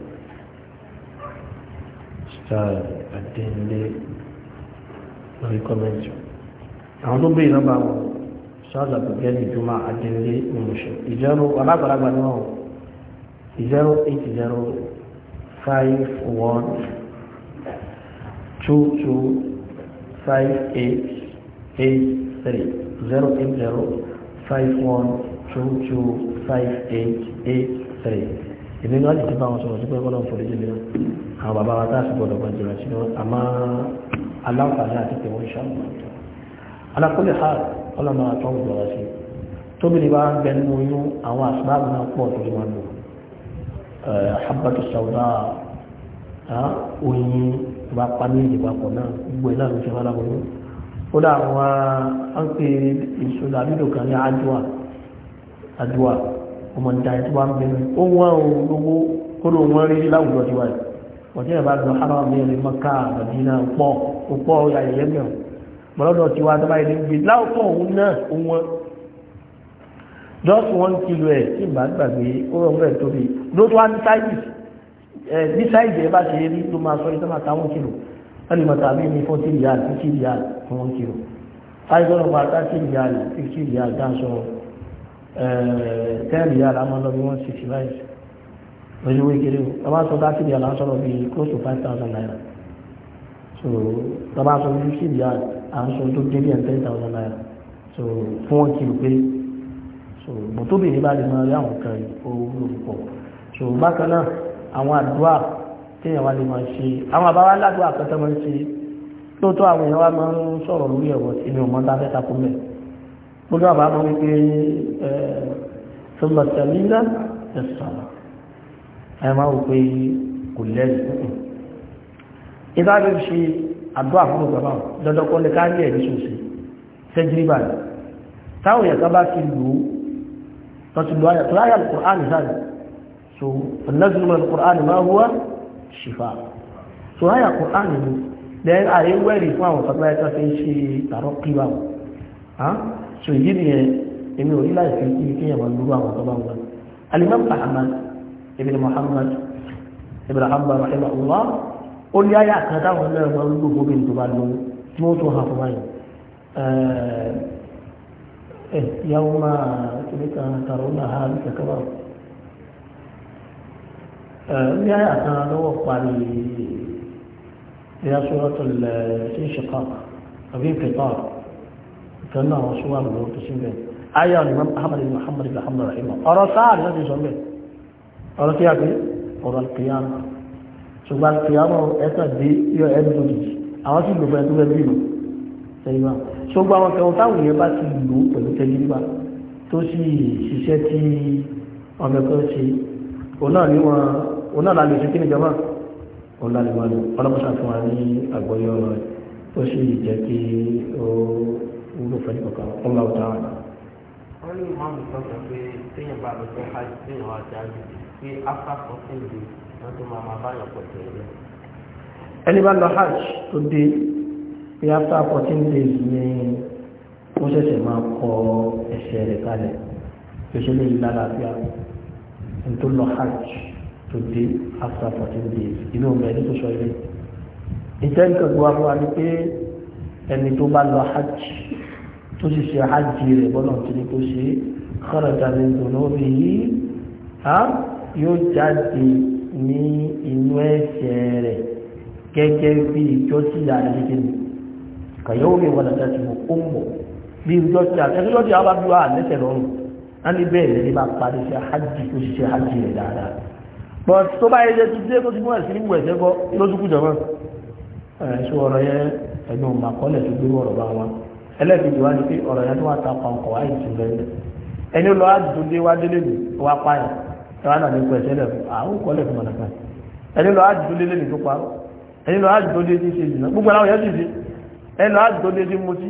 sáà àdínlé lórí kọ́mẹ́ntì àwọn tó bèèrè nọ́mbà wọn sọ́ọ̀dà bẹ̀gẹ́ ní ìjọmọ́ àdínlé ìmúṣẹ ìjẹ́rú alágbàlagbà ni wọn zero eight zero five one two two five eight eight three zero eight zero five one two two five eight eight three ìbí ní wọ́n ti ti bá wọn sọ̀rọ̀ sí pé kọ́lọ́ fòlejì mìíràn àwọn bàbá wa tá a sì gbọdọ̀ gbọdọ̀ jìnà sí wọn àmọ́ aláǹfààní àti pé wọ́n ṣàmù alákólẹ̀ ha ọlọ́mọ àtọ́ ń gbọ́ra sí tóbìnrin bá ń bẹ nínú oyún àwọn àsìbáàbù náà pọ̀ tó máa lò àbátò sàwùdá oyin ìwà pàmì ìdìpapọ̀ náà gbogbo iná ló ṣe wá lábọ́yún ó dá àwọn àǹpé èso dàbídò kan ní àdúà àdúà wọ́n ò lówó kó wọ́n rí láwùjọ tiwa yìí ọjọ́ ìbá lọ ara mi rí mọ́ká àbàdínà pọ̀ púpọ̀ ayẹyẹ mẹ́rin mọ́lọ́dọ̀ tí wá tó báyìí níbi láòpọ̀ òun náà wọn just one kilo ẹ̀ tí ìbá gbàgbé ó rọ̀ rẹ̀ tóbi ló tó wá ní sáìdì ẹ̀ ní sáìdì ẹ̀ bá ṣe rí ló máa sọ ìtọ́ màtá one kilo wọ́n lè mọ̀ tàbí ní forty riyal fifty riyal fún one kilo five hundred and thirty riyal fifty riyal dáńsọ ẹ̀ẹ́d ten riyal amọ̀lọ́bí one sixty five ojúwé kéré o tọ́ba sọ dá síbi àlá sọ̀rọ̀ bíi close to five thousand naira so tọ́ba sọ ojú síbi à ń sọ tó dé bí ẹ̀ ten thousand naira so fún wọn kìlù so bòtóbìnrin bá lè máa rí àwọn kan owó púpọ̀ so bákan náà àwọn àdúrà téèyàn wá lè máa ṣe àwọn àbáwá ládùúgbò àkọ́tọ́ máa ń ṣe lóòótọ́ àwọn èèyàn wá máa ń sọ̀rọ̀ lórí ẹ̀wọ̀ èmi ò mọ́ tá a fẹ́ takò mẹ́ gbogbo àbá máa ń pè é sọlọ tẹ̀lé ńlá ẹ̀sán ẹ máa wò pé kò lẹ́rìí kúkú ìgbà tó ṣe àdó àfúrò bàbá dandan kọ́ ní káàdì ẹ̀rí ṣòṣì sẹ́jìrì báyìí táwọn èèyàn kan bá ti lò ó lọ́tí lọ ayà tó láyà alukur'ani sáàdì so ọ̀nàdúnmọ̀ alukur'ani máa wúwa ṣìfà so ayà kur'ani ni then àyè wẹ́rì fún àwọn ọ̀sán láyà tó fi ń ṣe tààrọ́ kíwà so ìdí nìyẹn èmi ò ní láì fi kí kéèyàn máa ابن محمد ابن حمد رحمه الله قل يا يا كذا ولا ولده بنت موتوا موتها فمين آه، إيه، يوم تلك ترونها بك كبر آه، يا يا كذا وقال يا سورة الانشقاق أبي انقطاع كأنه رسول الله صلى الله عليه وسلم آية الإمام أحمد بن محمد بن حمد رحمه الله أرسال الذي سميه ọ̀rọ̀ kí a fi ọ̀rọ̀ kìyàmù ṣùgbọ́n kìyàmù ẹ̀sẹ̀ dé yọ ẹ̀dùn òjì àwọn sì lò fún ẹ̀dùn ẹ̀dùn ìlú tẹ̀yìn wa ṣùgbọ́n àwọn kẹwọn táwọn yẹn bá ti lò pẹ̀lú tẹ̀yìn wa tó sì ṣiṣẹ́ tí ọmọ ẹ̀kọ́ ṣe òun náà ni wọn òun náà lálẹ́ ṣe kí ni jọba òun lálẹ́ wọn lò ọlọ́mọṣà fún wa ní àgbọ̀yọ̀ rẹ̀ ó sì jẹ́ kí ó wúlò fẹ́ nìkan ọlọ́ọ̀tà. wọ́n ní ìmọ̀ àmì sọ́kàn pé téèyàn bá lọ sí téèyàn wá sí hajj pé after fourteen days wọ́n báyọ̀ pọ̀ tẹ̀lé. ẹni bá lọ hajj tó dé pé after fourteen days ni wọ́n ṣẹ̀ṣẹ̀ máa kọ ẹsẹ̀ rẹ̀ kalẹ̀ pèsè lè lára bí tó lọ hajj tó dé after fourteen days inú ọmọ ẹni tó sọ ilé. ìjẹ́ nǹkan gbọ́ àwọn àni pé ẹni tó bá lọ hajj tó sì ṣe hajj rẹ̀ bọ́lá ti ní kó ṣe kharaja min dhunubihi ha yóò jáde ní inú ẹ̀ṣẹ̀ rẹ̀ gẹ́gẹ́ bí ìjọ sí àìlẹ́gbẹ̀ kàyọ́ òwe wà láti àti òkúmọ̀ bí ìjọ sí àtẹ́sọ́jọ́ sí àwọn abúlé àlẹ́sẹ̀ lọ́rùn á ní bẹ́ẹ̀ lè máa parí sí àhájì tó ṣiṣẹ́ àhájì rẹ̀ dáadáa bọ́n tó bá yẹ ti dé tó ti mú ẹ̀sìn nínú ẹ̀sẹ̀ kọ́ lójúkú jọ̀mọ́ ẹ̀ṣọ́ ọ̀rọ̀ yẹn ẹ̀gbọ́n màkọ́lẹ̀ tó gbé ọ̀rọ̀ bá wọn ẹlẹ́gbẹ̀ẹ́ wá ní pé ọ̀rọ̀ yẹn tó wà ta pàǹkọ̀ wáyé tù lẹ́nu ẹni lọ́wọ́ àdùn dé wá délé nù wá pààyàn ẹwà náà ní pẹ̀ tẹ́lẹ̀ fún àwọn kọ́lẹ̀ fún ọ̀nà kan ẹni lọ ájì tó lé lẹ́nì tó parọ́ ẹni lọ ájì tó lé ní ṣe ìdùnnà gbogbo àwọn yẹn sì sí ẹni lọ ájì tó lé ní mutí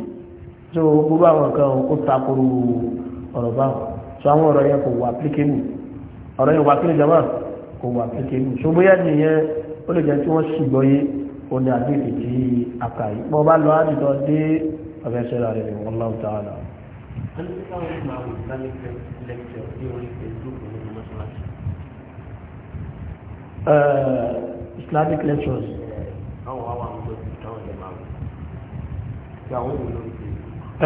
tó gbogbo àwọn nǹkan ó takoro ọ̀rọ̀ bá wọn tó àwọn ọ̀rọ̀ yẹn kò wà pílíkémù ọ̀rọ̀ yẹn wà kí ni jama kò wà pílíkémù tó bóyá nìyẹn ó lè jẹ́ tí wọ́n sì gbọ́ yé ó ní àdéhùn tí a kà yìí bọ́ bá lọ ájì tó dé ọ̀fẹ́ sẹ́ra rẹ̀ wọ́n Uh, Islamic lectures.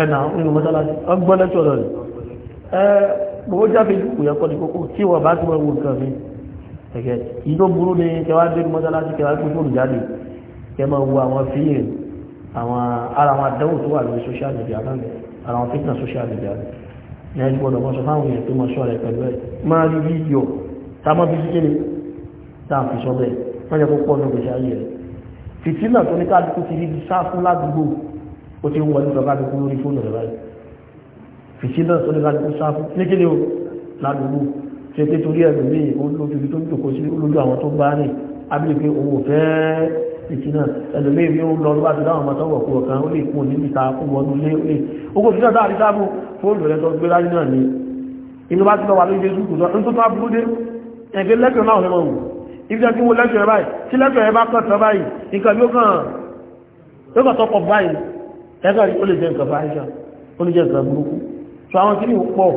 ẹ̀nà nínú mọ́sálásí ọgbọ́n lectures rẹ̀ ẹ̀ gbogbo jáfe ìlú yẹ kọ́ ní kókó tí wọ́n bá ti wọ́n wo nǹkan mi ẹ̀kẹ́ yìí tó burú ní kẹwàá dé mọ́sálásí kẹwàá gbé fóònù jáde kẹ máa wo àwọn fíìm àwọn ara àwọn àdánwò tó wà lórí social media náà ara àwọn fitna social media ní ẹni gbọdọ̀ mọ́sọ fáwọn èèyàn tó mọ́sọ rẹ̀ pẹ̀lú ẹ̀ máa rí fídíò tá a mọ́ fi kíkéré táà fi sọ bẹ́ẹ̀ wọ́n jẹ́ kó pọ̀ ní gbèsè ayé rẹ̀ fìtínà tó ní kálukú ti rí sá fún ládùúgbò ó ti ń wọlé lọ kálukú lórí fóònù rẹ̀ báyìí fìtínà tó ní kálukú sá fún ní kí ni o ládùúgbò ṣe pé torí ẹ̀rù mi olójú tó ń jòkó sí olójú àwọn tó bá rìn abílẹ̀ pé òun fẹ́ fìtínà ẹlòmíì bí ó lọ láti dáhùn ọmọ tọwọ kú ó lè kún nínú ìta ibi tí mo lẹ́jọ̀ báyìí tí lẹ́jọ̀ ẹ bá kọ̀tọ̀ báyìí nǹkan bí ó kàn yóò kàn tọkọ̀ báyìí ẹgbẹ́ rí ó lè jẹ́ nǹkan báyìí ṣá ó lè jẹ́ nǹkan burúkú so àwọn kìíní ò pọ̀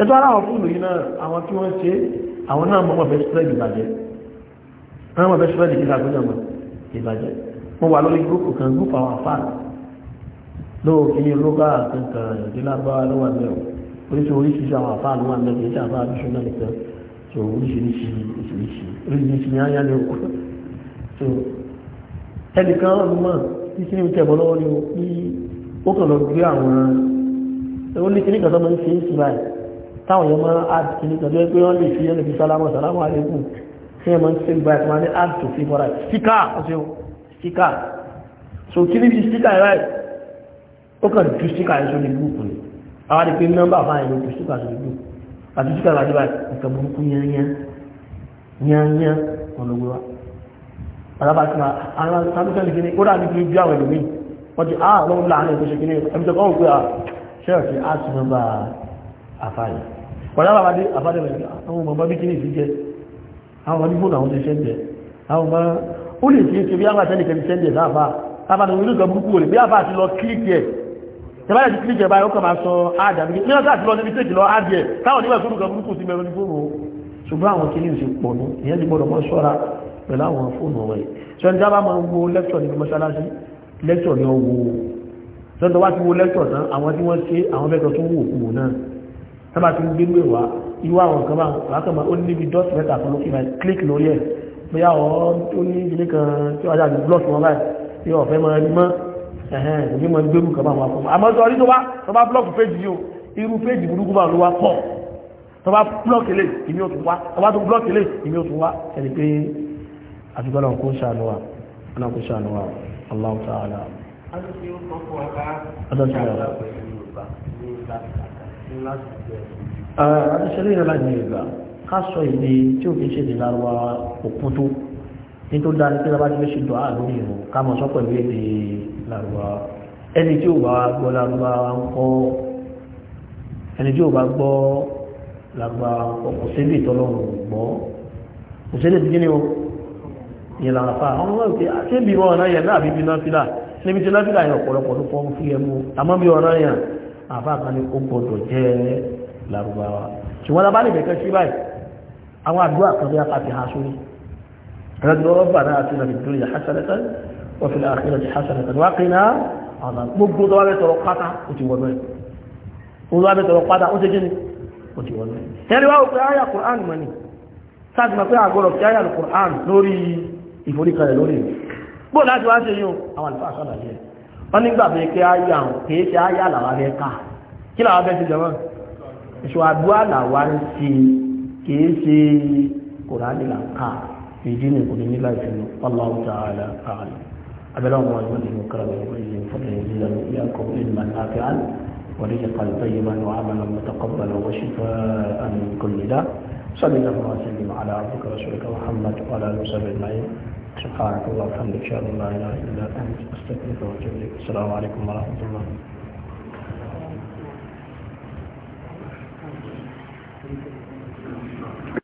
ẹjọ́ ara àwọn fúlù yìí náà àwọn tí wọ́n ṣe àwọn náà mọ̀ bẹ́ spread ìbàjẹ́ wọ́n mọ̀ bẹ́ spread ìdàgbẹ́jọba ìbàjẹ́ mo wà lórí gúrúpù kan gúrúpù àwọn afá lóò kí ní lóga kankan ìdílábá ló wà lẹ́wọ̀ oríṣiríṣi àwọn afá ló wà lẹ́wọ̀ so oríṣiríṣi oríṣiríṣi oríṣiríṣi ní ayá lè wọ́n so ẹnìkan ni pí ó kàn lọ gbé àwọn ó ní kíníkà sọmọ ní ṣe é sí báyìí táwọn yẹn máa add kíníkà tó yẹ pé wọ́n lè fi ẹni fi sálámù sálámù àlékún tí wọ́n máa ń ṣe báyìí máa ní add to fi bọ́ra stika ọ̀sẹ̀ so kí níbi stika yẹn báyìí ó kàn ju stika yẹn sórí gúúpù ni àwọn àdìpé nọ́mbà fáyẹn ló ju stika sórí àti tí kàrà àdíbà nǹkan burúkú yányán ọlọ́gbọ́wà alábàtìmá alábàtìmá ní kíní ó dà ní kí bí àwọn ẹlòmí wọ́n ti áà lọ́wọ́ láàrin ìpínṣẹ́ kíní ẹbítọ́ kọ́ òpé ah, ṣẹ́ọ̀tì áàtì mọ́bà àfáàyè pọ̀lá bàbá dé àfáàdé rẹ̀ àwọn ọmọ bí kíní ìfíjẹ àwọn ọmọ fóònù àwọn ti ṣẹ́ǹdẹ̀ àwọn ọmọ ó lè fi ṣe bí àwọn tẹ́lá yẹn ti kílì jẹba ọkọ̀ máa sọ àdàbí ní ọjọ́ àti lọ níbi tèjì lọ ádìẹ táwọn oníwà fóònù kan burúkú sí mẹ́rin ní fóònù ṣùgbọ́n àwọn kìíní ṣe pọ̀ ní ìyẹn ti gbọ́dọ̀ mọ́ ṣọ́ra pẹ̀lú àwọn fóònù rẹ̀ ṣọ́ni tí a bá máa ń wo lẹ́kṣọ̀ nínú mọ́ṣáláṣí lẹ́kṣọ̀ ni ó wo ṣọ́ni tó wá ti wo lẹ́kṣọ̀ tán àwọn tí wọ́n ṣe àwọn mẹ́tọ̀ tó wù òkú náà sábà ti ń gbérú ẹ̀wà irú àwọn kan máa wà kàn máa ó níbi dọ́ọ̀tì mẹ́ta kan lókè máa kílíkì lórí ẹ̀ bóyá ó ní ilé kan tí wọ́n á dàbí blọ́ọ̀tì wọn báyìí tí wọ́n fẹ́ máa rí mọ́ ẹ̀hẹ́n èmi mọ̀ gbérù kàbá wà fún àmọ́ sọ rí tó bá tó bá blọ́ọ̀kì péjì yìí o irú péjì burúkú bá ló wá pọ̀ tó bá blọ́ọ̀kì lè ìmí òtún wá tó bá tó blọ́ọ̀kì lè ìmí òtún wá ẹni pé àdúgbò náà kó sànù wa náà kó sànù wa Allahu ta'ala. adúṣẹ́lẹ̀ yẹn láti ìdí tí ò kí ń ṣe ní lárúbá òkú tó nítorí ní pé lábájú ṣe dùn á lórí ká mọ̀ sọ pẹ̀lú èdè lárúbáwá ẹni tí ó bá gbọ́ lárúbáwá ń kọ́ ẹni tí ó bá gbọ́ lárúbáwá kò síbi ìdíjí ni ó yẹn lára fa àwọn ọmọ ìpè àti ah, ibi wọn ọ̀nà yẹn láàbí bí náfìlà níbi tí náfìlà yẹn ọ̀pọ̀lọpọ̀ ló fọ́n fún yẹn àmọ́ bí ọ̀nà yẹn àbá ni ó gbọdọ̀ jẹ́ lárúbáwá ṣùgbọ́n abá lè kẹ́kẹ́ sí báyìí àwọn àdúrà kan bí a kà ti ha sórí rẹ̀ lọ́rọ̀ bàdá وفي الآخرة حسنة وقنا عذاب gbogbo tó wá bẹ́ tọrọ pátá ó ti wọ́n mẹ́rin gbogbo wá bẹ́ tọrọ pátá ó ti gíní ó ti wọ́n mẹ́rin tẹ́lẹ̀ wá òpin àyà Qur'an mọ̀ ní sáàtì máa pé àgọ́rọ̀ fi àyà Qur'an lórí ìforíkalẹ̀ lórí rẹ̀ gbọ́ láti wá ṣe yóò àwọn àlùfáà sọ́nà yẹ wọ́n nígbà pé kí àyà hàn kìí ṣe àyà làwa bẹ́ ká kí làwa bẹ́ ti jẹ́ wọ́n èso àdúrà làwa ń ṣe kìí ṣe Qur'an là ń ká ìdí nìkan ní láìpẹ́ lọ Allahu ta'ala a'lam أبلغ وجوده وكرمه وإلي فضله إلا وإياكم علما نافعا ورزقا طيبا وعملا متقبلا وشفاء من كل داء صلى الله وسلم على عبدك ورسولك محمد وعلى اله وصحبه اجمعين سبحانك اللهم وبحمدك اشهد ان لا اله الا انت استغفرك واتوب اليك السلام عليكم ورحمه الله